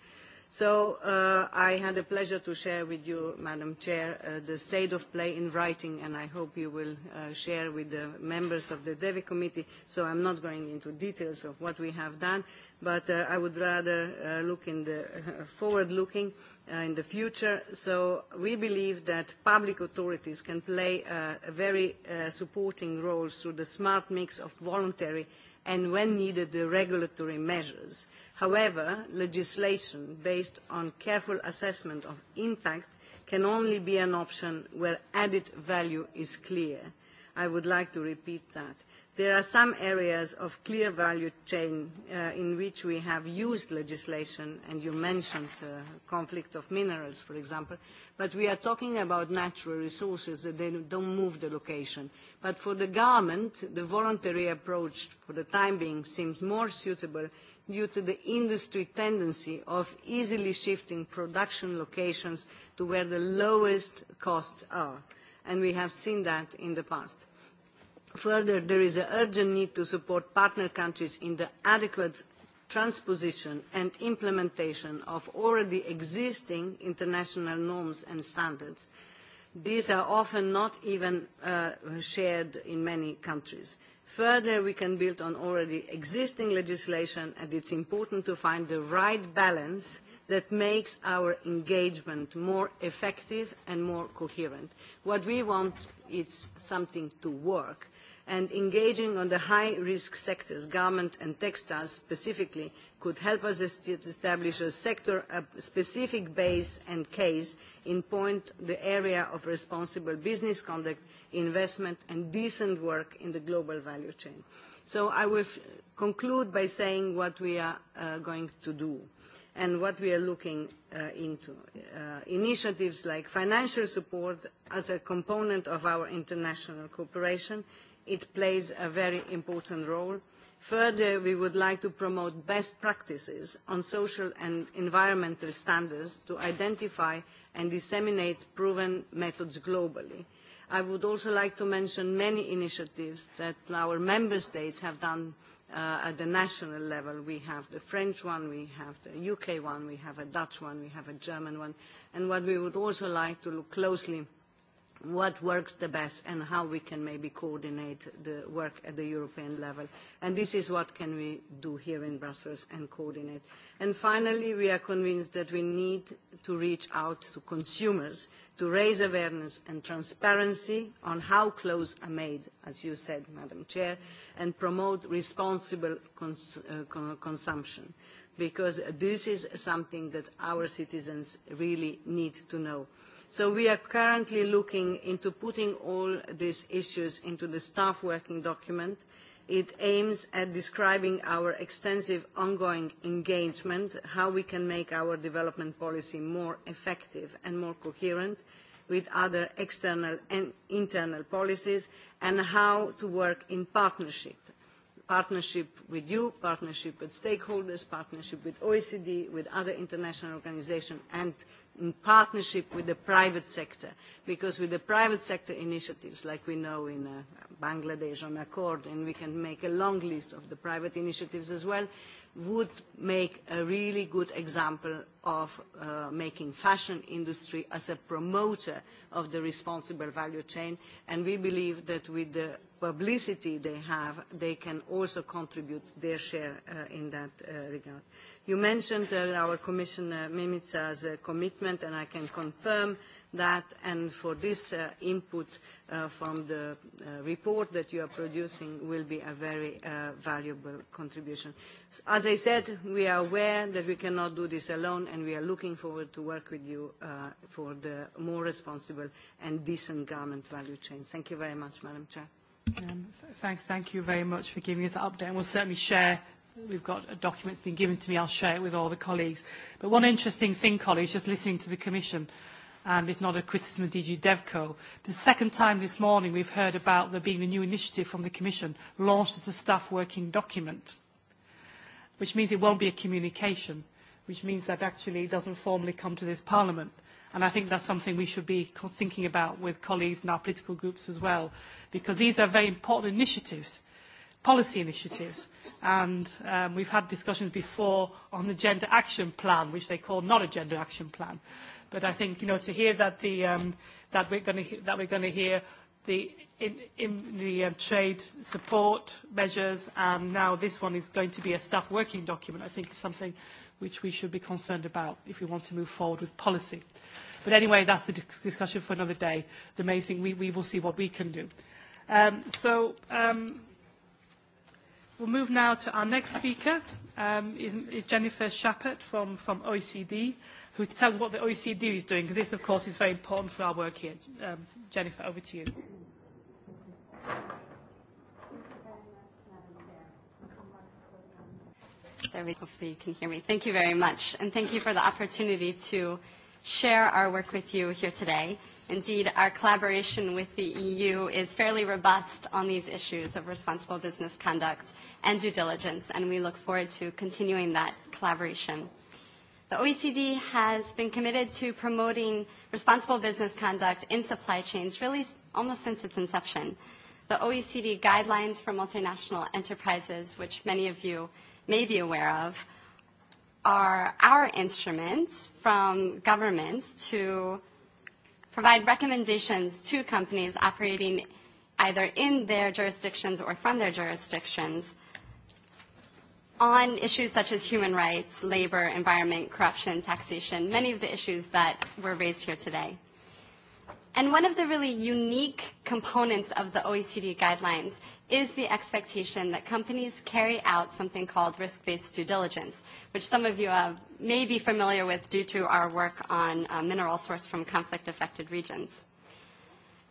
So uh, I had the pleasure to share with you, Madam Chair, uh, the state of play in writing, and I hope you will uh, share with the members of the DEVI committee. So I'm not going into details of what we have done, but uh, I would rather uh, look in the uh, forward-looking uh, in the future. So we believe that public authorities can play uh, a very uh, supporting role through the smart mix of voluntary and, when needed, the regulatory measures. However, legislation based on careful assessment of impact can only be an option where added value is clear. I would like to repeat that There are some areas of clear value chain uh, in which we have used legislation, and you mentioned uh, conflict of minerals, for example, but we are talking about natural resources that they don't move the location. But for the government, the voluntary approach for the time being seems more suitable due to the industry tendency of easily shifting production locations to where the lowest costs are. And we have seen that in the past. Further, there is an urgent need to support partner countries in the adequate transposition and implementation of already existing international norms and standards. These are often not even uh, shared in many countries. Further, we can build on already existing legislation, and it's important to find the right balance that makes our engagement more effective and more coherent. What we want is something to work and engaging on the high-risk sectors, garment and textiles specifically, could help us establish a sector-specific base and case in point the area of responsible business conduct, investment and decent work in the global value chain. So I will conclude by saying what we are uh, going to do and what we are looking uh, into. Uh, initiatives like financial support as a component of our international cooperation it plays a very important role. Further, we would like to promote best practices on social and environmental standards to identify and disseminate proven methods globally. I would also like to mention many initiatives that our member states have done uh, at the national level. We have the French one, we have the UK one, we have a Dutch one, we have a German one, and what we would also like to look closely what works the best and how we can maybe coordinate the work at the European level. And this is what can we do here in Brussels and coordinate. And finally, we are convinced that we need to reach out to consumers to raise awareness and transparency on how clothes are made, as you said, Madam Chair, and promote responsible cons uh, con consumption, because this is something that our citizens really need to know So we are currently looking into putting all these issues into the staff working document. It aims at describing our extensive ongoing engagement, how we can make our development policy more effective and more coherent with other external and internal policies, and how to work in partnership partnership with you, partnership with stakeholders, partnership with OECD, with other international organisations and in partnership with the private sector, because with the private sector initiatives, like we know in uh, Bangladesh on Accord, and we can make a long list of the private initiatives as well, would make a really good example of uh, making fashion industry as a promoter of the responsible value chain. And we believe that with the publicity they have, they can also contribute their share uh, in that uh, regard. You mentioned uh, our Commissioner Mimica's uh, commitment, and I can confirm that, and for this uh, input uh, from the uh, report that you are producing will be a very uh, valuable contribution. As I said, we are aware that we cannot do this alone, and we are looking forward to work with you for the more responsible and decent garment value chain. Thank you very much, Madam Chair. Um, th thank, thank you very much for giving us the update, and we'll certainly share we've got a document that's been given to me. I'll share it with all the colleagues. But one interesting thing, colleagues, just listening to the Commission, and if not a criticism of DG DevCo, the second time this morning we've heard about there being a new initiative from the Commission launched as a staff working document, which means it won't be a communication, which means that actually it doesn't formally come to this Parliament. And I think that's something we should be thinking about with colleagues in our political groups as well, because these are very important initiatives policy initiatives. And um, we've had discussions before on the gender action plan, which they call not a gender action plan. But I think, you know, to hear that, the, um, that we're going to hear the, in, in the um, trade support measures, and now this one is going to be a staff working document, I think is something which we should be concerned about if we want to move forward with policy. But anyway, that's a discussion for another day. The main thing, we, we will see what we can do. Um, so um, We'll move now to our next speaker, um, is, is Jennifer Shepherd from, from OECD, who tells us what the OECD is doing, because this, of course, is very important for our work here. Um, Jennifer, over to you. There we go. Hopefully you can hear me. Thank you very much, and thank you for the opportunity to share our work with you here today. Indeed, our collaboration with the EU is fairly robust on these issues of responsible business conduct and due diligence, and we look forward to continuing that collaboration. The OECD has been committed to promoting responsible business conduct in supply chains really almost since its inception. The OECD guidelines for multinational enterprises, which many of you may be aware of, are our instruments from governments to provide recommendations to companies operating either in their jurisdictions or from their jurisdictions on issues such as human rights, labor, environment, corruption, taxation, many of the issues that were raised here today. And one of the really unique components of the OECD guidelines is the expectation that companies carry out something called risk-based due diligence, which some of you uh, may be familiar with due to our work on uh, mineral source from conflict-affected regions.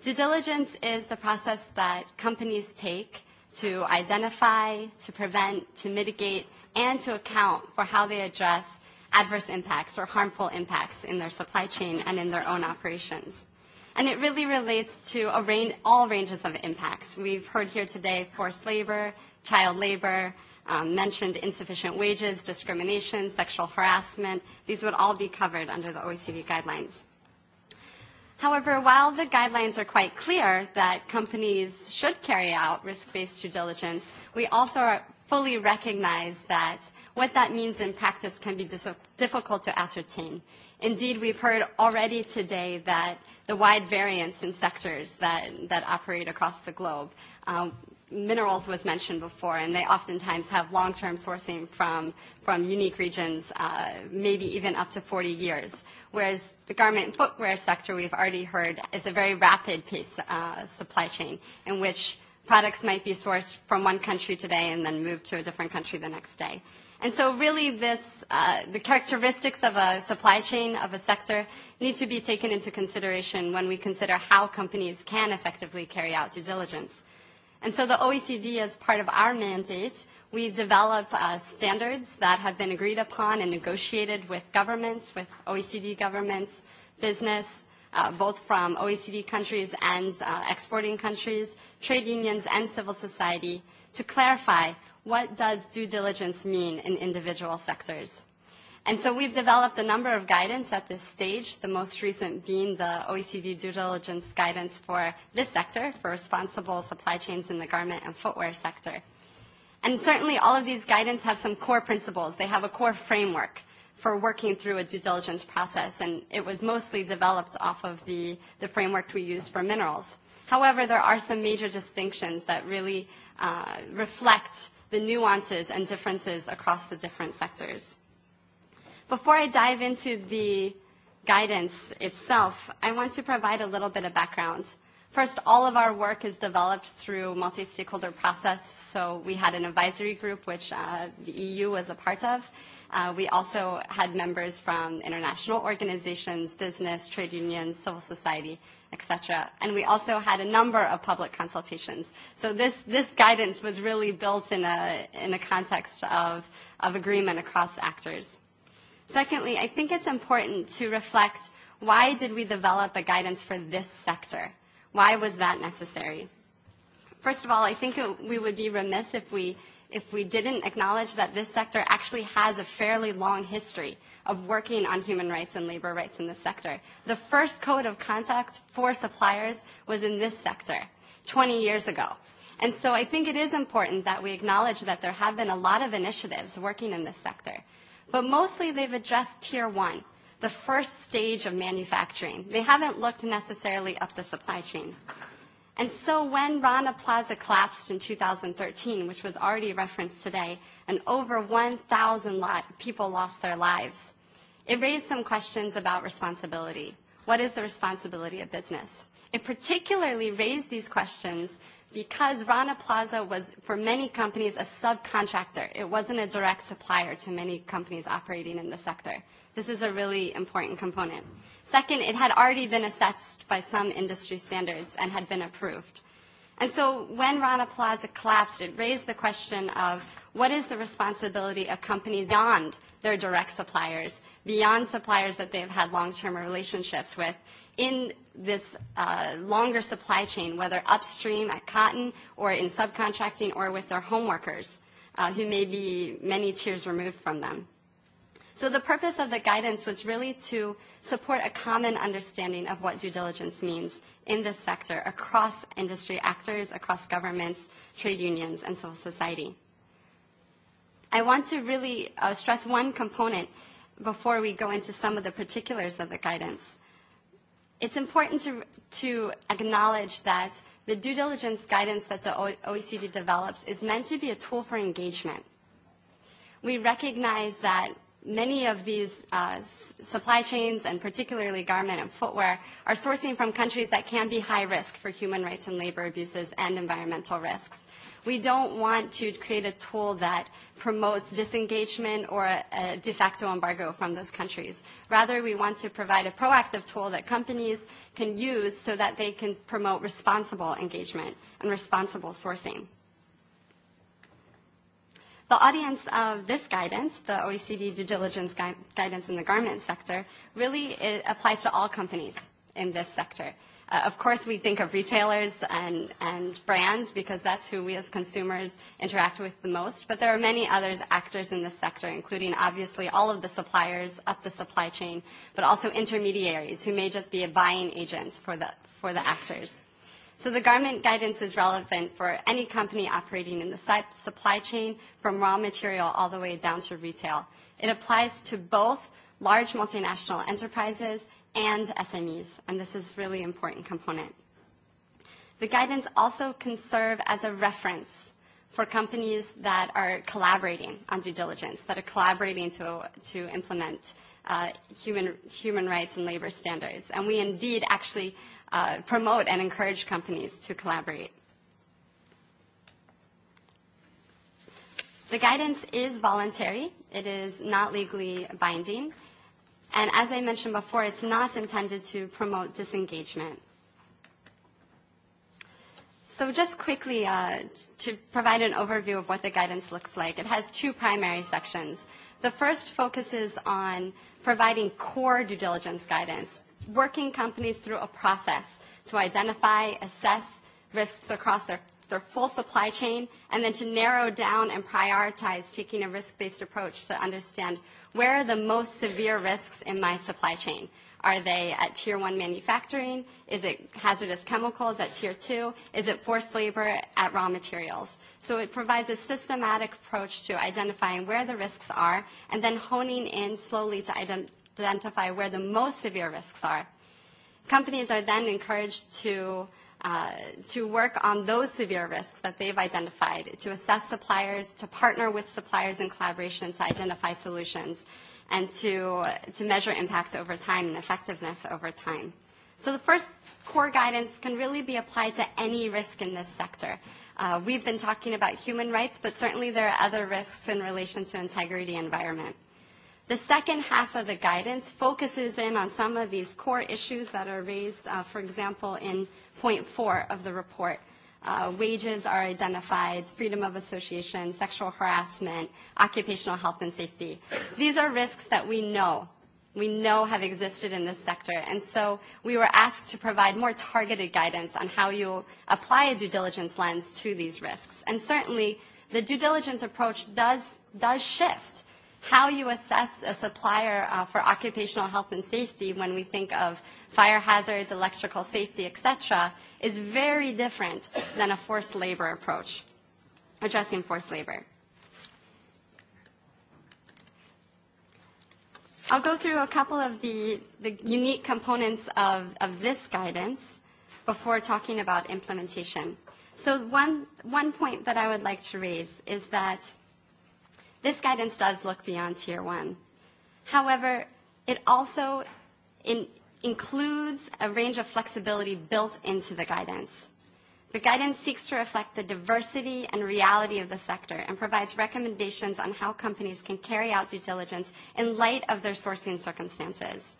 Due diligence is the process that companies take to identify, to prevent, to mitigate, and to account for how they address adverse impacts or harmful impacts in their supply chain and in their own operations. And it really relates to a range, all ranges of impacts. We've heard here today forced labor, child labor, um, mentioned insufficient wages, discrimination, sexual harassment. These would all be covered under the OECD guidelines. However, while the guidelines are quite clear that companies should carry out risk-based due diligence, we also are fully recognize that what that means in practice can be difficult to ascertain. Indeed, we've heard already today that the wide variance in sectors that, that operate across the globe. Um, minerals was mentioned before, and they oftentimes have long-term sourcing from, from unique regions, uh, maybe even up to 40 years. Whereas the garment and footwear sector, we've already heard, is a very rapid pace uh, supply chain in which products might be sourced from one country today and then moved to a different country the next day. And so really this, uh, the characteristics of a supply chain, of a sector, need to be taken into consideration when we consider how companies can effectively carry out due diligence. And so the OECD, as part of our mandate, we develop uh, standards that have been agreed upon and negotiated with governments, with OECD governments, business, uh, both from OECD countries and uh, exporting countries, trade unions and civil society, to clarify what does due diligence mean in individual sectors. And so we've developed a number of guidance at this stage, the most recent being the OECD due diligence guidance for this sector, for responsible supply chains in the garment and footwear sector. And certainly all of these guidance have some core principles. They have a core framework for working through a due diligence process, and it was mostly developed off of the, the framework we use for minerals. However, there are some major distinctions that really uh, reflect the nuances and differences across the different sectors. Before I dive into the guidance itself, I want to provide a little bit of background. First, all of our work is developed through multi-stakeholder process, so we had an advisory group which uh, the EU was a part of, Uh, we also had members from international organizations, business, trade unions, civil society, etc. And we also had a number of public consultations. So this, this guidance was really built in a, in a context of, of agreement across actors. Secondly, I think it's important to reflect why did we develop a guidance for this sector? Why was that necessary? First of all, I think it, we would be remiss if we if we didn't acknowledge that this sector actually has a fairly long history of working on human rights and labor rights in this sector. The first code of conduct for suppliers was in this sector 20 years ago. And so I think it is important that we acknowledge that there have been a lot of initiatives working in this sector. But mostly they've addressed tier one, the first stage of manufacturing. They haven't looked necessarily up the supply chain. And so when Rana Plaza collapsed in 2013, which was already referenced today, and over 1,000 li- people lost their lives, it raised some questions about responsibility. What is the responsibility of business? It particularly raised these questions because Rana Plaza was, for many companies, a subcontractor. It wasn't a direct supplier to many companies operating in the sector. This is a really important component. Second, it had already been assessed by some industry standards and had been approved. And so when Rana Plaza collapsed, it raised the question of what is the responsibility of companies beyond their direct suppliers, beyond suppliers that they've had long-term relationships with, in this uh, longer supply chain, whether upstream at cotton or in subcontracting or with their home workers, uh, who may be many tiers removed from them. So the purpose of the guidance was really to support a common understanding of what due diligence means in this sector across industry actors, across governments, trade unions, and civil society. I want to really uh, stress one component before we go into some of the particulars of the guidance. It's important to, to acknowledge that the due diligence guidance that the OECD develops is meant to be a tool for engagement. We recognize that many of these uh, supply chains, and particularly garment and footwear, are sourcing from countries that can be high risk for human rights and labor abuses and environmental risks. We don't want to create a tool that promotes disengagement or a, a de facto embargo from those countries. Rather, we want to provide a proactive tool that companies can use so that they can promote responsible engagement and responsible sourcing. The audience of this guidance, the OECD due diligence gui guidance in the garment sector, really it applies to all companies in this sector. Uh, of course, we think of retailers and, and brands because that's who we as consumers interact with the most. But there are many other actors in this sector, including obviously all of the suppliers up the supply chain, but also intermediaries who may just be a buying agents for the, for the actors. So the garment guidance is relevant for any company operating in the supply chain from raw material all the way down to retail. It applies to both large multinational enterprises and SMEs, and this is really important component. The guidance also can serve as a reference for companies that are collaborating on due diligence, that are collaborating to, to implement uh, human, human rights and labor standards. And we indeed actually uh, promote and encourage companies to collaborate. The guidance is voluntary. It is not legally binding. And as I mentioned before, it's not intended to promote disengagement. So just quickly uh, to provide an overview of what the guidance looks like, it has two primary sections. The first focuses on providing core due diligence guidance, working companies through a process to identify, assess risks across their, their full supply chain, and then to narrow down and prioritize taking a risk-based approach to understand where are the most severe risks in my supply chain. Are they at tier one manufacturing? Is it hazardous chemicals at tier two? Is it forced labor at raw materials? So it provides a systematic approach to identifying where the risks are and then honing in slowly to identify identify where the most severe risks are. Companies are then encouraged to, uh, to work on those severe risks that they've identified, to assess suppliers, to partner with suppliers in collaboration to identify solutions, and to, to measure impact over time and effectiveness over time. So the first core guidance can really be applied to any risk in this sector. Uh, we've been talking about human rights, but certainly there are other risks in relation to integrity environment. The second half of the guidance focuses in on some of these core issues that are raised, uh, for example, in point four of the report. Uh, wages are identified, freedom of association, sexual harassment, occupational health and safety. These are risks that we know, we know have existed in this sector. And so we were asked to provide more targeted guidance on how you apply a due diligence lens to these risks. And certainly the due diligence approach does, does shift how you assess a supplier uh, for occupational health and safety when we think of fire hazards, electrical safety, etc., is very different than a forced labor approach, addressing forced labor. I'll go through a couple of the, the unique components of, of this guidance before talking about implementation. So one, one point that I would like to raise is that This guidance does look beyond Tier 1. However, it also in, includes a range of flexibility built into the guidance. The guidance seeks to reflect the diversity and reality of the sector and provides recommendations on how companies can carry out due diligence in light of their sourcing circumstances.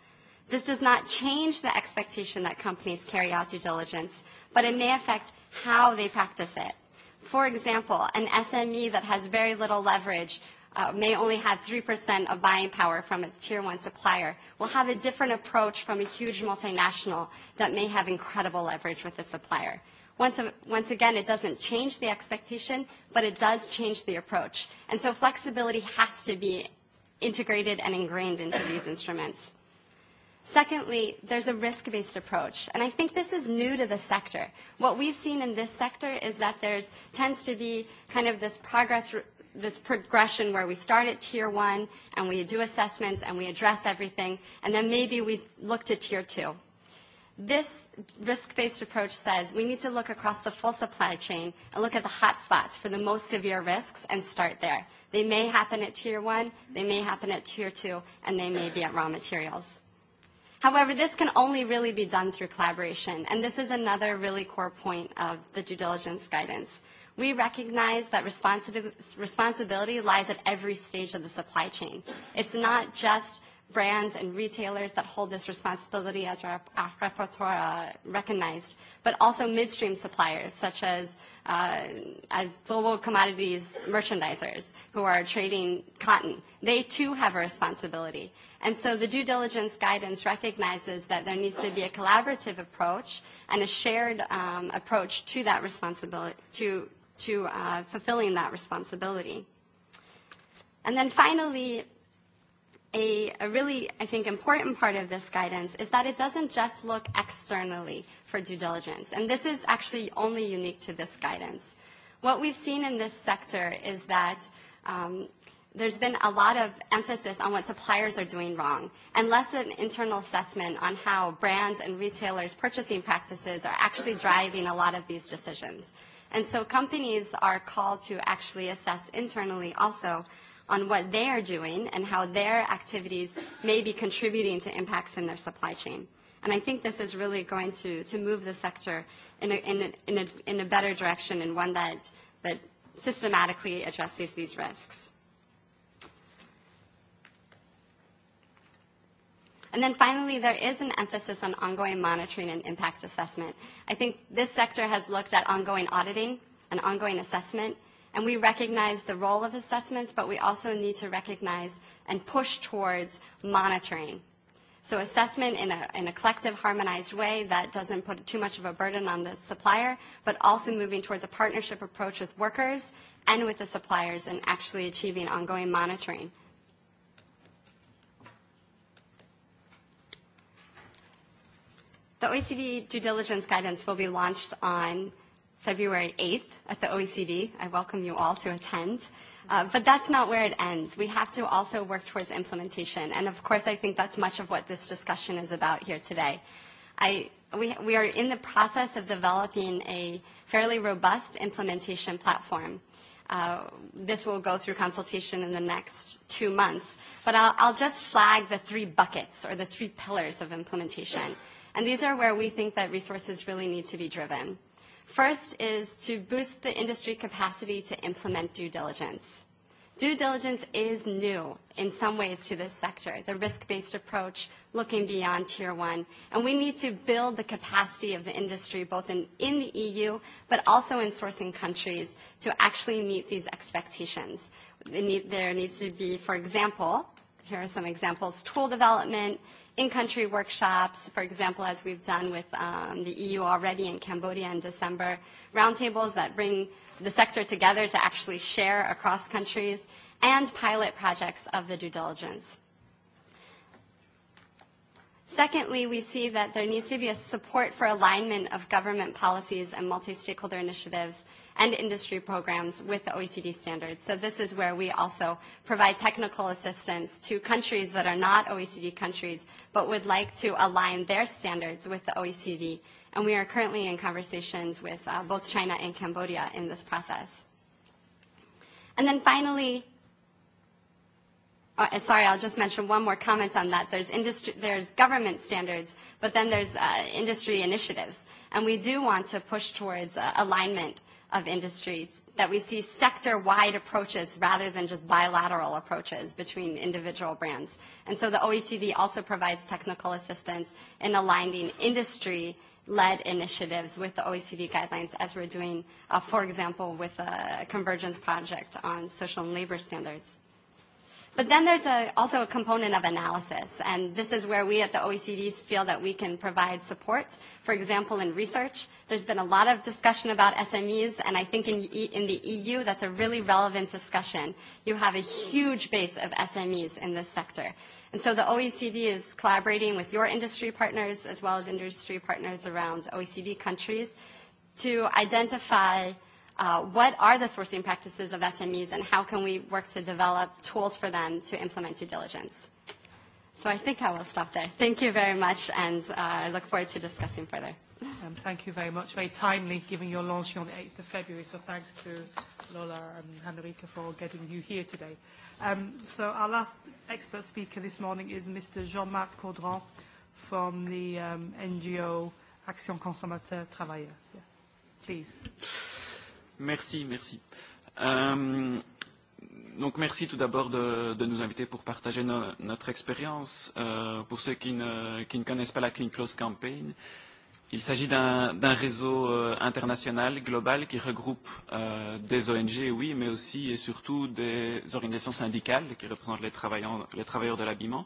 This does not change the expectation that companies carry out due diligence, but it may affect how they practice it. For example, an SME that has very little leverage Uh, may only have 3% of buying power from its tier one supplier will have a different approach from a huge multinational that may have incredible leverage with its supplier. Once, once again, it doesn't change the expectation, but it does change the approach. And so flexibility has to be integrated and ingrained into these instruments. Secondly, there's a risk-based approach, and I think this is new to the sector. What we've seen in this sector is that there tends to be kind of this progress this progression where we start at tier one and we do assessments and we address everything, and then maybe we look to tier two. This risk-based approach says we need to look across the full supply chain and look at the hot spots for the most severe risks and start there. They may happen at tier one, they may happen at tier two, and they may be at raw materials. However, this can only really be done through collaboration, and this is another really core point of the due diligence guidance. We recognize that responsibility lies at every stage of the supply chain. It's not just brands and retailers that hold this responsibility, as our rapporteur uh, recognized, but also midstream suppliers such as, uh, as global commodities merchandisers who are trading cotton. They too have a responsibility. And so the due diligence guidance recognizes that there needs to be a collaborative approach and a shared um, approach to that responsibility, to, to uh, fulfilling that responsibility. And then finally, a, a really, I think, important part of this guidance is that it doesn't just look externally for due diligence. And this is actually only unique to this guidance. What we've seen in this sector is that um, there's been a lot of emphasis on what suppliers are doing wrong and less an internal assessment on how brands and retailers' purchasing practices are actually driving a lot of these decisions. And so companies are called to actually assess internally also on what they are doing and how their activities may be contributing to impacts in their supply chain. And I think this is really going to, to move the sector in a, in, a, in, a, in a better direction and one that, that systematically addresses these risks. And then finally, there is an emphasis on ongoing monitoring and impact assessment. I think this sector has looked at ongoing auditing and ongoing assessment, and we recognize the role of assessments, but we also need to recognize and push towards monitoring. So assessment in a, in a collective, harmonized way that doesn't put too much of a burden on the supplier, but also moving towards a partnership approach with workers and with the suppliers and actually achieving ongoing monitoring. The OECD due diligence guidance will be launched on February 8th at the OECD. I welcome you all to attend. Uh, but that's not where it ends. We have to also work towards implementation. And of course, I think that's much of what this discussion is about here today. I, we, we are in the process of developing a fairly robust implementation platform. Uh, this will go through consultation in the next two months. But I'll, I'll just flag the three buckets or the three pillars of implementation. And these are where we think that resources really need to be driven. First is to boost the industry capacity to implement due diligence. Due diligence is new in some ways to this sector, the risk-based approach looking beyond tier one. And we need to build the capacity of the industry both in, in the EU but also in sourcing countries to actually meet these expectations. Need, there needs to be, for example, here are some examples, tool development, in-country workshops, for example, as we've done with um, the EU already in Cambodia in December, roundtables that bring the sector together to actually share across countries, and pilot projects of the due diligence. Secondly, we see that there needs to be a support for alignment of government policies and multi-stakeholder initiatives and industry programs with the OECD standards. So this is where we also provide technical assistance to countries that are not OECD countries but would like to align their standards with the OECD. And we are currently in conversations with uh, both China and Cambodia in this process. And then finally, Uh, sorry, I'll just mention one more comment on that. There's, industry, there's government standards, but then there's uh, industry initiatives. And we do want to push towards uh, alignment of industries, that we see sector-wide approaches rather than just bilateral approaches between individual brands. And so the OECD also provides technical assistance in aligning industry-led initiatives with the OECD guidelines as we're doing, uh, for example, with a Convergence Project on social and labor standards. But then there's a, also a component of analysis, and this is where we at the OECD feel that we can provide support. For example, in research, there's been a lot of discussion about SMEs, and I think in, in the EU, that's a really relevant discussion. You have a huge base of SMEs in this sector. And so the OECD is collaborating with your industry partners as well as industry partners around OECD countries to identify – Uh, what are the sourcing practices of SMEs and how can we work to develop tools for them to implement due diligence? So I think I will stop there. Thank you very much, and uh, I look forward to discussing further. Um, thank you very much. Very timely, given your launching on the 8th of February. So thanks to Lola and Hanrika for getting you here today. Um, so our last expert speaker this morning is Mr. Jean-Marc Caudron from the um, NGO Action Consommateur Travailleur. Yeah. Please. Merci, merci. Euh, donc merci tout d'abord de, de nous inviter pour partager no, notre expérience. Euh, pour ceux qui ne, qui ne connaissent pas la Clean Close Campaign, il s'agit d'un réseau euh, international, global, qui regroupe euh, des ONG, oui, mais aussi et surtout des organisations syndicales qui représentent les travailleurs, les travailleurs de l'habillement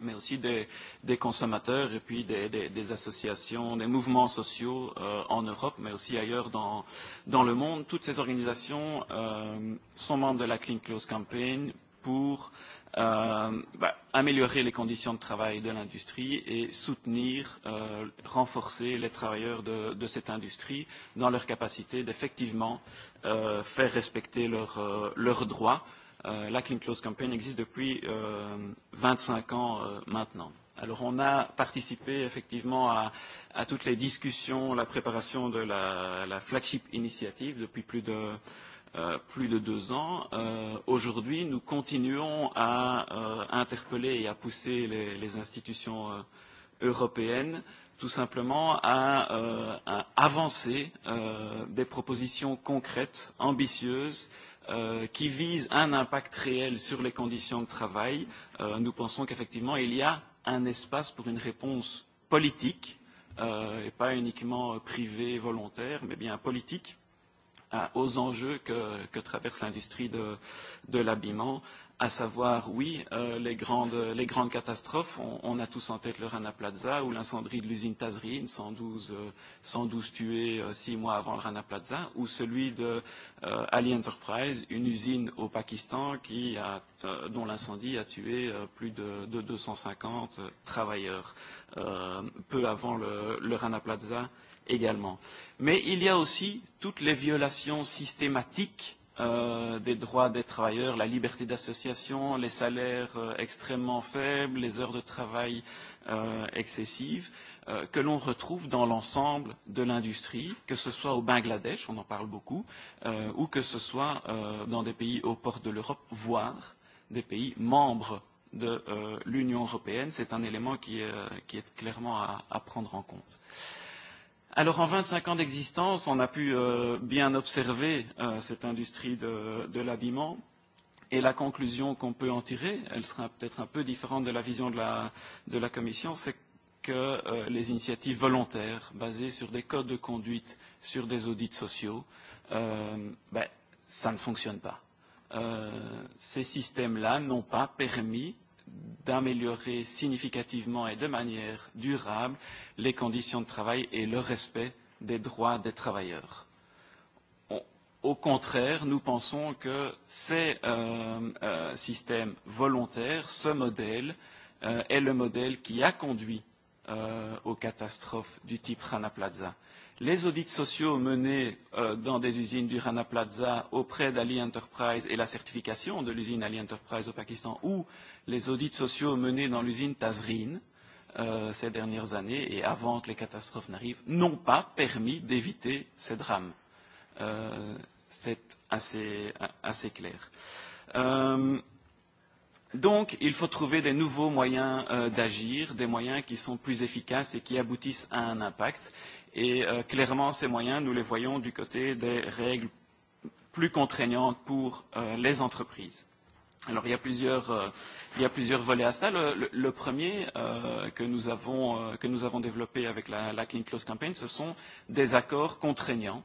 mais aussi des, des consommateurs et puis des, des, des associations, des mouvements sociaux euh, en Europe, mais aussi ailleurs dans, dans le monde. Toutes ces organisations euh, sont membres de la Clean Close Campaign pour euh, bah, améliorer les conditions de travail de l'industrie et soutenir, euh, renforcer les travailleurs de, de cette industrie dans leur capacité d'effectivement euh, faire respecter leurs euh, leur droits Euh, la Clean Close Campaign existe depuis euh, 25 ans euh, maintenant. Alors on a participé effectivement à, à toutes les discussions, la préparation de la, la flagship initiative depuis plus de, euh, plus de deux ans. Euh, Aujourd'hui, nous continuons à euh, interpeller et à pousser les, les institutions euh, européennes tout simplement à, euh, à avancer euh, des propositions concrètes, ambitieuses, euh, euh, qui vise un impact réel sur les conditions de travail, euh, nous pensons qu'effectivement, il y a un espace pour une réponse politique, euh, et pas uniquement privée, volontaire, mais bien politique, euh, aux enjeux que, que traverse l'industrie de, de l'habillement à savoir, oui, euh, les, grandes, les grandes catastrophes. On, on a tous en tête le Rana Plaza ou l'incendie de l'usine Tazrine, 112, euh, 112 tués euh, six mois avant le Rana Plaza, ou celui de euh, Ali Enterprise, une usine au Pakistan qui a, euh, dont l'incendie a tué euh, plus de, de 250 euh, travailleurs euh, peu avant le, le Rana Plaza également. Mais il y a aussi toutes les violations systématiques Euh, des droits des travailleurs, la liberté d'association, les salaires euh, extrêmement faibles, les heures de travail euh, excessives, euh, que l'on retrouve dans l'ensemble de l'industrie, que ce soit au Bangladesh, on en parle beaucoup, euh, ou que ce soit euh, dans des pays aux portes de l'Europe, voire des pays membres de euh, l'Union européenne. C'est un élément qui, euh, qui est clairement à, à prendre en compte. Euh, Alors en 25 ans d'existence, on a pu euh, bien observer euh, cette industrie de, de l'habillement. Et la conclusion qu'on peut en tirer, elle sera peut-être un peu différente de la vision de la, de la Commission, c'est que euh, les initiatives volontaires basées sur des codes de conduite, sur des audits sociaux, euh, ben, ça ne fonctionne pas. Euh, ces systèmes-là n'ont pas permis d'améliorer significativement et de manière durable les conditions de travail et le respect des droits des travailleurs. Au contraire, nous pensons que ces euh, euh, systèmes volontaires, ce modèle, euh, est le modèle qui a conduit euh, aux catastrophes du type Rana Plaza les audits sociaux menés euh, dans des usines du Rana Plaza auprès d'Ali Enterprise et la certification de l'usine Ali Enterprise au Pakistan ou les audits sociaux menés dans l'usine Tazrin euh, ces dernières années et avant que les catastrophes n'arrivent n'ont pas permis d'éviter ces drames. Euh, C'est assez, assez clair. Euh, Donc, il faut trouver des nouveaux moyens euh, d'agir, des moyens qui sont plus efficaces et qui aboutissent à un impact. Et euh, clairement, ces moyens, nous les voyons du côté des règles plus contraignantes pour euh, les entreprises. Alors il y a plusieurs, euh, il y a plusieurs volets à ça. Le, le, le premier euh, que, nous avons, euh, que nous avons développé avec la, la Clean Close Campaign, ce sont des accords contraignants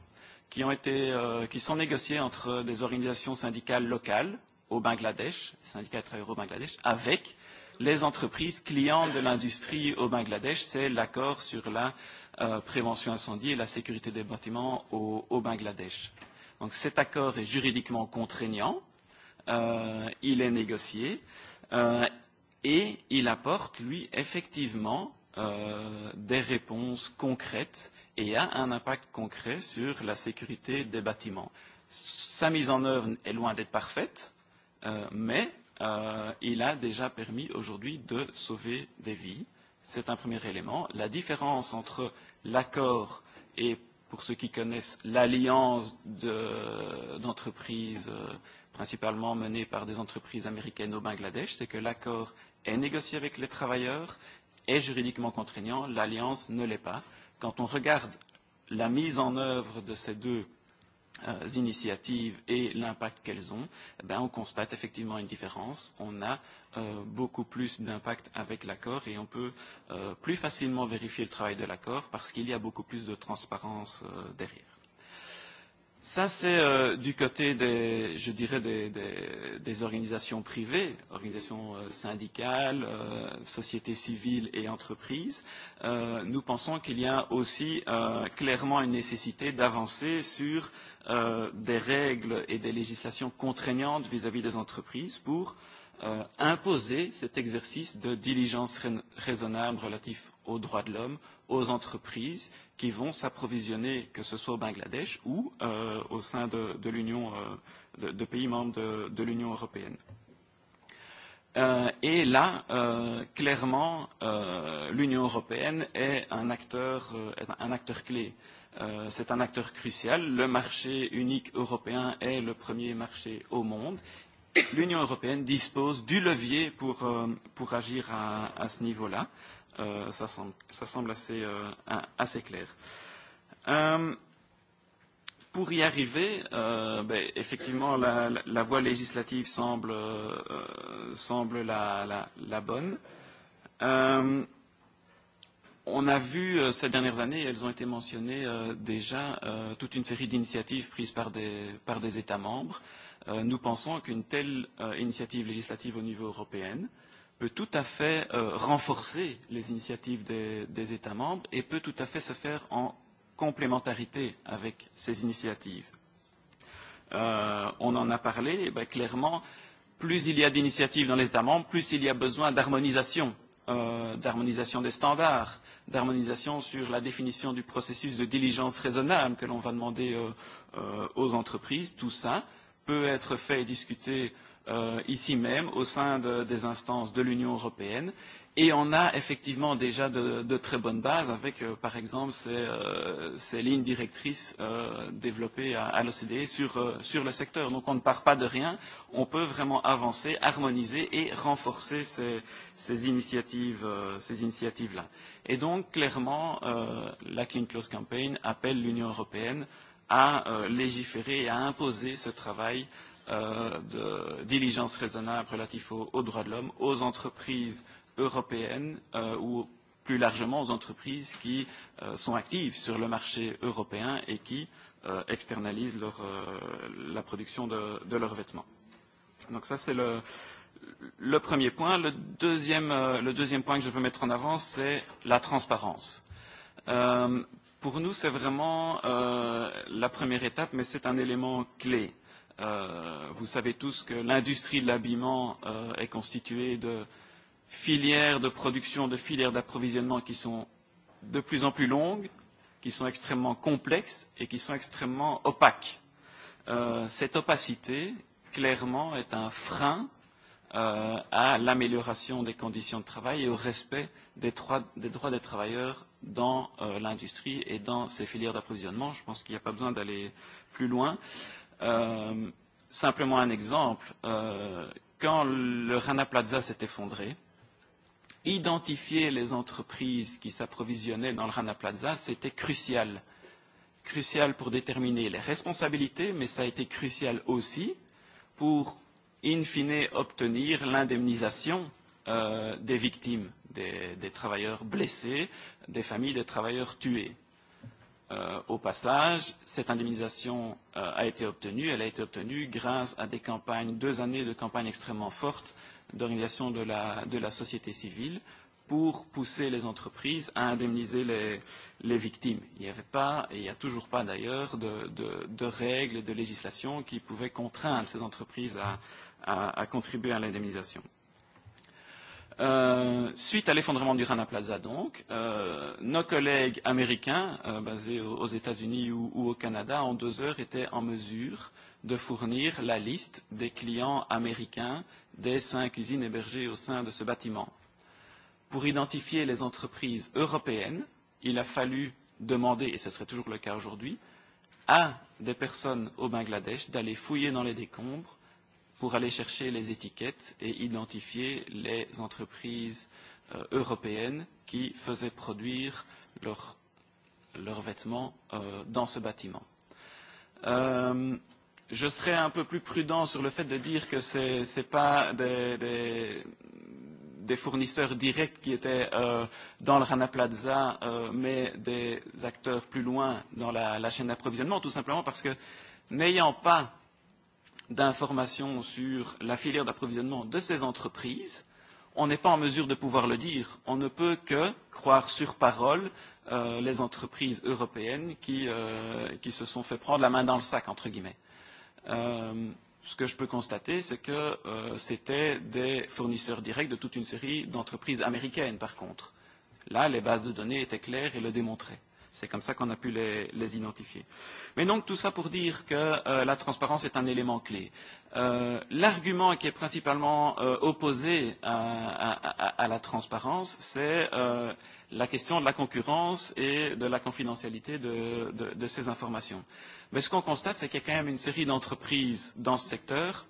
qui, ont été, euh, qui sont négociés entre des organisations syndicales locales au Bangladesh, syndicats de travailleurs au Bangladesh, avec les entreprises clientes de l'industrie au Bangladesh. C'est l'accord sur la euh, Euh, prévention incendie et la sécurité des bâtiments au, au Bangladesh. Donc cet accord est juridiquement contraignant, euh, il est négocié euh, et il apporte, lui, effectivement, euh, des réponses concrètes et a un impact concret sur la sécurité des bâtiments. Sa mise en œuvre est loin d'être parfaite, euh, mais euh, il a déjà permis aujourd'hui de sauver des vies. C'est un premier élément. La différence entre l'accord et, pour ceux qui connaissent, l'alliance d'entreprises de, euh, principalement menées par des entreprises américaines au Bangladesh, c'est que l'accord est négocié avec les travailleurs, est juridiquement contraignant, l'alliance ne l'est pas. Quand on regarde la mise en œuvre de ces deux euh, initiatives et l'impact qu'elles ont, eh bien, on constate effectivement une différence. On a euh, beaucoup plus d'impact avec l'accord et on peut euh, plus facilement vérifier le travail de l'accord parce qu'il y a beaucoup plus de transparence euh, derrière. Ça, c'est euh, du côté des, je dirais, des, des, des organisations privées, organisations euh, syndicales, euh, sociétés civiles et entreprises. Euh, nous pensons qu'il y a aussi euh, clairement une nécessité d'avancer sur euh, des règles et des législations contraignantes vis-à-vis -vis des entreprises pour euh, imposer cet exercice de diligence raisonnable relatif aux droits de l'homme aux entreprises qui vont s'approvisionner, que ce soit au Bangladesh ou euh, au sein de, de l'Union, euh, de, de pays membres de, de l'Union européenne. Euh, et là, euh, clairement, euh, l'Union européenne est un acteur, euh, un acteur clé. Euh, c'est un acteur crucial. Le marché unique européen est le premier marché au monde. L'Union européenne dispose du levier pour, euh, pour agir à, à ce niveau-là. Euh, Euh, ça, semble, ça semble assez, euh, assez clair. Euh, pour y arriver, euh, ben, effectivement, la, la, la voie législative semble, euh, euh, semble la, la, la bonne. Euh, on a vu euh, ces dernières années, elles ont été mentionnées euh, déjà, euh, toute une série d'initiatives prises par des, par des États membres. Euh, nous pensons qu'une telle euh, initiative législative au niveau européen euh, peut tout à fait euh, renforcer les initiatives des, des États membres et peut tout à fait se faire en complémentarité avec ces initiatives. Euh, on en a parlé, et eh bien, clairement, plus il y a d'initiatives dans les États membres, plus il y a besoin d'harmonisation, euh, d'harmonisation des standards, d'harmonisation sur la définition du processus de diligence raisonnable que l'on va demander euh, euh, aux entreprises. Tout ça peut être fait et discuté euh, euh, ici même au sein de, des instances de l'Union européenne. Et on a effectivement déjà de, de très bonnes bases avec, euh, par exemple, ces, euh, ces lignes directrices euh, développées à, à l'OCDE sur, euh, sur le secteur. Donc on ne part pas de rien, on peut vraiment avancer, harmoniser et renforcer ces, ces euh, initiatives-là. Euh, initiatives et donc, clairement, euh, la Clean Clause Campaign appelle l'Union européenne à euh, légiférer et à imposer ce travail euh, Euh, de diligence raisonnable relatif aux, aux droits de l'homme aux entreprises européennes euh, ou plus largement aux entreprises qui euh, sont actives sur le marché européen et qui euh, externalisent leur, euh, la production de, de leurs vêtements. Donc ça, c'est le, le premier point. Le deuxième, euh, le deuxième point que je veux mettre en avant, c'est la transparence. Euh, pour nous, c'est vraiment euh, la première étape, mais c'est un élément clé. Euh, Euh, vous savez tous que l'industrie de l'habillement euh, est constituée de filières de production, de filières d'approvisionnement qui sont de plus en plus longues, qui sont extrêmement complexes et qui sont extrêmement opaques. Euh, cette opacité, clairement, est un frein euh, à l'amélioration des conditions de travail et au respect des droits des, droits des travailleurs dans euh, l'industrie et dans ces filières d'approvisionnement. Je pense qu'il n'y a pas besoin d'aller plus loin. Euh, Euh, simplement un exemple, euh, quand le Rana Plaza s'est effondré, identifier les entreprises qui s'approvisionnaient dans le Rana Plaza, c'était crucial. Crucial pour déterminer les responsabilités, mais ça a été crucial aussi pour, in fine, obtenir l'indemnisation euh, des victimes, des, des travailleurs blessés, des familles des travailleurs tués euh, au passage, cette indemnisation euh, a été obtenue. Elle a été obtenue grâce à des campagnes, deux années de campagnes extrêmement fortes d'organisation de la, de la société civile pour pousser les entreprises à indemniser les, les victimes. Il n'y avait pas, et il n'y a toujours pas d'ailleurs, de, de, de règles, de législation qui pouvaient contraindre ces entreprises à, à, à contribuer à l'indemnisation. Euh, Euh, suite à l'effondrement du Rana Plaza, donc, euh, nos collègues américains euh, basés aux États-Unis ou, ou au Canada, en deux heures, étaient en mesure de fournir la liste des clients américains des cinq usines hébergées au sein de ce bâtiment. Pour identifier les entreprises européennes, il a fallu demander, et ce serait toujours le cas aujourd'hui, à des personnes au Bangladesh d'aller fouiller dans les décombres pour aller chercher les étiquettes et identifier les entreprises euh, européennes qui faisaient produire leurs leur vêtements euh, dans ce bâtiment. Euh, je serais un peu plus prudent sur le fait de dire que ce n'est pas des, des, des fournisseurs directs qui étaient euh, dans le Rana Plaza, euh, mais des acteurs plus loin dans la, la chaîne d'approvisionnement, tout simplement parce que n'ayant pas d'informations sur la filière d'approvisionnement de ces entreprises, on n'est pas en mesure de pouvoir le dire. On ne peut que croire sur parole euh, les entreprises européennes qui, euh, qui se sont fait prendre la main dans le sac, entre guillemets. Euh, ce que je peux constater, c'est que euh, c'était des fournisseurs directs de toute une série d'entreprises américaines, par contre. Là, les bases de données étaient claires et le démontraient. C'est comme ça qu'on a pu les, les identifier. Mais donc tout ça pour dire que euh, la transparence est un élément clé. Euh, L'argument qui est principalement euh, opposé à, à, à la transparence, c'est euh, la question de la concurrence et de la confidentialité de, de, de ces informations. Mais ce qu'on constate, c'est qu'il y a quand même une série d'entreprises dans ce secteur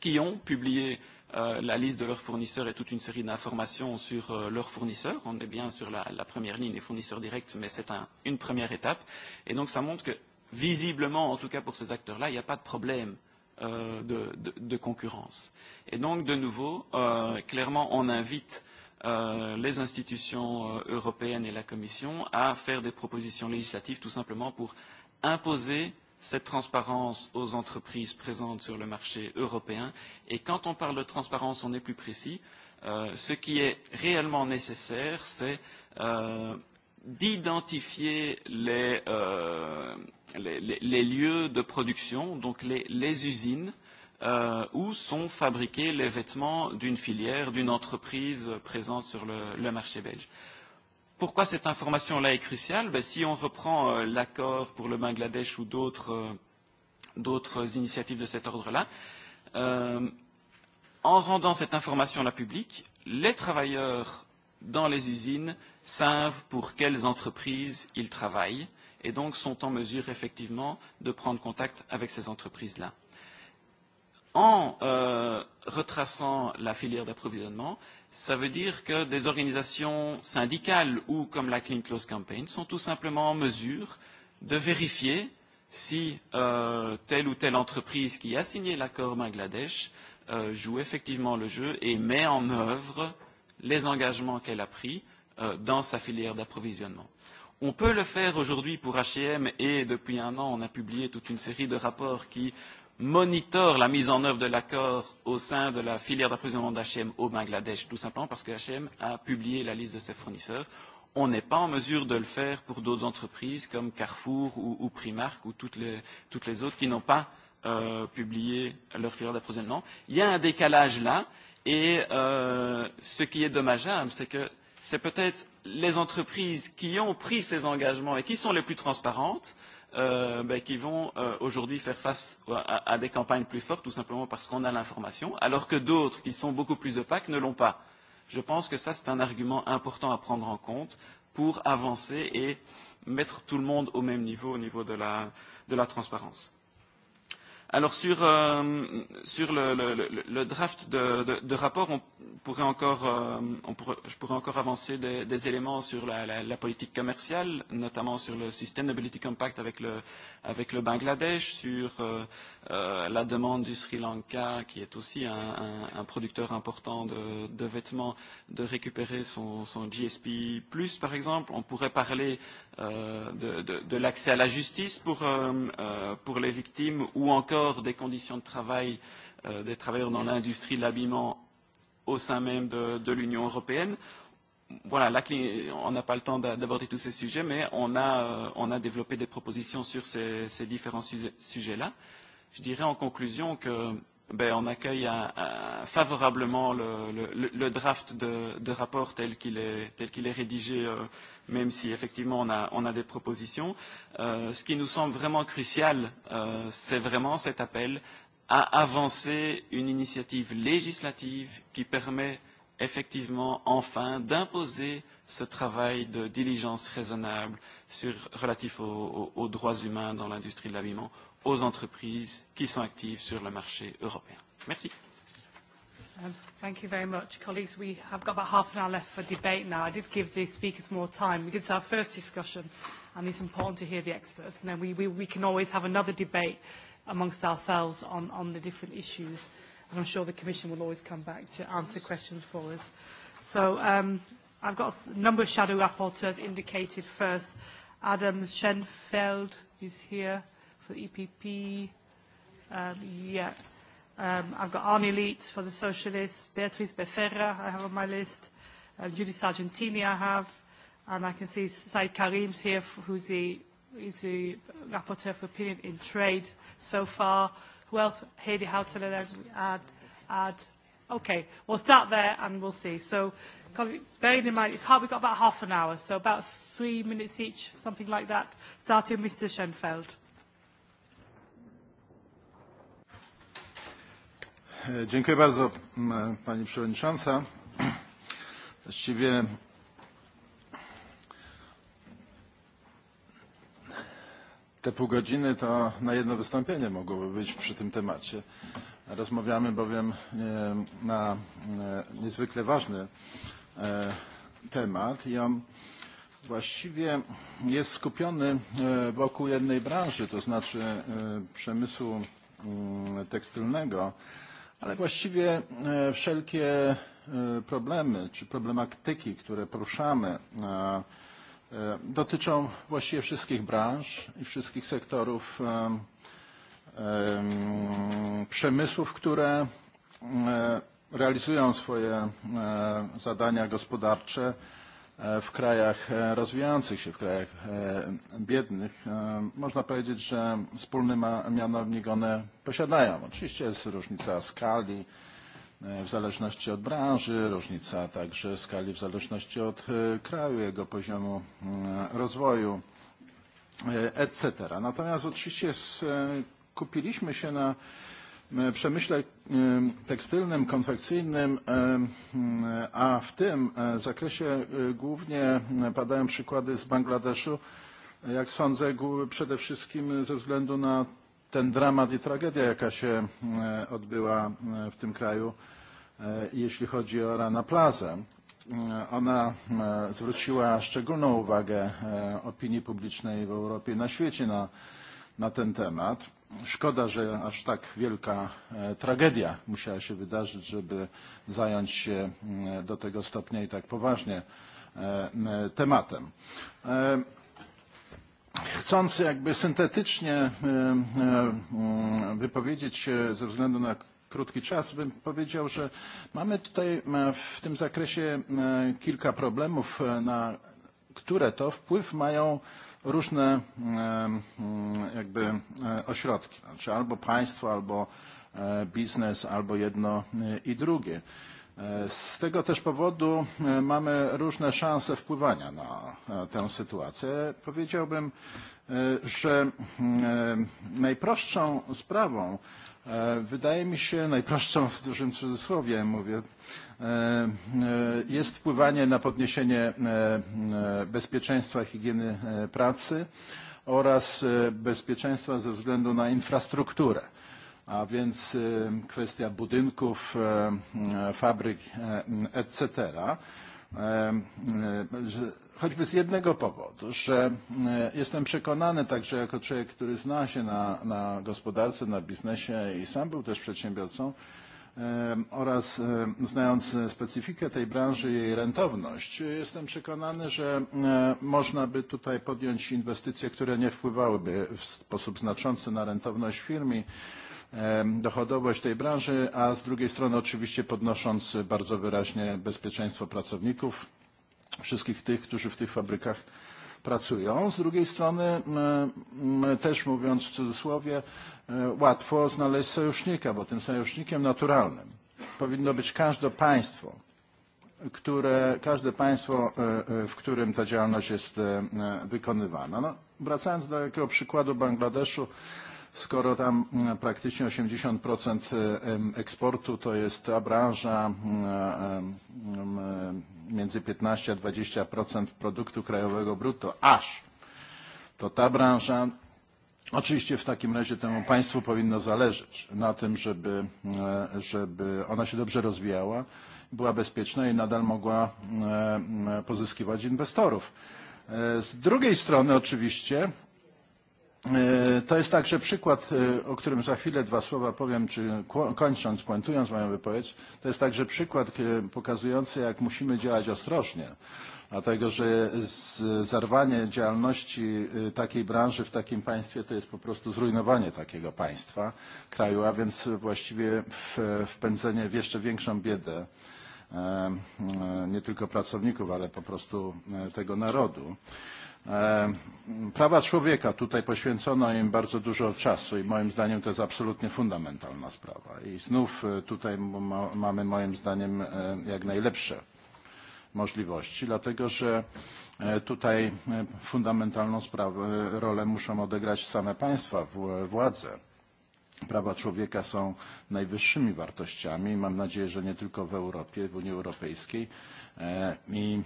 qui ont publié euh, Euh, la liste de leurs fournisseurs et toute une série d'informations sur euh, leurs fournisseurs. On est bien sur la, la première ligne des fournisseurs directs, mais c'est un, une première étape. Et donc ça montre que, visiblement, en tout cas pour ces acteurs-là, il n'y a pas de problème euh, de, de, de concurrence. Et donc, de nouveau, euh, clairement, on invite euh, les institutions euh, européennes et la Commission à faire des propositions législatives tout simplement pour imposer cette transparence aux entreprises présentes sur le marché européen. Et quand on parle de transparence, on est plus précis. Euh, ce qui est réellement nécessaire, c'est euh, d'identifier les, euh, les, les, les lieux de production, donc les, les usines, euh, où sont fabriqués les vêtements d'une filière, d'une entreprise présente sur le, le marché belge. Euh, Pourquoi cette information-là est cruciale ben, Si on reprend euh, l'accord pour le Bangladesh ou d'autres euh, d'autres initiatives de cet ordre-là, euh, en rendant cette information-là publique, les travailleurs dans les usines savent pour quelles entreprises ils travaillent et donc sont en mesure effectivement de prendre contact avec ces entreprises-là. En euh, retraçant la filière d'approvisionnement, euh, ça veut dire que des organisations syndicales ou comme la Clean Close Campaign sont tout simplement en mesure de vérifier si euh, telle ou telle entreprise qui a signé l'accord Bangladesh euh, joue effectivement le jeu et met en œuvre les engagements qu'elle a pris euh, dans sa filière d'approvisionnement. On peut le faire aujourd'hui pour H&M et depuis un an, on a publié toute une série de rapports qui euh, monitore la mise en œuvre de l'accord au sein de la filière d'approvisionnement d'HM au Bangladesh, tout simplement parce que HM a publié la liste de ses fournisseurs. On n'est pas en mesure de le faire pour d'autres entreprises comme Carrefour ou, ou Primark ou toutes les, toutes les autres qui n'ont pas euh, publié leur filière d'approvisionnement. Il y a un décalage là et euh, ce qui est dommageable, c'est que c'est peut-être les entreprises qui ont pris ces engagements et qui sont les plus transparentes euh, ben, qui vont euh, aujourd'hui faire face à, à des campagnes plus fortes, tout simplement parce qu'on a l'information, alors que d'autres qui sont beaucoup plus opaques ne l'ont pas. Je pense que ça, c'est un argument important à prendre en compte pour avancer et mettre tout le monde au même niveau, au niveau de la, de la transparence. Alors sur, euh, sur le, le, le draft de, de, de rapport, on pourrait encore, euh, on pourrait, je pourrais encore avancer des, des éléments sur la, la, la politique commerciale, notamment sur le Sustainability Compact avec le, avec le Bangladesh, sur euh, euh, la demande du Sri Lanka, qui est aussi un, un, un producteur important de, de vêtements, de récupérer son, son GSP+, par exemple. On pourrait parler Euh, de, de, de l'accès à la justice pour, euh, euh, pour les victimes ou encore des conditions de travail euh, des travailleurs dans l'industrie de l'habillement au sein même de, de l'Union européenne. Voilà, là, on n'a pas le temps d'a-, d'aborder tous ces sujets, mais on a, euh, on a développé des propositions sur ces, ces différents sujets-là. Je dirais en conclusion que euh, ben, on accueille un, un, favorablement le, le, le draft de, de rapport tel qu'il est, tel qu'il est rédigé, euh, même si effectivement on a, on a des propositions. Euh, ce qui nous semble vraiment crucial, euh, c'est vraiment cet appel à avancer une initiative législative qui permet effectivement enfin d'imposer ce travail de diligence raisonnable sur, relatif aux, aux, aux droits humains dans l'industrie de l'habillement aux entreprises qui sont actives sur le marché européen. Merci. Um, thank you very much, colleagues. We have got about half an hour left for debate now. I did give the speakers more time because it's our first discussion and it's important to hear the experts. And then we, we, we can always have another debate amongst ourselves on, on the different issues. And I'm sure the Commission will always come back to answer questions for us. So um, I've got a number of shadow rapporteurs indicated first. Adam Schenfeld is here for EPP. Um, yeah. Um, I've got Arnie Leitz for the Socialists, Beatrice Becerra I have on my list, uh, Judy Sargentini I have, and I can see Saeed Karim's here, for, who's the, is the rapporteur for opinion in trade so far. Who else? Heidi Hautala, add, add. Okay, we'll start there and we'll see. So, bearing in mind, it's hard, we've got about half an hour, so about three minutes each, something like that, starting with Mr. Schoenfeld. Dziękuję bardzo Pani Przewodnicząca. Właściwie te pół godziny to na jedno wystąpienie mogłoby być przy tym temacie. Rozmawiamy bowiem na niezwykle ważny temat i on właściwie jest skupiony wokół jednej branży, to znaczy przemysłu tekstylnego ale właściwie wszelkie problemy czy problematyki, które poruszamy, dotyczą właściwie wszystkich branż i wszystkich sektorów przemysłów, które realizują swoje zadania gospodarcze w krajach rozwijających się, w krajach biednych, można powiedzieć, że wspólny mianownik one posiadają. Oczywiście jest różnica skali w zależności od branży, różnica także skali w zależności od kraju, jego poziomu rozwoju, etc. Natomiast oczywiście skupiliśmy się na przemyśle tekstylnym, konfekcyjnym, a w tym zakresie głównie padają przykłady z Bangladeszu, jak sądzę, przede wszystkim ze względu na ten dramat i tragedia, jaka się odbyła w tym kraju, jeśli chodzi o Rana Plazę. Ona zwróciła szczególną uwagę opinii publicznej w Europie i na świecie na, na ten temat szkoda, że aż tak wielka tragedia musiała się wydarzyć, żeby zająć się do tego stopnia i tak poważnie tematem. Chcąc jakby syntetycznie wypowiedzieć się ze względu na krótki czas, bym powiedział, że mamy tutaj w tym zakresie kilka problemów, na które to wpływ mają różne jakby ośrodki. Znaczy albo państwo, albo biznes, albo jedno i drugie. Z tego też powodu mamy różne szanse wpływania na tę sytuację. Powiedziałbym, że najprostszą sprawą, wydaje mi się, najprostszą w dużym cudzysłowie mówię, jest wpływanie na podniesienie bezpieczeństwa higieny pracy oraz bezpieczeństwa ze względu na infrastrukturę, a więc kwestia budynków, fabryk etc. Choćby z jednego powodu, że jestem przekonany także jako człowiek, który zna się na, na gospodarce, na biznesie i sam był też przedsiębiorcą, oraz znając specyfikę tej branży i jej rentowność, jestem przekonany, że można by tutaj podjąć inwestycje, które nie wpływałyby w sposób znaczący na rentowność firmy, dochodowość tej branży, a z drugiej strony oczywiście podnosząc bardzo wyraźnie bezpieczeństwo pracowników, wszystkich tych, którzy w tych fabrykach pracują. Z drugiej strony też mówiąc w cudzysłowie łatwo znaleźć sojusznika, bo tym sojusznikiem naturalnym powinno być każde państwo, które, każde państwo, w którym ta działalność jest wykonywana. No, wracając do takiego przykładu Bangladeszu, skoro tam praktycznie 80% eksportu to jest ta branża między 15 a 20% produktu krajowego brutto, aż to ta branża Oczywiście w takim razie temu państwu powinno zależeć na tym, żeby, żeby ona się dobrze rozwijała, była bezpieczna i nadal mogła pozyskiwać inwestorów. Z drugiej strony oczywiście to jest także przykład, o którym za chwilę dwa słowa powiem, czy kończąc, puentując moją wypowiedź, to jest także przykład pokazujący, jak musimy działać ostrożnie Dlatego, że zerwanie działalności takiej branży w takim państwie to jest po prostu zrujnowanie takiego państwa, kraju, a więc właściwie wpędzenie w jeszcze większą biedę nie tylko pracowników, ale po prostu tego narodu. Prawa człowieka, tutaj poświęcono im bardzo dużo czasu i moim zdaniem to jest absolutnie fundamentalna sprawa. I znów tutaj mamy moim zdaniem jak najlepsze możliwości, dlatego że tutaj fundamentalną sprawę, rolę muszą odegrać same państwa, władze. Prawa człowieka są najwyższymi wartościami. Mam nadzieję, że nie tylko w Europie, w Unii Europejskiej. I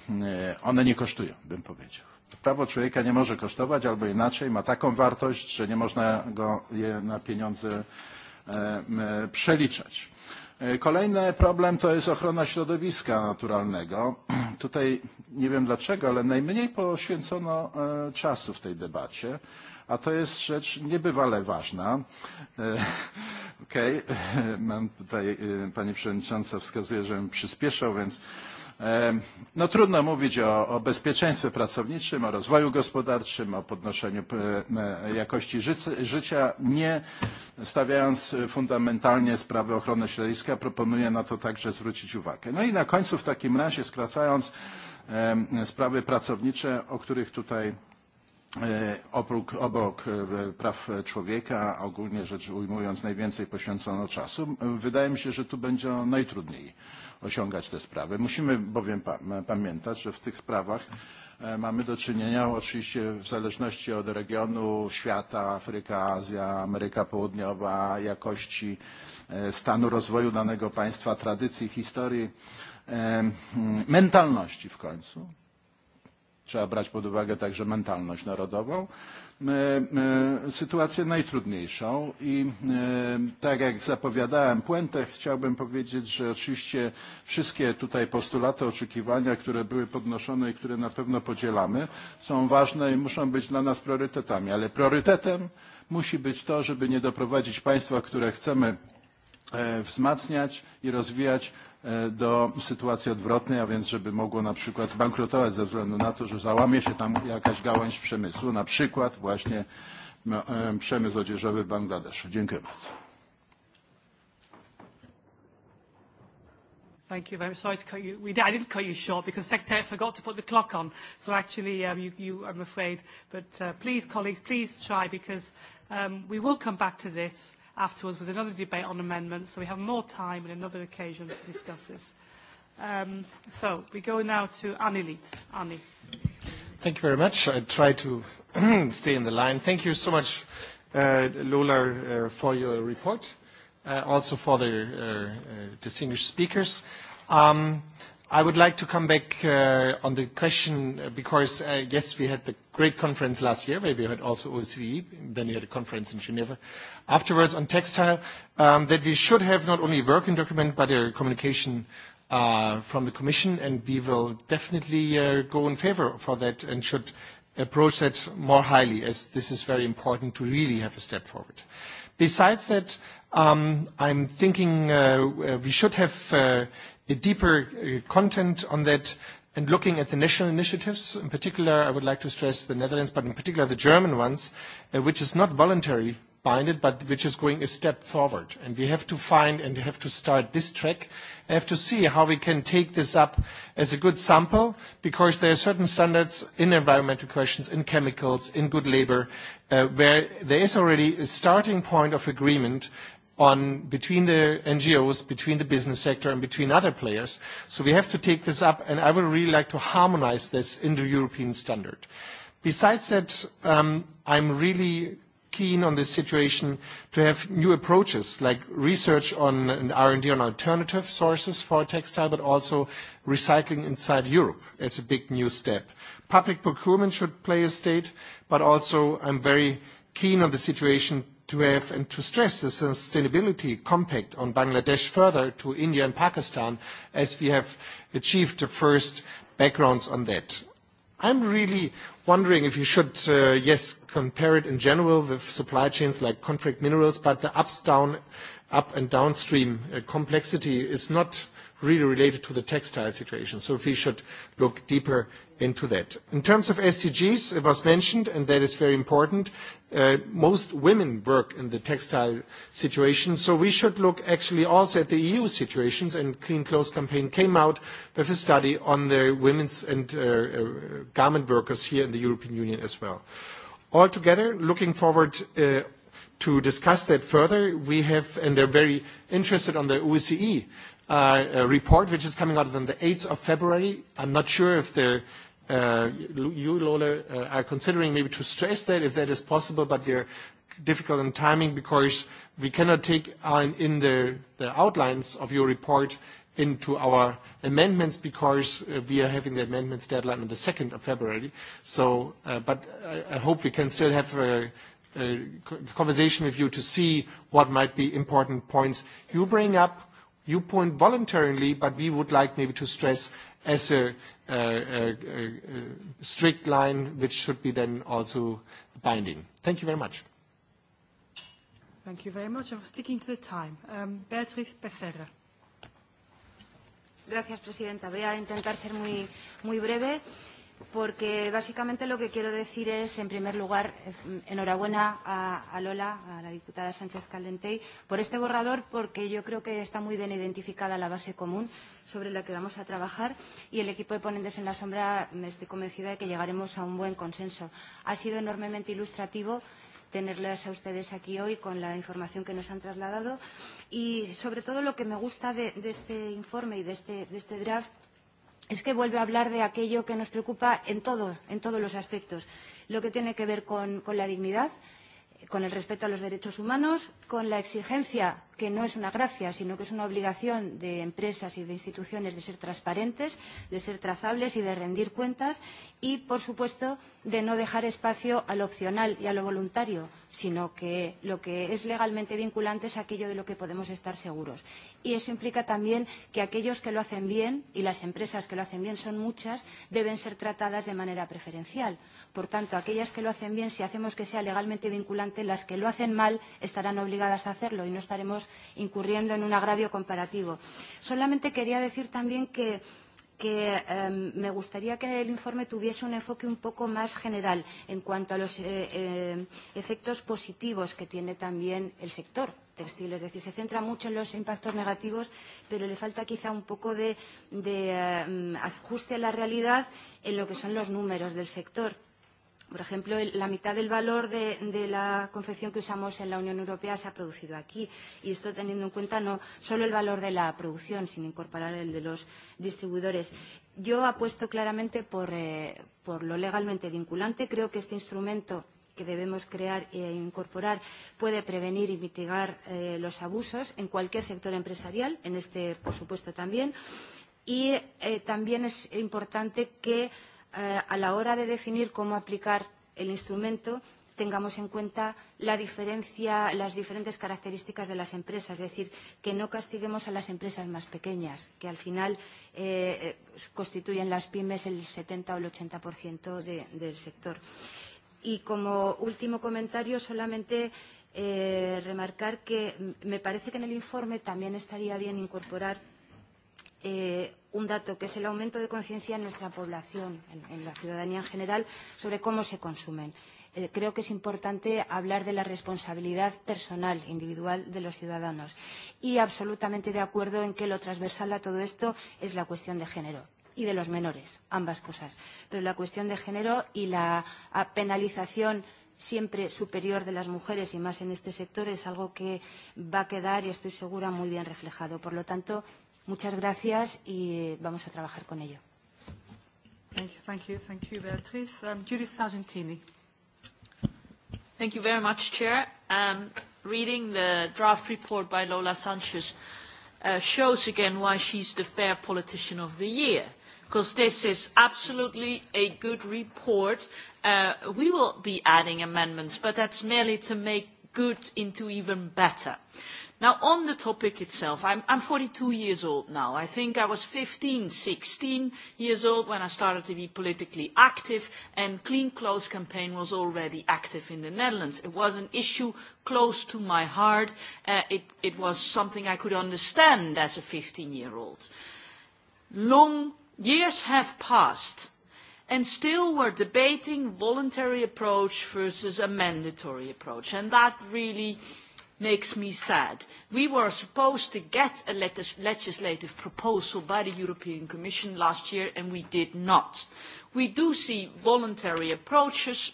one nie kosztują, bym powiedział. Prawo człowieka nie może kosztować, albo inaczej ma taką wartość, że nie można go je na pieniądze przeliczać. Kolejny problem to jest ochrona środowiska naturalnego. Tutaj nie wiem dlaczego, ale najmniej poświęcono czasu w tej debacie, a to jest rzecz niebywale ważna. Okej, okay. mam tutaj, pani przewodnicząca wskazuje, żebym przyspieszał, więc No trudno mówić o, o bezpieczeństwie pracowniczym, o rozwoju gospodarczym, o podnoszeniu jakości życia, nie stawiając fundamentalnie sprawy ochrony środowiska. Proponuję na to także zwrócić uwagę. No i na końcu w takim razie skracając sprawy pracownicze, o których tutaj obok, obok praw człowieka, ogólnie rzecz ujmując, najwięcej poświęcono czasu. Wydaje mi się, że tu będzie najtrudniej osiągać te sprawy. Musimy bowiem pa pamiętać, że w tych sprawach mamy do czynienia oczywiście w zależności od regionu świata, Afryka, Azja, Ameryka Południowa, jakości stanu rozwoju danego państwa, tradycji, historii, mentalności w końcu Trzeba brać pod uwagę także mentalność narodową. Sytuację najtrudniejszą i tak jak zapowiadałem puentę, chciałbym powiedzieć, że oczywiście wszystkie tutaj postulaty, oczekiwania, które były podnoszone i które na pewno podzielamy, są ważne i muszą być dla nas priorytetami, ale priorytetem musi być to, żeby nie doprowadzić państwa, które chcemy wzmacniać i rozwijać do sytuacji odwrotnej, a więc żeby mogło na przykład zbankrutować ze względu na to, że załamie się tam jakaś gałąź przemysłu, na przykład właśnie przemysł odzieżowy w Bangladeszu. Dziękuję bardzo. Thank you very much. Sorry to cut you. We, did, I didn't cut you short because Secretary forgot to put the clock on. So actually, um, you, you, I'm afraid. But uh, please, colleagues, please try because um, we will come back to this afterwards with another debate on amendments, so we have more time and another occasion to discuss this. Um, so we go now to Annie Leeds. Annie. Thank you very much. I try to stay in the line. Thank you so much, uh, Lola, uh, for your report, uh, also for the uh, uh, distinguished speakers. Um, I would like to come back uh, on the question uh, because, uh, yes, we had the great conference last year where we had also OECD, then we had a conference in Geneva. Afterwards, on textile, um, that we should have not only a working document but a communication uh, from the Commission, and we will definitely uh, go in favor for that and should approach that more highly, as this is very important to really have a step forward. Besides that, um, I'm thinking uh, we should have a deeper uh, content on that and looking at the national initiatives, in particular, I would like to stress the Netherlands, but in particular the German ones, uh, which is not voluntary binded, but which is going a step forward. And we have to find and have to start this track and have to see how we can take this up as a good sample, because there are certain standards in environmental questions, in chemicals, in good labor, uh, where there is already a starting point of agreement on between the NGOs, between the business sector, and between other players. So we have to take this up, and I would really like to harmonize this into European standard. Besides that, um, I'm really keen on this situation to have new approaches like research on R&D on alternative sources for textile, but also recycling inside Europe as a big new step. Public procurement should play a state, but also I'm very keen on the situation to have and to stress the sustainability compact on Bangladesh further to India and Pakistan as we have achieved the first backgrounds on that. I'm really wondering if you should, uh, yes, compare it in general with supply chains like contract minerals, but the ups, down, up and downstream uh, complexity is not really related to the textile situation. So if we should look deeper into that. In terms of SDGs, it was mentioned, and that is very important, uh, most women work in the textile situation, so we should look actually also at the EU situations, and Clean Clothes Campaign came out with a study on the women's and uh, uh, garment workers here in the European Union as well. Altogether, looking forward uh, to discuss that further, we have, and are very interested on the OECE uh, uh, report, which is coming out on the 8th of February. I'm not sure if the Uh, you, Lola, uh, are considering maybe to stress that if that is possible, but they're difficult in timing because we cannot take on in the, the outlines of your report into our amendments because uh, we are having the amendments deadline on the 2nd of February. So, uh, but I, I hope we can still have a, a conversation with you to see what might be important points you bring up. You point voluntarily, but we would like maybe to stress as a, a, a, a strict line which should be then also binding. Thank you very much. Thank you very much I'm sticking to the time. Um, Beatriz Becerra. Gracias, Presidenta. Voy a intentar ser muy, muy breve porque básicamente lo que quiero decir es, en primer lugar, enhorabuena a, a Lola, a la diputada Sánchez Caldentey, por este borrador, porque yo creo que está muy bien identificada la base común sobre la que vamos a trabajar y el equipo de ponentes en la sombra me estoy convencida de que llegaremos a un buen consenso. Ha sido enormemente ilustrativo tenerles a ustedes aquí hoy con la información que nos han trasladado y sobre todo lo que me gusta de, de este informe y de este, de este draft es que vuelve a hablar de aquello que nos preocupa en, todo, en todos los aspectos, lo que tiene que ver con, con la dignidad, con el respeto a los derechos humanos, con la exigencia que no es una gracia, sino que es una obligación de empresas y de instituciones de ser transparentes, de ser trazables y de rendir cuentas y, por supuesto, de no dejar espacio a lo opcional y a lo voluntario, sino que lo que es legalmente vinculante es aquello de lo que podemos estar seguros. Y eso implica también que aquellos que lo hacen bien, y las empresas que lo hacen bien son muchas, deben ser tratadas de manera preferencial. Por tanto, aquellas que lo hacen bien, si hacemos que sea legalmente vinculante, las que lo hacen mal estarán obligadas a hacerlo y no estaremos incurriendo en un agravio comparativo. Solamente quería decir también que que eh, me gustaría que el informe tuviese un enfoque un poco más general en cuanto a los eh, eh, efectos positivos que tiene también el sector textil. Es decir, se centra mucho en los impactos negativos, pero le falta quizá un poco de, de eh, ajuste a la realidad en lo que son los números del sector Por ejemplo, el, la mitad del valor de, de la confección que usamos en la Unión Europea se ha producido aquí. Y esto teniendo en cuenta no solo el valor de la producción, sino incorporar el de los distribuidores. Yo apuesto claramente por, eh, por lo legalmente vinculante. Creo que este instrumento que debemos crear e incorporar puede prevenir y mitigar eh, los abusos en cualquier sector empresarial, en este, por supuesto, también. Y eh, también es importante que Eh, a la hora de definir cómo aplicar el instrumento tengamos en cuenta la diferencia, las diferentes características de las empresas, es decir, que no castiguemos a las empresas más pequeñas, que al final eh, eh constituyen las pymes el 70 o el 80% de, del sector. Y como último comentario, solamente eh, remarcar que me parece que en el informe también estaría bien incorporar eh, un dato, que es el aumento de conciencia en nuestra población, en, en la ciudadanía en general, sobre cómo se consumen. Eh, creo que es importante hablar de la responsabilidad personal, individual de los ciudadanos. Y absolutamente de acuerdo en que lo transversal a todo esto es la cuestión de género y de los menores, ambas cosas. Pero la cuestión de género y la penalización siempre superior de las mujeres y más en este sector es algo que va a quedar y estoy segura muy bien reflejado. Por lo tanto, Muchas gracias y vamos a trabajar con ello. Thank you, thank you, thank you, Beatrice. Um, Judith Sargentini. Thank you very much, Chair. Um, reading the draft report by Lola Sanchez uh, shows again why she's the fair politician of the year, because this is absolutely a good report. Uh, we will be adding amendments, but that's merely to make good into even better. Now, on the topic itself, I'm, I'm 42 years old now. I think I was 15, 16 years old when I started to be politically active, and Clean Clothes campaign was already active in the Netherlands. It was an issue close to my heart. Uh, it, it was something I could understand as a 15-year-old. Long years have passed, and still we're debating voluntary approach versus a mandatory approach, and that really – makes me sad. We were supposed to get a legislative proposal by the European Commission last year and we did not. We do see voluntary approaches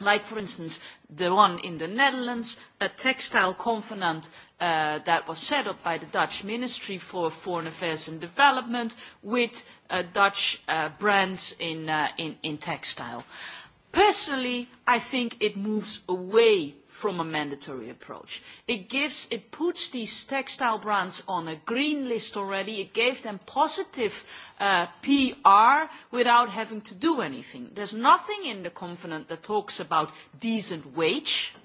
like for instance the one in the Netherlands, a textile covenant uh, that was set up by the Dutch Ministry for Foreign Affairs and Development with uh, Dutch uh, brands in, uh, in, in textile. Personally, I think it moves away from a mandatory approach. It gives, it puts these textile brands on a green list already. It gave them positive uh, PR without having to do anything. There's nothing in the covenant that talks about decent wage.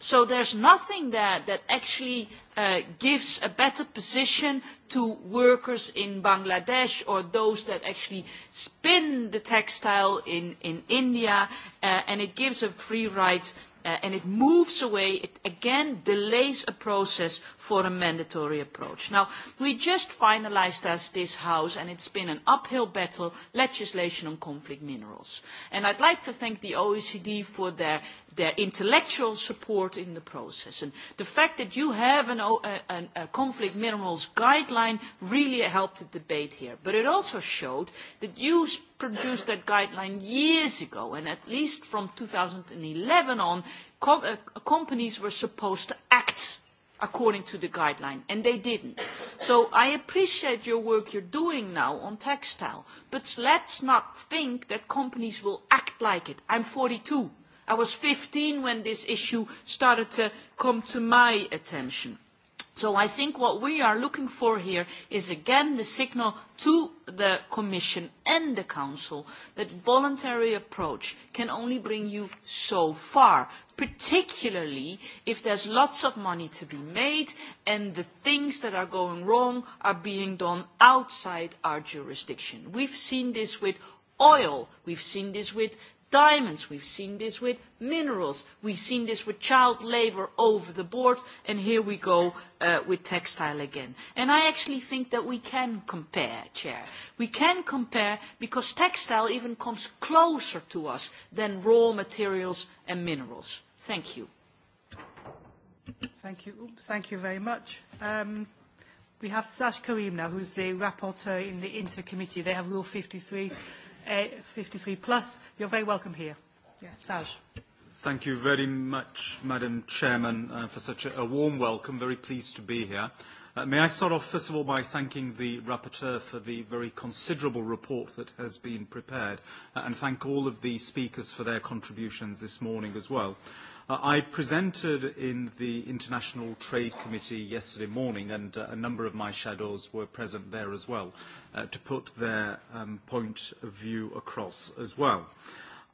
So there's nothing there that actually uh, gives a better position to workers in Bangladesh or those that actually spin the textile in, in India, uh, and it gives a free right uh, and it moves away, it again delays a process for a mandatory approach. Now, we just finalized as this House, and it's been an uphill battle, legislation on conflict minerals. And I'd like to thank the OECD for their their intellectual support in the process. And the fact that you have an, a, a conflict minerals guideline really helped the debate here. But it also showed that you produced that guideline years ago, and at least from 2011 on, co uh, companies were supposed to act according to the guideline, and they didn't. So I appreciate your work you're doing now on textile, but let's not think that companies will act like it. I'm 42 I was 15 when this issue started to come to my attention. So I think what we are looking for here is again the signal to the Commission and the Council that voluntary approach can only bring you so far, particularly if there's lots of money to be made and the things that are going wrong are being done outside our jurisdiction. We've seen this with oil. We've seen this with diamonds. We've seen this with minerals. We've seen this with child labour over the board. And here we go uh, with textile again. And I actually think that we can compare, Chair. We can compare because textile even comes closer to us than raw materials and minerals. Thank you. Thank you. thank you very much. Um, we have Sash Karim now, who's the rapporteur in the Inter Committee. They have Rule 53. 53 plus. You're very welcome here. Yeah, Saj. Thank you very much, Madam Chairman, uh, for such a, a warm welcome. Very pleased to be here. Uh, may I start off, first of all, by thanking the rapporteur for the very considerable report that has been prepared, uh, and thank all of the speakers for their contributions this morning as well. Uh, I presented in the International Trade Committee yesterday morning, and uh, a number of my shadows were present there as well, uh, to put their um, point of view across as well.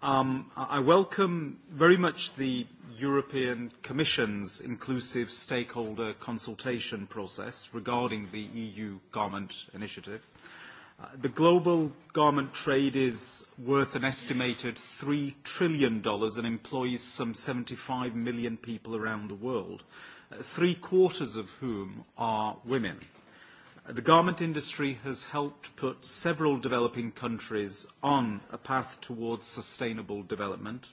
Um, I welcome very much the European Commission's inclusive stakeholder consultation process regarding the EU garment initiative. The global garment trade is worth an estimated $3 trillion and employs some 75 million people around the world, uh, three quarters of whom are women. The garment industry has helped put several developing countries on a path towards sustainable development.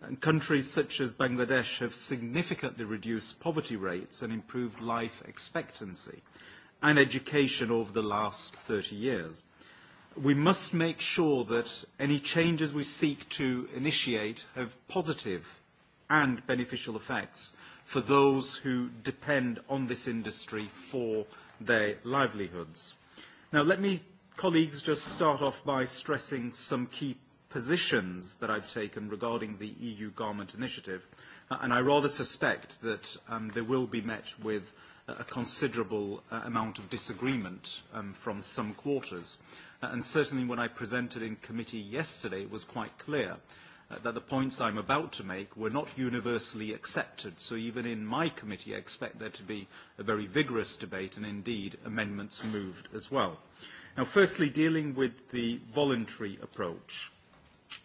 And countries such as Bangladesh have significantly reduced poverty rates and improved life expectancy. Uh, and education over the last 30 years. We must make sure that any changes we seek to initiate have positive and beneficial effects for those who depend on this industry for their livelihoods. Now, let me, colleagues, just start off by stressing some key positions that I've taken regarding the EU Garment Initiative, uh, and I rather suspect that um, they will be met with a considerable uh, amount of disagreement um, from some quarters. Uh, and certainly when I presented in committee yesterday, it was quite clear uh, that the points I'm about to make were not universally accepted. So even in my committee, I expect there to be a very vigorous debate and indeed amendments moved as well. Now, firstly, dealing with the voluntary approach.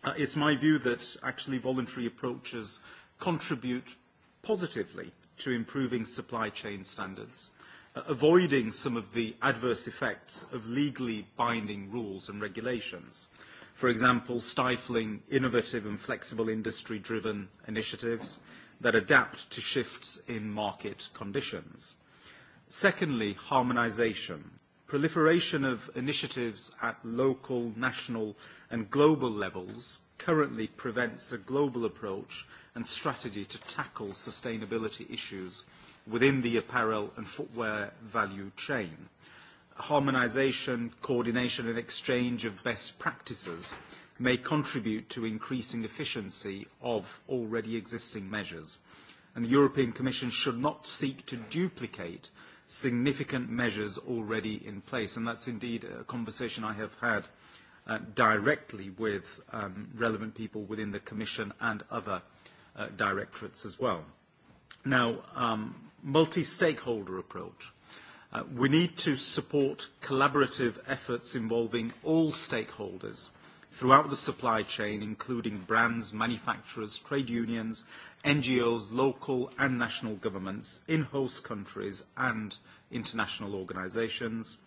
Uh, it's my view that actually voluntary approaches contribute positively to improving supply chain standards, uh, avoiding some of the adverse effects of legally binding rules and regulations. For example, stifling innovative and flexible industry-driven initiatives that adapt to shifts in market conditions. Secondly, harmonisation. Proliferation of initiatives at local, national and global levels currently prevents a global approach and strategy to tackle sustainability issues within the apparel and footwear value chain, harmonisation, coordination and exchange of best practices may contribute to increasing efficiency of already existing measures, and the European Commission should not seek to duplicate significant measures already in place. And that's indeed a conversation I have had uh, directly with um, relevant people within the Commission and other Uh, directorates as well. Now, um, multi-stakeholder approach. Uh, we need to support collaborative efforts involving all stakeholders throughout the supply chain, including brands, manufacturers, trade unions, NGOs, local and national governments in host countries and international organisations.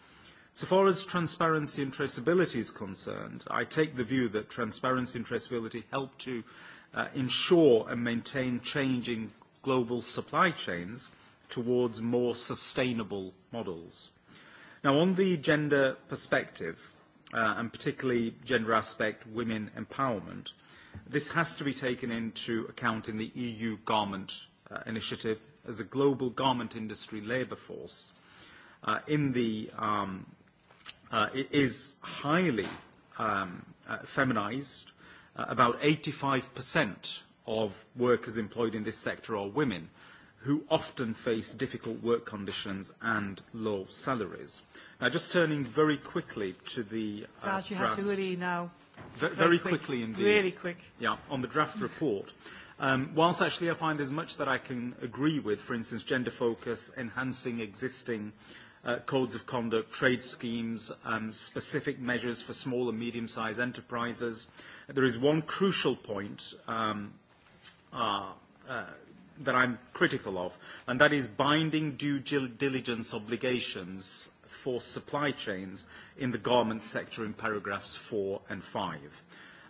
So far as transparency and traceability is concerned, I take the view that transparency and traceability help to uh, ensure and maintain changing global supply chains towards more sustainable models. Now, on the gender perspective, uh, and particularly gender aspect, women empowerment, this has to be taken into account in the EU Garment uh, Initiative as a global garment industry labour force. Uh, in the um, uh, it is highly um, uh, feminised, uh, about 85% of workers employed in this sector are women, who often face difficult work conditions and low salaries. Now, just turning very quickly to the uh, Sarge, you draft. have to really now. V very, very quick. quickly indeed. Really quick. Yeah, on the draft report. Um, whilst actually I find there's much that I can agree with, for instance, gender focus, enhancing existing uh, codes of conduct, trade schemes, um, specific measures for small and medium-sized enterprises, there is one crucial point um, uh, uh, that I'm critical of, and that is binding due diligence obligations for supply chains in the garment sector in paragraphs four and five.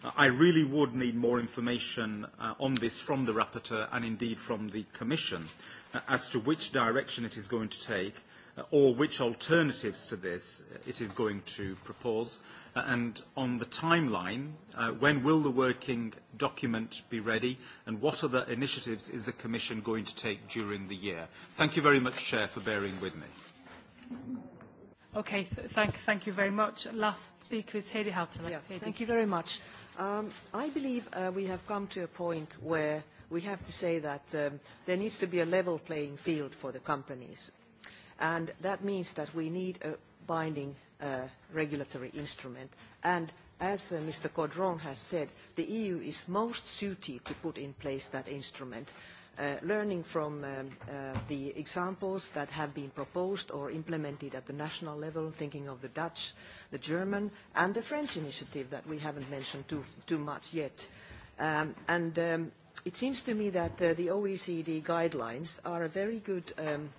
Uh, I really would need more information uh, on this from the rapporteur and indeed from the Commission uh, as to which direction it is going to take uh, or which alternatives to this it is going to propose Uh, and on the timeline, uh, when will the working document be ready, and what other initiatives is the Commission going to take during the year? Thank you very much, Chair, for bearing with me. Okay, th thank, thank you very much. Last speaker is Heidi Hautala. Yeah, Heidi. Thank you very much. Um, I believe uh, we have come to a point where we have to say that um, there needs to be a level playing field for the companies. And that means that we need a binding Uh, regulatory instrument. And as uh, Mr. Codron has said, the EU is most suited to put in place that instrument. Uh, learning from um, uh, the examples that have been proposed or implemented at the national level, thinking of the Dutch, the German, and the French initiative that we haven't mentioned too, too much yet. Um, and um, it seems to me that uh, the OECD guidelines are a very good um,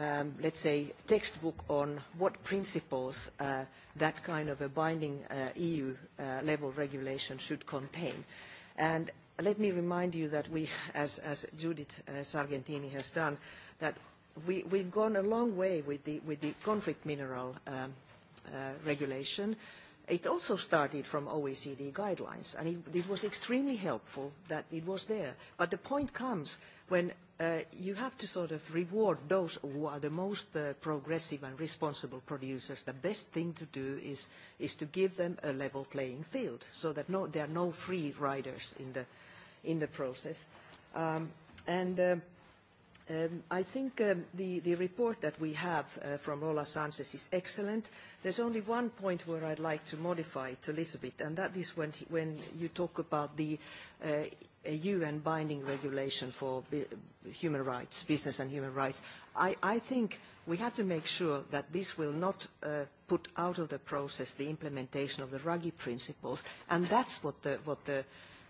um, let's say, textbook on what principles uh, that kind of a binding uh, EU uh, level regulation should contain. And let me remind you that we, as, as Judith uh, Sargentini has done, that we, we've gone a long way with the, with the conflict mineral um, uh, regulation. It also started from OECD guidelines, and it, it was extremely helpful that it was there. But the point comes when Uh, you have to sort of reward those who are the most uh, progressive and responsible producers. The best thing to do is, is to give them a level playing field so that no, there are no free riders in the, in the process. Um, and um, um, I think um, the, the, report that we have uh, from Lola Sanchez is excellent. There's only one point where I'd like to modify it a little bit, and that is when, when you talk about the uh, a UN binding regulation for human rights, business and human rights, I, I, think we have to make sure that this will not uh, put out of the process the implementation of the Ruggie principles, and that's what the, what the,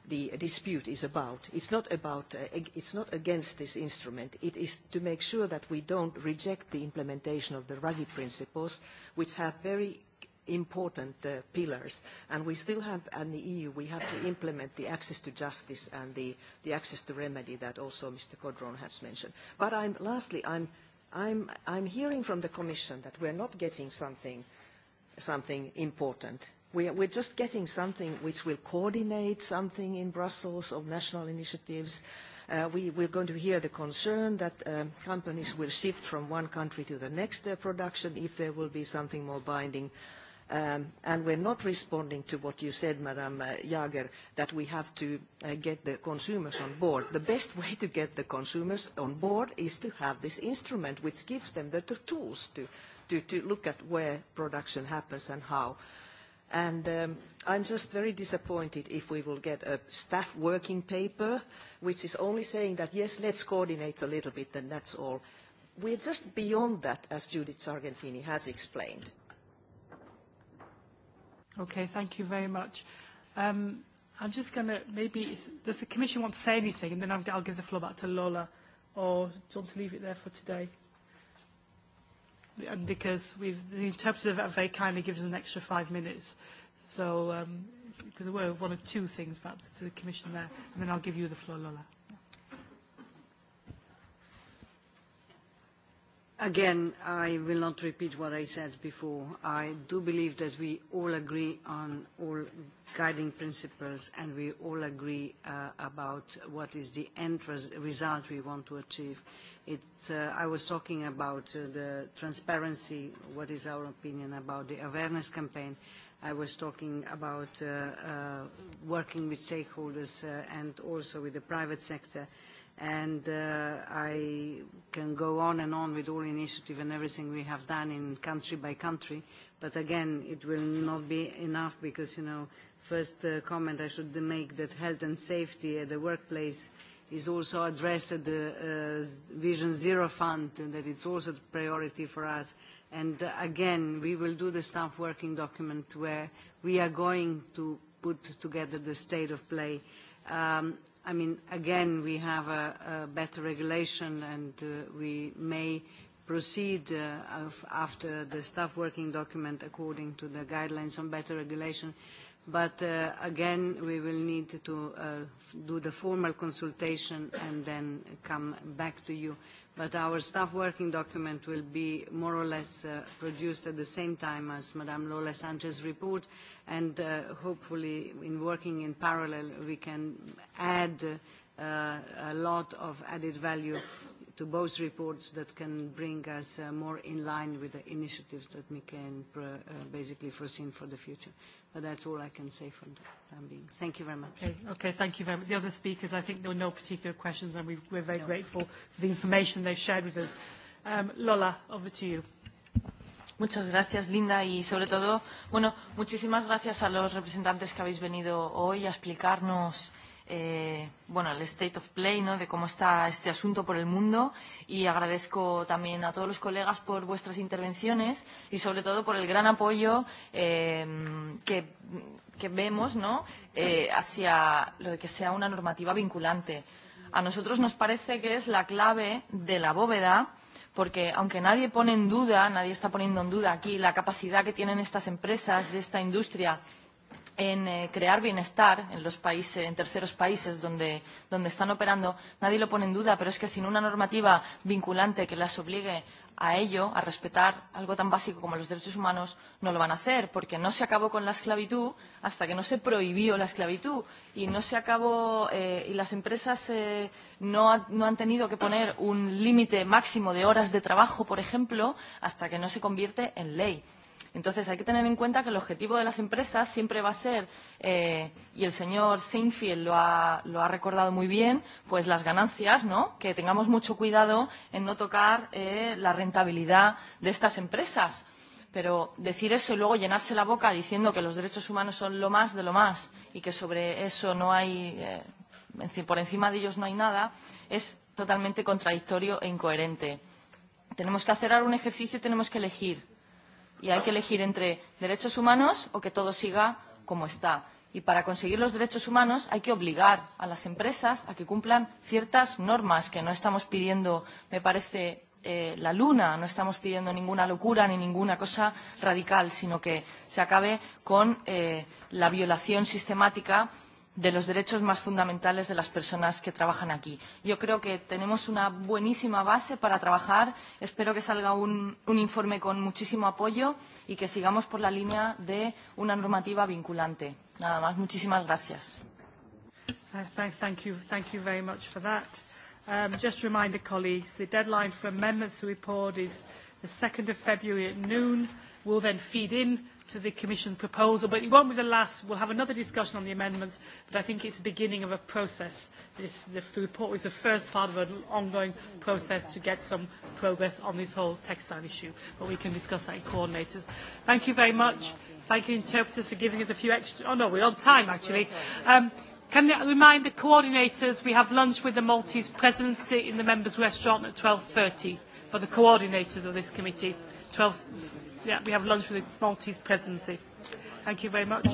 the dispute is about. It's not, about uh, it's not against this instrument. It is to make sure that we don't reject the implementation of the Ruggie principles, which have very important uh, pillars. And we still have, in the EU, we have to implement the access to justice and the, the access to remedy that also Mr. Codron has mentioned. But I'm, lastly, I'm, I'm, I'm hearing from the Commission that we're not getting something, something important We are, we're just getting something which will coordinate something in Brussels of national initiatives. Uh, we, we're going to hear the concern that um, companies will shift from one country to the next their production if there will be something more binding. Uh, And um, and we're not responding to what you said, Madam uh, Jager, that we have to uh, get the consumers on board. The best way to get the consumers on board is to have this instrument which gives them the, the tools to, to, to, look at where production happens and how. And um, I'm just very disappointed if we will get a staff working paper which is only saying that, yes, let's coordinate a little bit and that's all. We're just beyond that, as Judith Sargentini has explained Okay, thank you very much. Um, I'm just going to maybe, does the Commission want to say anything? And then I'll, I'll give the floor back to Lola. Or do you want to leave it there for today? And because we've, the interpreter very kindly gives us an extra five minutes. So, um, because there were one or two things perhaps to the Commission there. And then I'll give you the floor, Lola. Again, I will not repeat what I said before. I do believe that we all agree on all guiding principles, and we all agree uh, about what is the end res result we want to achieve. It, uh, I was talking about uh, the transparency, what is our opinion about the awareness campaign. I was talking about uh, uh, working with stakeholders uh, and also with the private sector and uh, I can go on and on with all initiative and everything we have done in country by country, but again, it will not be enough because, you know, first uh, comment I should make that health and safety at the workplace is also addressed at the uh, Vision Zero Fund, and that it's also a priority for us. And uh, again, we will do the staff working document where we are going to put together the state of play. Um, I mean, again, we have a, a better regulation and uh, we may proceed uh, after the staff working document according to the guidelines on better regulation. But uh, again, we will need to uh, do the formal consultation and then come back to you but our staff working document will be more or less uh, produced at the same time as Madame Lola Sanchez's report, and uh, hopefully in working in parallel we can add uh, a lot of added value to both reports that can bring us uh, more in line with the initiatives that we can pr uh, basically foresee for the future. But that's all I can say for the time being. Thank you very much. Okay, okay thank you very much. The other speakers, I think there were no particular questions, and we've, we're very no. grateful for the information they've shared with us. Um, Lola, over to you. Muchas gracias, Linda, y sobre todo, bueno, muchísimas gracias a los representantes que habéis venido hoy a explicarnos eh, bueno, el state of play, ¿no? de cómo está este asunto por el mundo y agradezco también a todos los colegas por vuestras intervenciones y sobre todo por el gran apoyo eh, que, que vemos ¿no? eh, hacia lo de que sea una normativa vinculante. A nosotros nos parece que es la clave de la bóveda porque aunque nadie pone en duda, nadie está poniendo en duda aquí la capacidad que tienen estas empresas de esta industria en eh, crear bienestar en los países, en terceros países donde, donde están operando, nadie lo pone en duda, pero es que sin una normativa vinculante que las obligue a ello, a respetar algo tan básico como los derechos humanos, no lo van a hacer, porque no se acabó con la esclavitud hasta que no se prohibió la esclavitud y no se acabó eh, y las empresas eh, no, ha, no han tenido que poner un límite máximo de horas de trabajo, por ejemplo, hasta que no se convierte en ley. Entonces hay que tener en cuenta que el objetivo de las empresas siempre va a ser, eh, y el señor Seinfeld lo ha, lo ha recordado muy bien, pues las ganancias, ¿no? Que tengamos mucho cuidado en no tocar eh, la rentabilidad de estas empresas. Pero decir eso y luego llenarse la boca diciendo que los derechos humanos son lo más de lo más y que sobre eso no hay, eh, por encima de ellos no hay nada, es totalmente contradictorio e incoherente. Tenemos que hacer ahora un ejercicio y tenemos que elegir y hay que elegir entre derechos humanos o que todo siga como está. Y para conseguir los derechos humanos hay que obligar a las empresas a que cumplan ciertas normas que no estamos pidiendo, me parece, eh, la luna, no estamos pidiendo ninguna locura ni ninguna cosa radical, sino que se acabe con eh, la violación sistemática de los derechos más fundamentales de las personas que trabajan aquí. Yo creo que tenemos una buenísima base para trabajar. Espero que salga un, un informe con muchísimo apoyo y que sigamos por la línea de una normativa vinculante. Nada más. Muchísimas gracias. reminder, colleagues, the deadline for amendments to report is the 2nd of February at noon. We'll then feed in to the Commission's proposal, but it won't be the last. We'll have another discussion on the amendments, but I think it's the beginning of a process. This, this, the report is the first part of an ongoing process to get some progress on this whole textile issue, but we can discuss that in coordinators. Thank you very much. Thank you, interpreters, for giving us a few extra... Oh, no, we're on time, actually. Um, can I remind the coordinators we have lunch with the Maltese presidency in the members' restaurant at 12.30 for the coordinators of this committee. 12 Yeah, we have lunch with the Maltese presidency. Thank you very much.